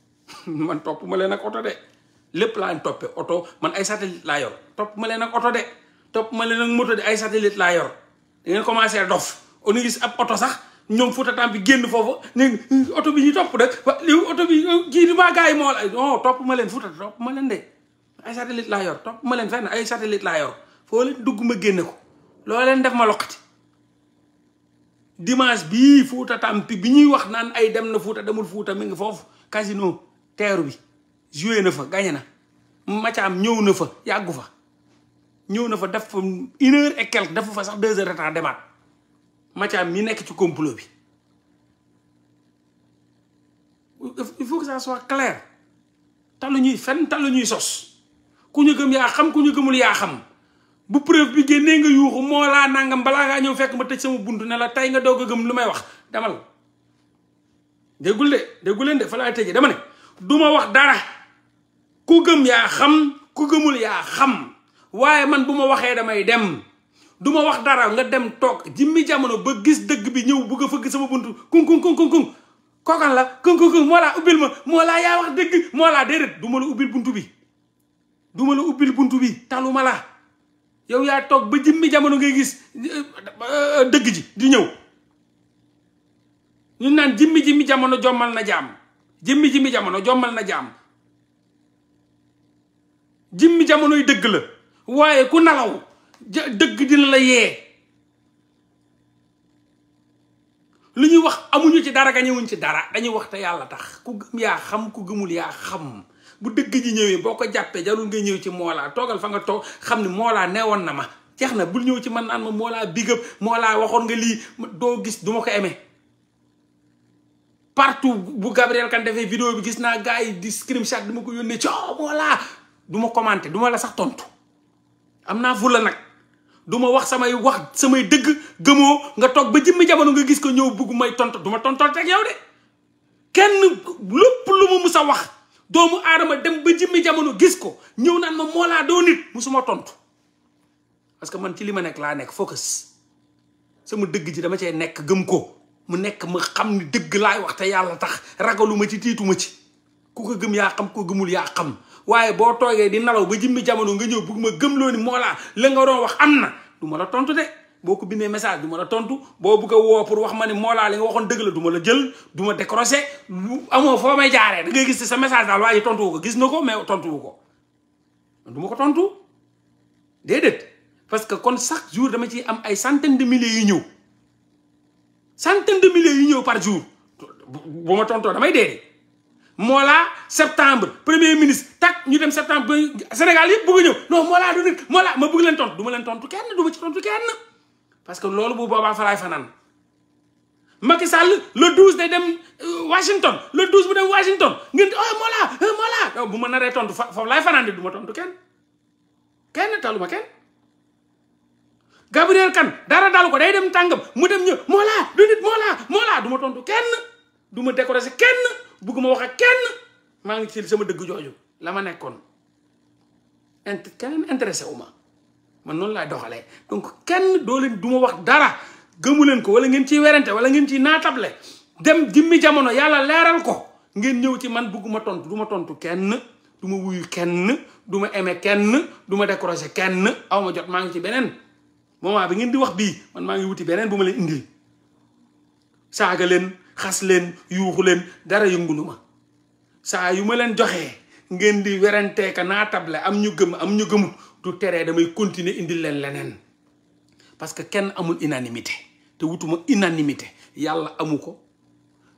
(laughs) man topp ma leen ak oto de lépp laa leen oto man ay satellite laa yor topp ma leen ak oto de topp ma leen ak moto de ay satellite laa yor da ngeen dof au gis ab oto sax ñoom Fouta Tampi génn foofu ne oto bi ñu topp de li oto bi euh, kii di yi moo la non topp ma leen Fouta topp ma leen de ay satellite laa yor ma leen satellite laa yor foo leen dugg ma génne ko loo leen def ma loqati dimanche bii Fouta Tampi bi ñuy wax naan ay dem na Fouta demul Fouta mi ngi foofu casino teeru bi joué na fa gagné na Macaam ñëw na fa yàggu fa ñëw na fa def fa une heure et quelque defu fa sax deux heures de demaat Macaam mi nekk ci complot bi il faut que ça soit clair talu ñuy fenn talu ñuy sos ku ñu gëm yaa xam ku ñu gëmul yaa xam bu preuve bi génnee nga yuuxu moo laa nangam balaa ngaa ñëw fekk ma tëj sama bunt ne la tey nga doog a gëm lu may wax demal déggul de déggul leen de fa laay tëjee dama ne duma wax dara ku gëm yaa xam ku gëmul yaa xam waaye man bu ma waxee damay dem du ma wax dara nga dem toog jimmi jamono ba gis dëgg bi ñëw bugg a fëgg sama buntu kun kun kun kun kookan la kun kun kun moo laa ubbil ma moo laa yaa wax dëgg moo laa déedéet du ma la ubbil buntu bi du la ubbil buntu bi talu ma la yow yaa toog ba jimmi jamono ngay gis euh, dëgg ji di ñëw ñu naan jimmi jimmi jamono jommal na jaam jimmi jimmi jamono jommal na jaam jimmi jamonoy dëgg la waaye ku nalaw dëgg dina la yee lu ñuy wax amuñu ci dara gañewuñ ci dara dañuy wax te yàlla tax ku gëm yaa xam ku gëmul yaa xam bu dëgg ji ñëwee boo ko jàppee jarul ngay ñëw ci moolaa toogal fa nga toog xam ni moolaa neewoon na ma jeex na bul ñëw ci man naan ma moolaa bigëb laa waxoon nga lii doo gis du ko aimé partout bu Gabriel kan defee vidéo bi gis naa gars yi di screenshot di ma ko yónnee ci laa du ma commenter du ma la sax tontu am naa fulla nag du ma wax samay wax samay dëgg gëmoo nga toog ba jëmmi jamono nga gis ko ñëw bugg tontu du ma tontonte ak yow kenn lépp lu ma mus a wax doomu aadama dem ba jëmmi jamono gis ko ñëw naan ma moo laa doo nit suma tontu parce que man ci li ma nekk laa nekk focus sama dëgg ji dama cee nekk gëm ko mu nekk ma xam ni dëgg laay wax te yàlla tax ragalu ci tiituma ci ku ko gëm yaa xam ku ko gëmul yaa xam waaye boo toogee di nalaw ba jimmi jamono nga ñëw bugg ma gëmloo ni moo laa la nga doon wax am na du ma la tontu de boo ko bindee message du ma la tontu boo bëgg a woo pour wax ma ne moolaa li nga waxoon dëgg la du ma la jël du ma décroché amoo foo may jaaree da gis gis sa message daal waaye tontu wu ko gis na ko mais tontu wu ko du ma ko tontu déedéet parce que kon chaque jour dama ciy am ay centaine de milliers yu ñëw centaine de milliers yu ñëw par jour bu ma damay dee Mollah septembre premier ministre tak ñu dem septembre ba Sénégal yëpp bëgg a ñëw du nit Mollah ma bëgg leen tontu du ma leen tontu kenn du ma ci tontu kenn parce que loolu bu boobaa fa laay fanaan Macky Sall le 12 day dem euh, Washington le 12 bu dem Washington ngeen di oh euh, bu ma naree tontu fa foofu laay fanaan de du ma tontu kenn kenn talu ma kenn. Gabriel Kane dara dalu ko day dem tàngam mu dem ñëw Mollah du nit Mollah Mollah du ma tontu kenn du ma décourager kenn. bugguma wax ak kenn maa ngi ci sama dëgg jooju la ma nekkoon int kenn intéressé wu ma man noonu laay doxalee donc kenn doo leen du ma wax dara gëmu leen ko wala ngeen ci werante wala ngeen ciy naatable dem jimmi jamono yàlla leeral ko ngeen ñëw ci man bugguma tontu du ma tontu kenn du ma wuyu kenn du ma aimé kenn du ma décroché kenn aw ma jot maa ngi ci beneen moom moment bi ngeen di wax bii man maa ngi wuti beneen bu ma leen indil saaga leen xas leen yuuxu leen dara yëngulu ma saa yu ma leen joxee ngeen di weranteeka naa table am ñu gëm am ñu gëmut du teree damay continuer indil leen leneen parce que kenn amul unanimité te wutuma unanimité yàlla amu ko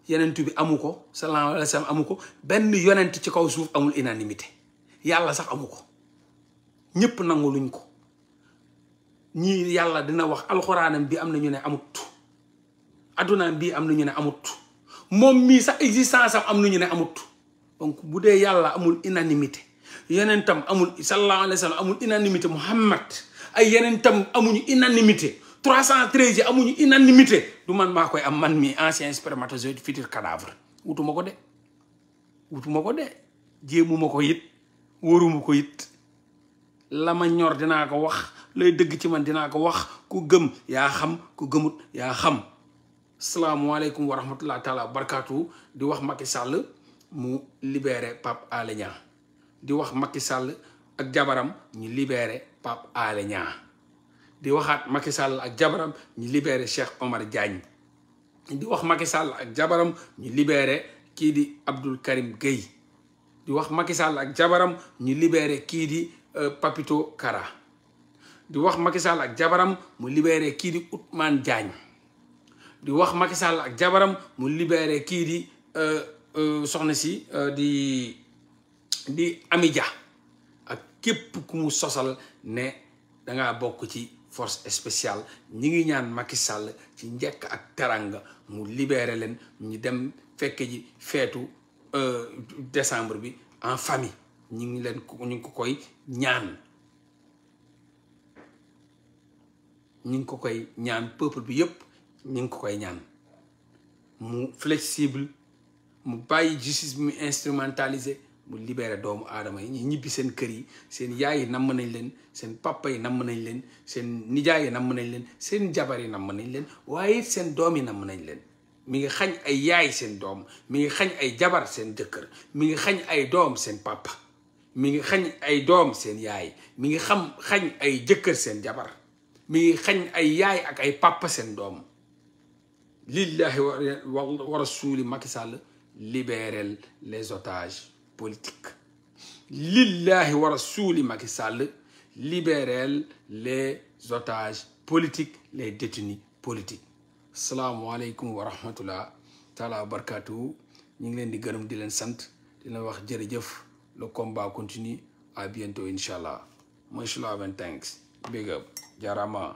yonent bi amu ko sallallahu alayhi amu ko benn yonent ci kaw suuf amul unanimité yàlla sax amu ko ñëpp nangu luñ ko ñii yàlla dina wax alxuraanam bi am na ñu ne amut addunaam bii am na ñu ne amut moom mii sax existence am am na ñu ne amut donc bu dee yàlla amul unanimité yeneentam amul sallallahu alayhi wa sallam amul unanimité Muhammad ay yeneentam amuñu cent 313 yi amuñu unanimité du man maa koy am man mi ancien spermatozoïde futur cadavre wutuma ko de wutuma ko de jéemuma ko it wóoruma ko it la ñor dinaa ko wax lay dëgg ci man dinaa ko wax ku gëm yaa xam ku gëmut yaa xam salaamualeykum wa rahmatulah taalaa barkaatu di wax Macky sàll mu libeere Pape Alé Niang di wax Macky Sall ak jabaram ñu libeere Pape di waxaat Macky Sall ak jabaram ñu libéré Cheikh Omar Diagne di wax Macky sàll ak jabaram ñu libeere kii di Abdoul Karim Gueye di wax Macky sàll ak jabaram ñu libeere kii di euh, Papito Kara di wax Macky sàll ak jabaram mu libeere kii di Ousmane Diagne. di wax Macky Sall ak jabaram mu libéré kii di euh, euh, soxna si euh, di di Amy ak képp ku mu sosal ne danga bokk ci force spéciale ñi ngi ñaan Macky Sall ci njëkk ak teranga mu libeere leen ñu dem fekke ji feetu décembre bi en famille ñi ngi leen ñu ngi ko koy ñaan ñu ngi ko koy ñaan peuple bi yëpp ñu ngi ko koy ñaan mu flexible mu bàyyi justice bi mu instrumentalisé mu libéré doomu aadama yi ñu ñibbi seen kër yi seen yaay yi namm nañ leen seen papa yi namm nañ leen seen nijaay yi namm nañ leen seen jabar yi namm nañ leen waaye seen doom yi namm nañ leen mi ngi xañ ay yaay seen doom mi ngi xañ ay jabar seen jëkkër mi ngi xañ ay doom seen papa mi ngi xañ ay doom seen yaay mi ngi xam xañ ay jëkkër seen jabar mi ngi xañ ay yaay ak ay pàppa seen doom lillahi wa suuli Macky Sall libérel les otages politiques lillahi wa rasuli Macky Sall libérel les otages politiques les détenus politiques salaamualeykum wa rahmatullah taala wa barakaatu ñu ngi leen di gërëm di leen sant dina wax jërëjëf le combat continue à bientôt incha allah macha allah and thanks big up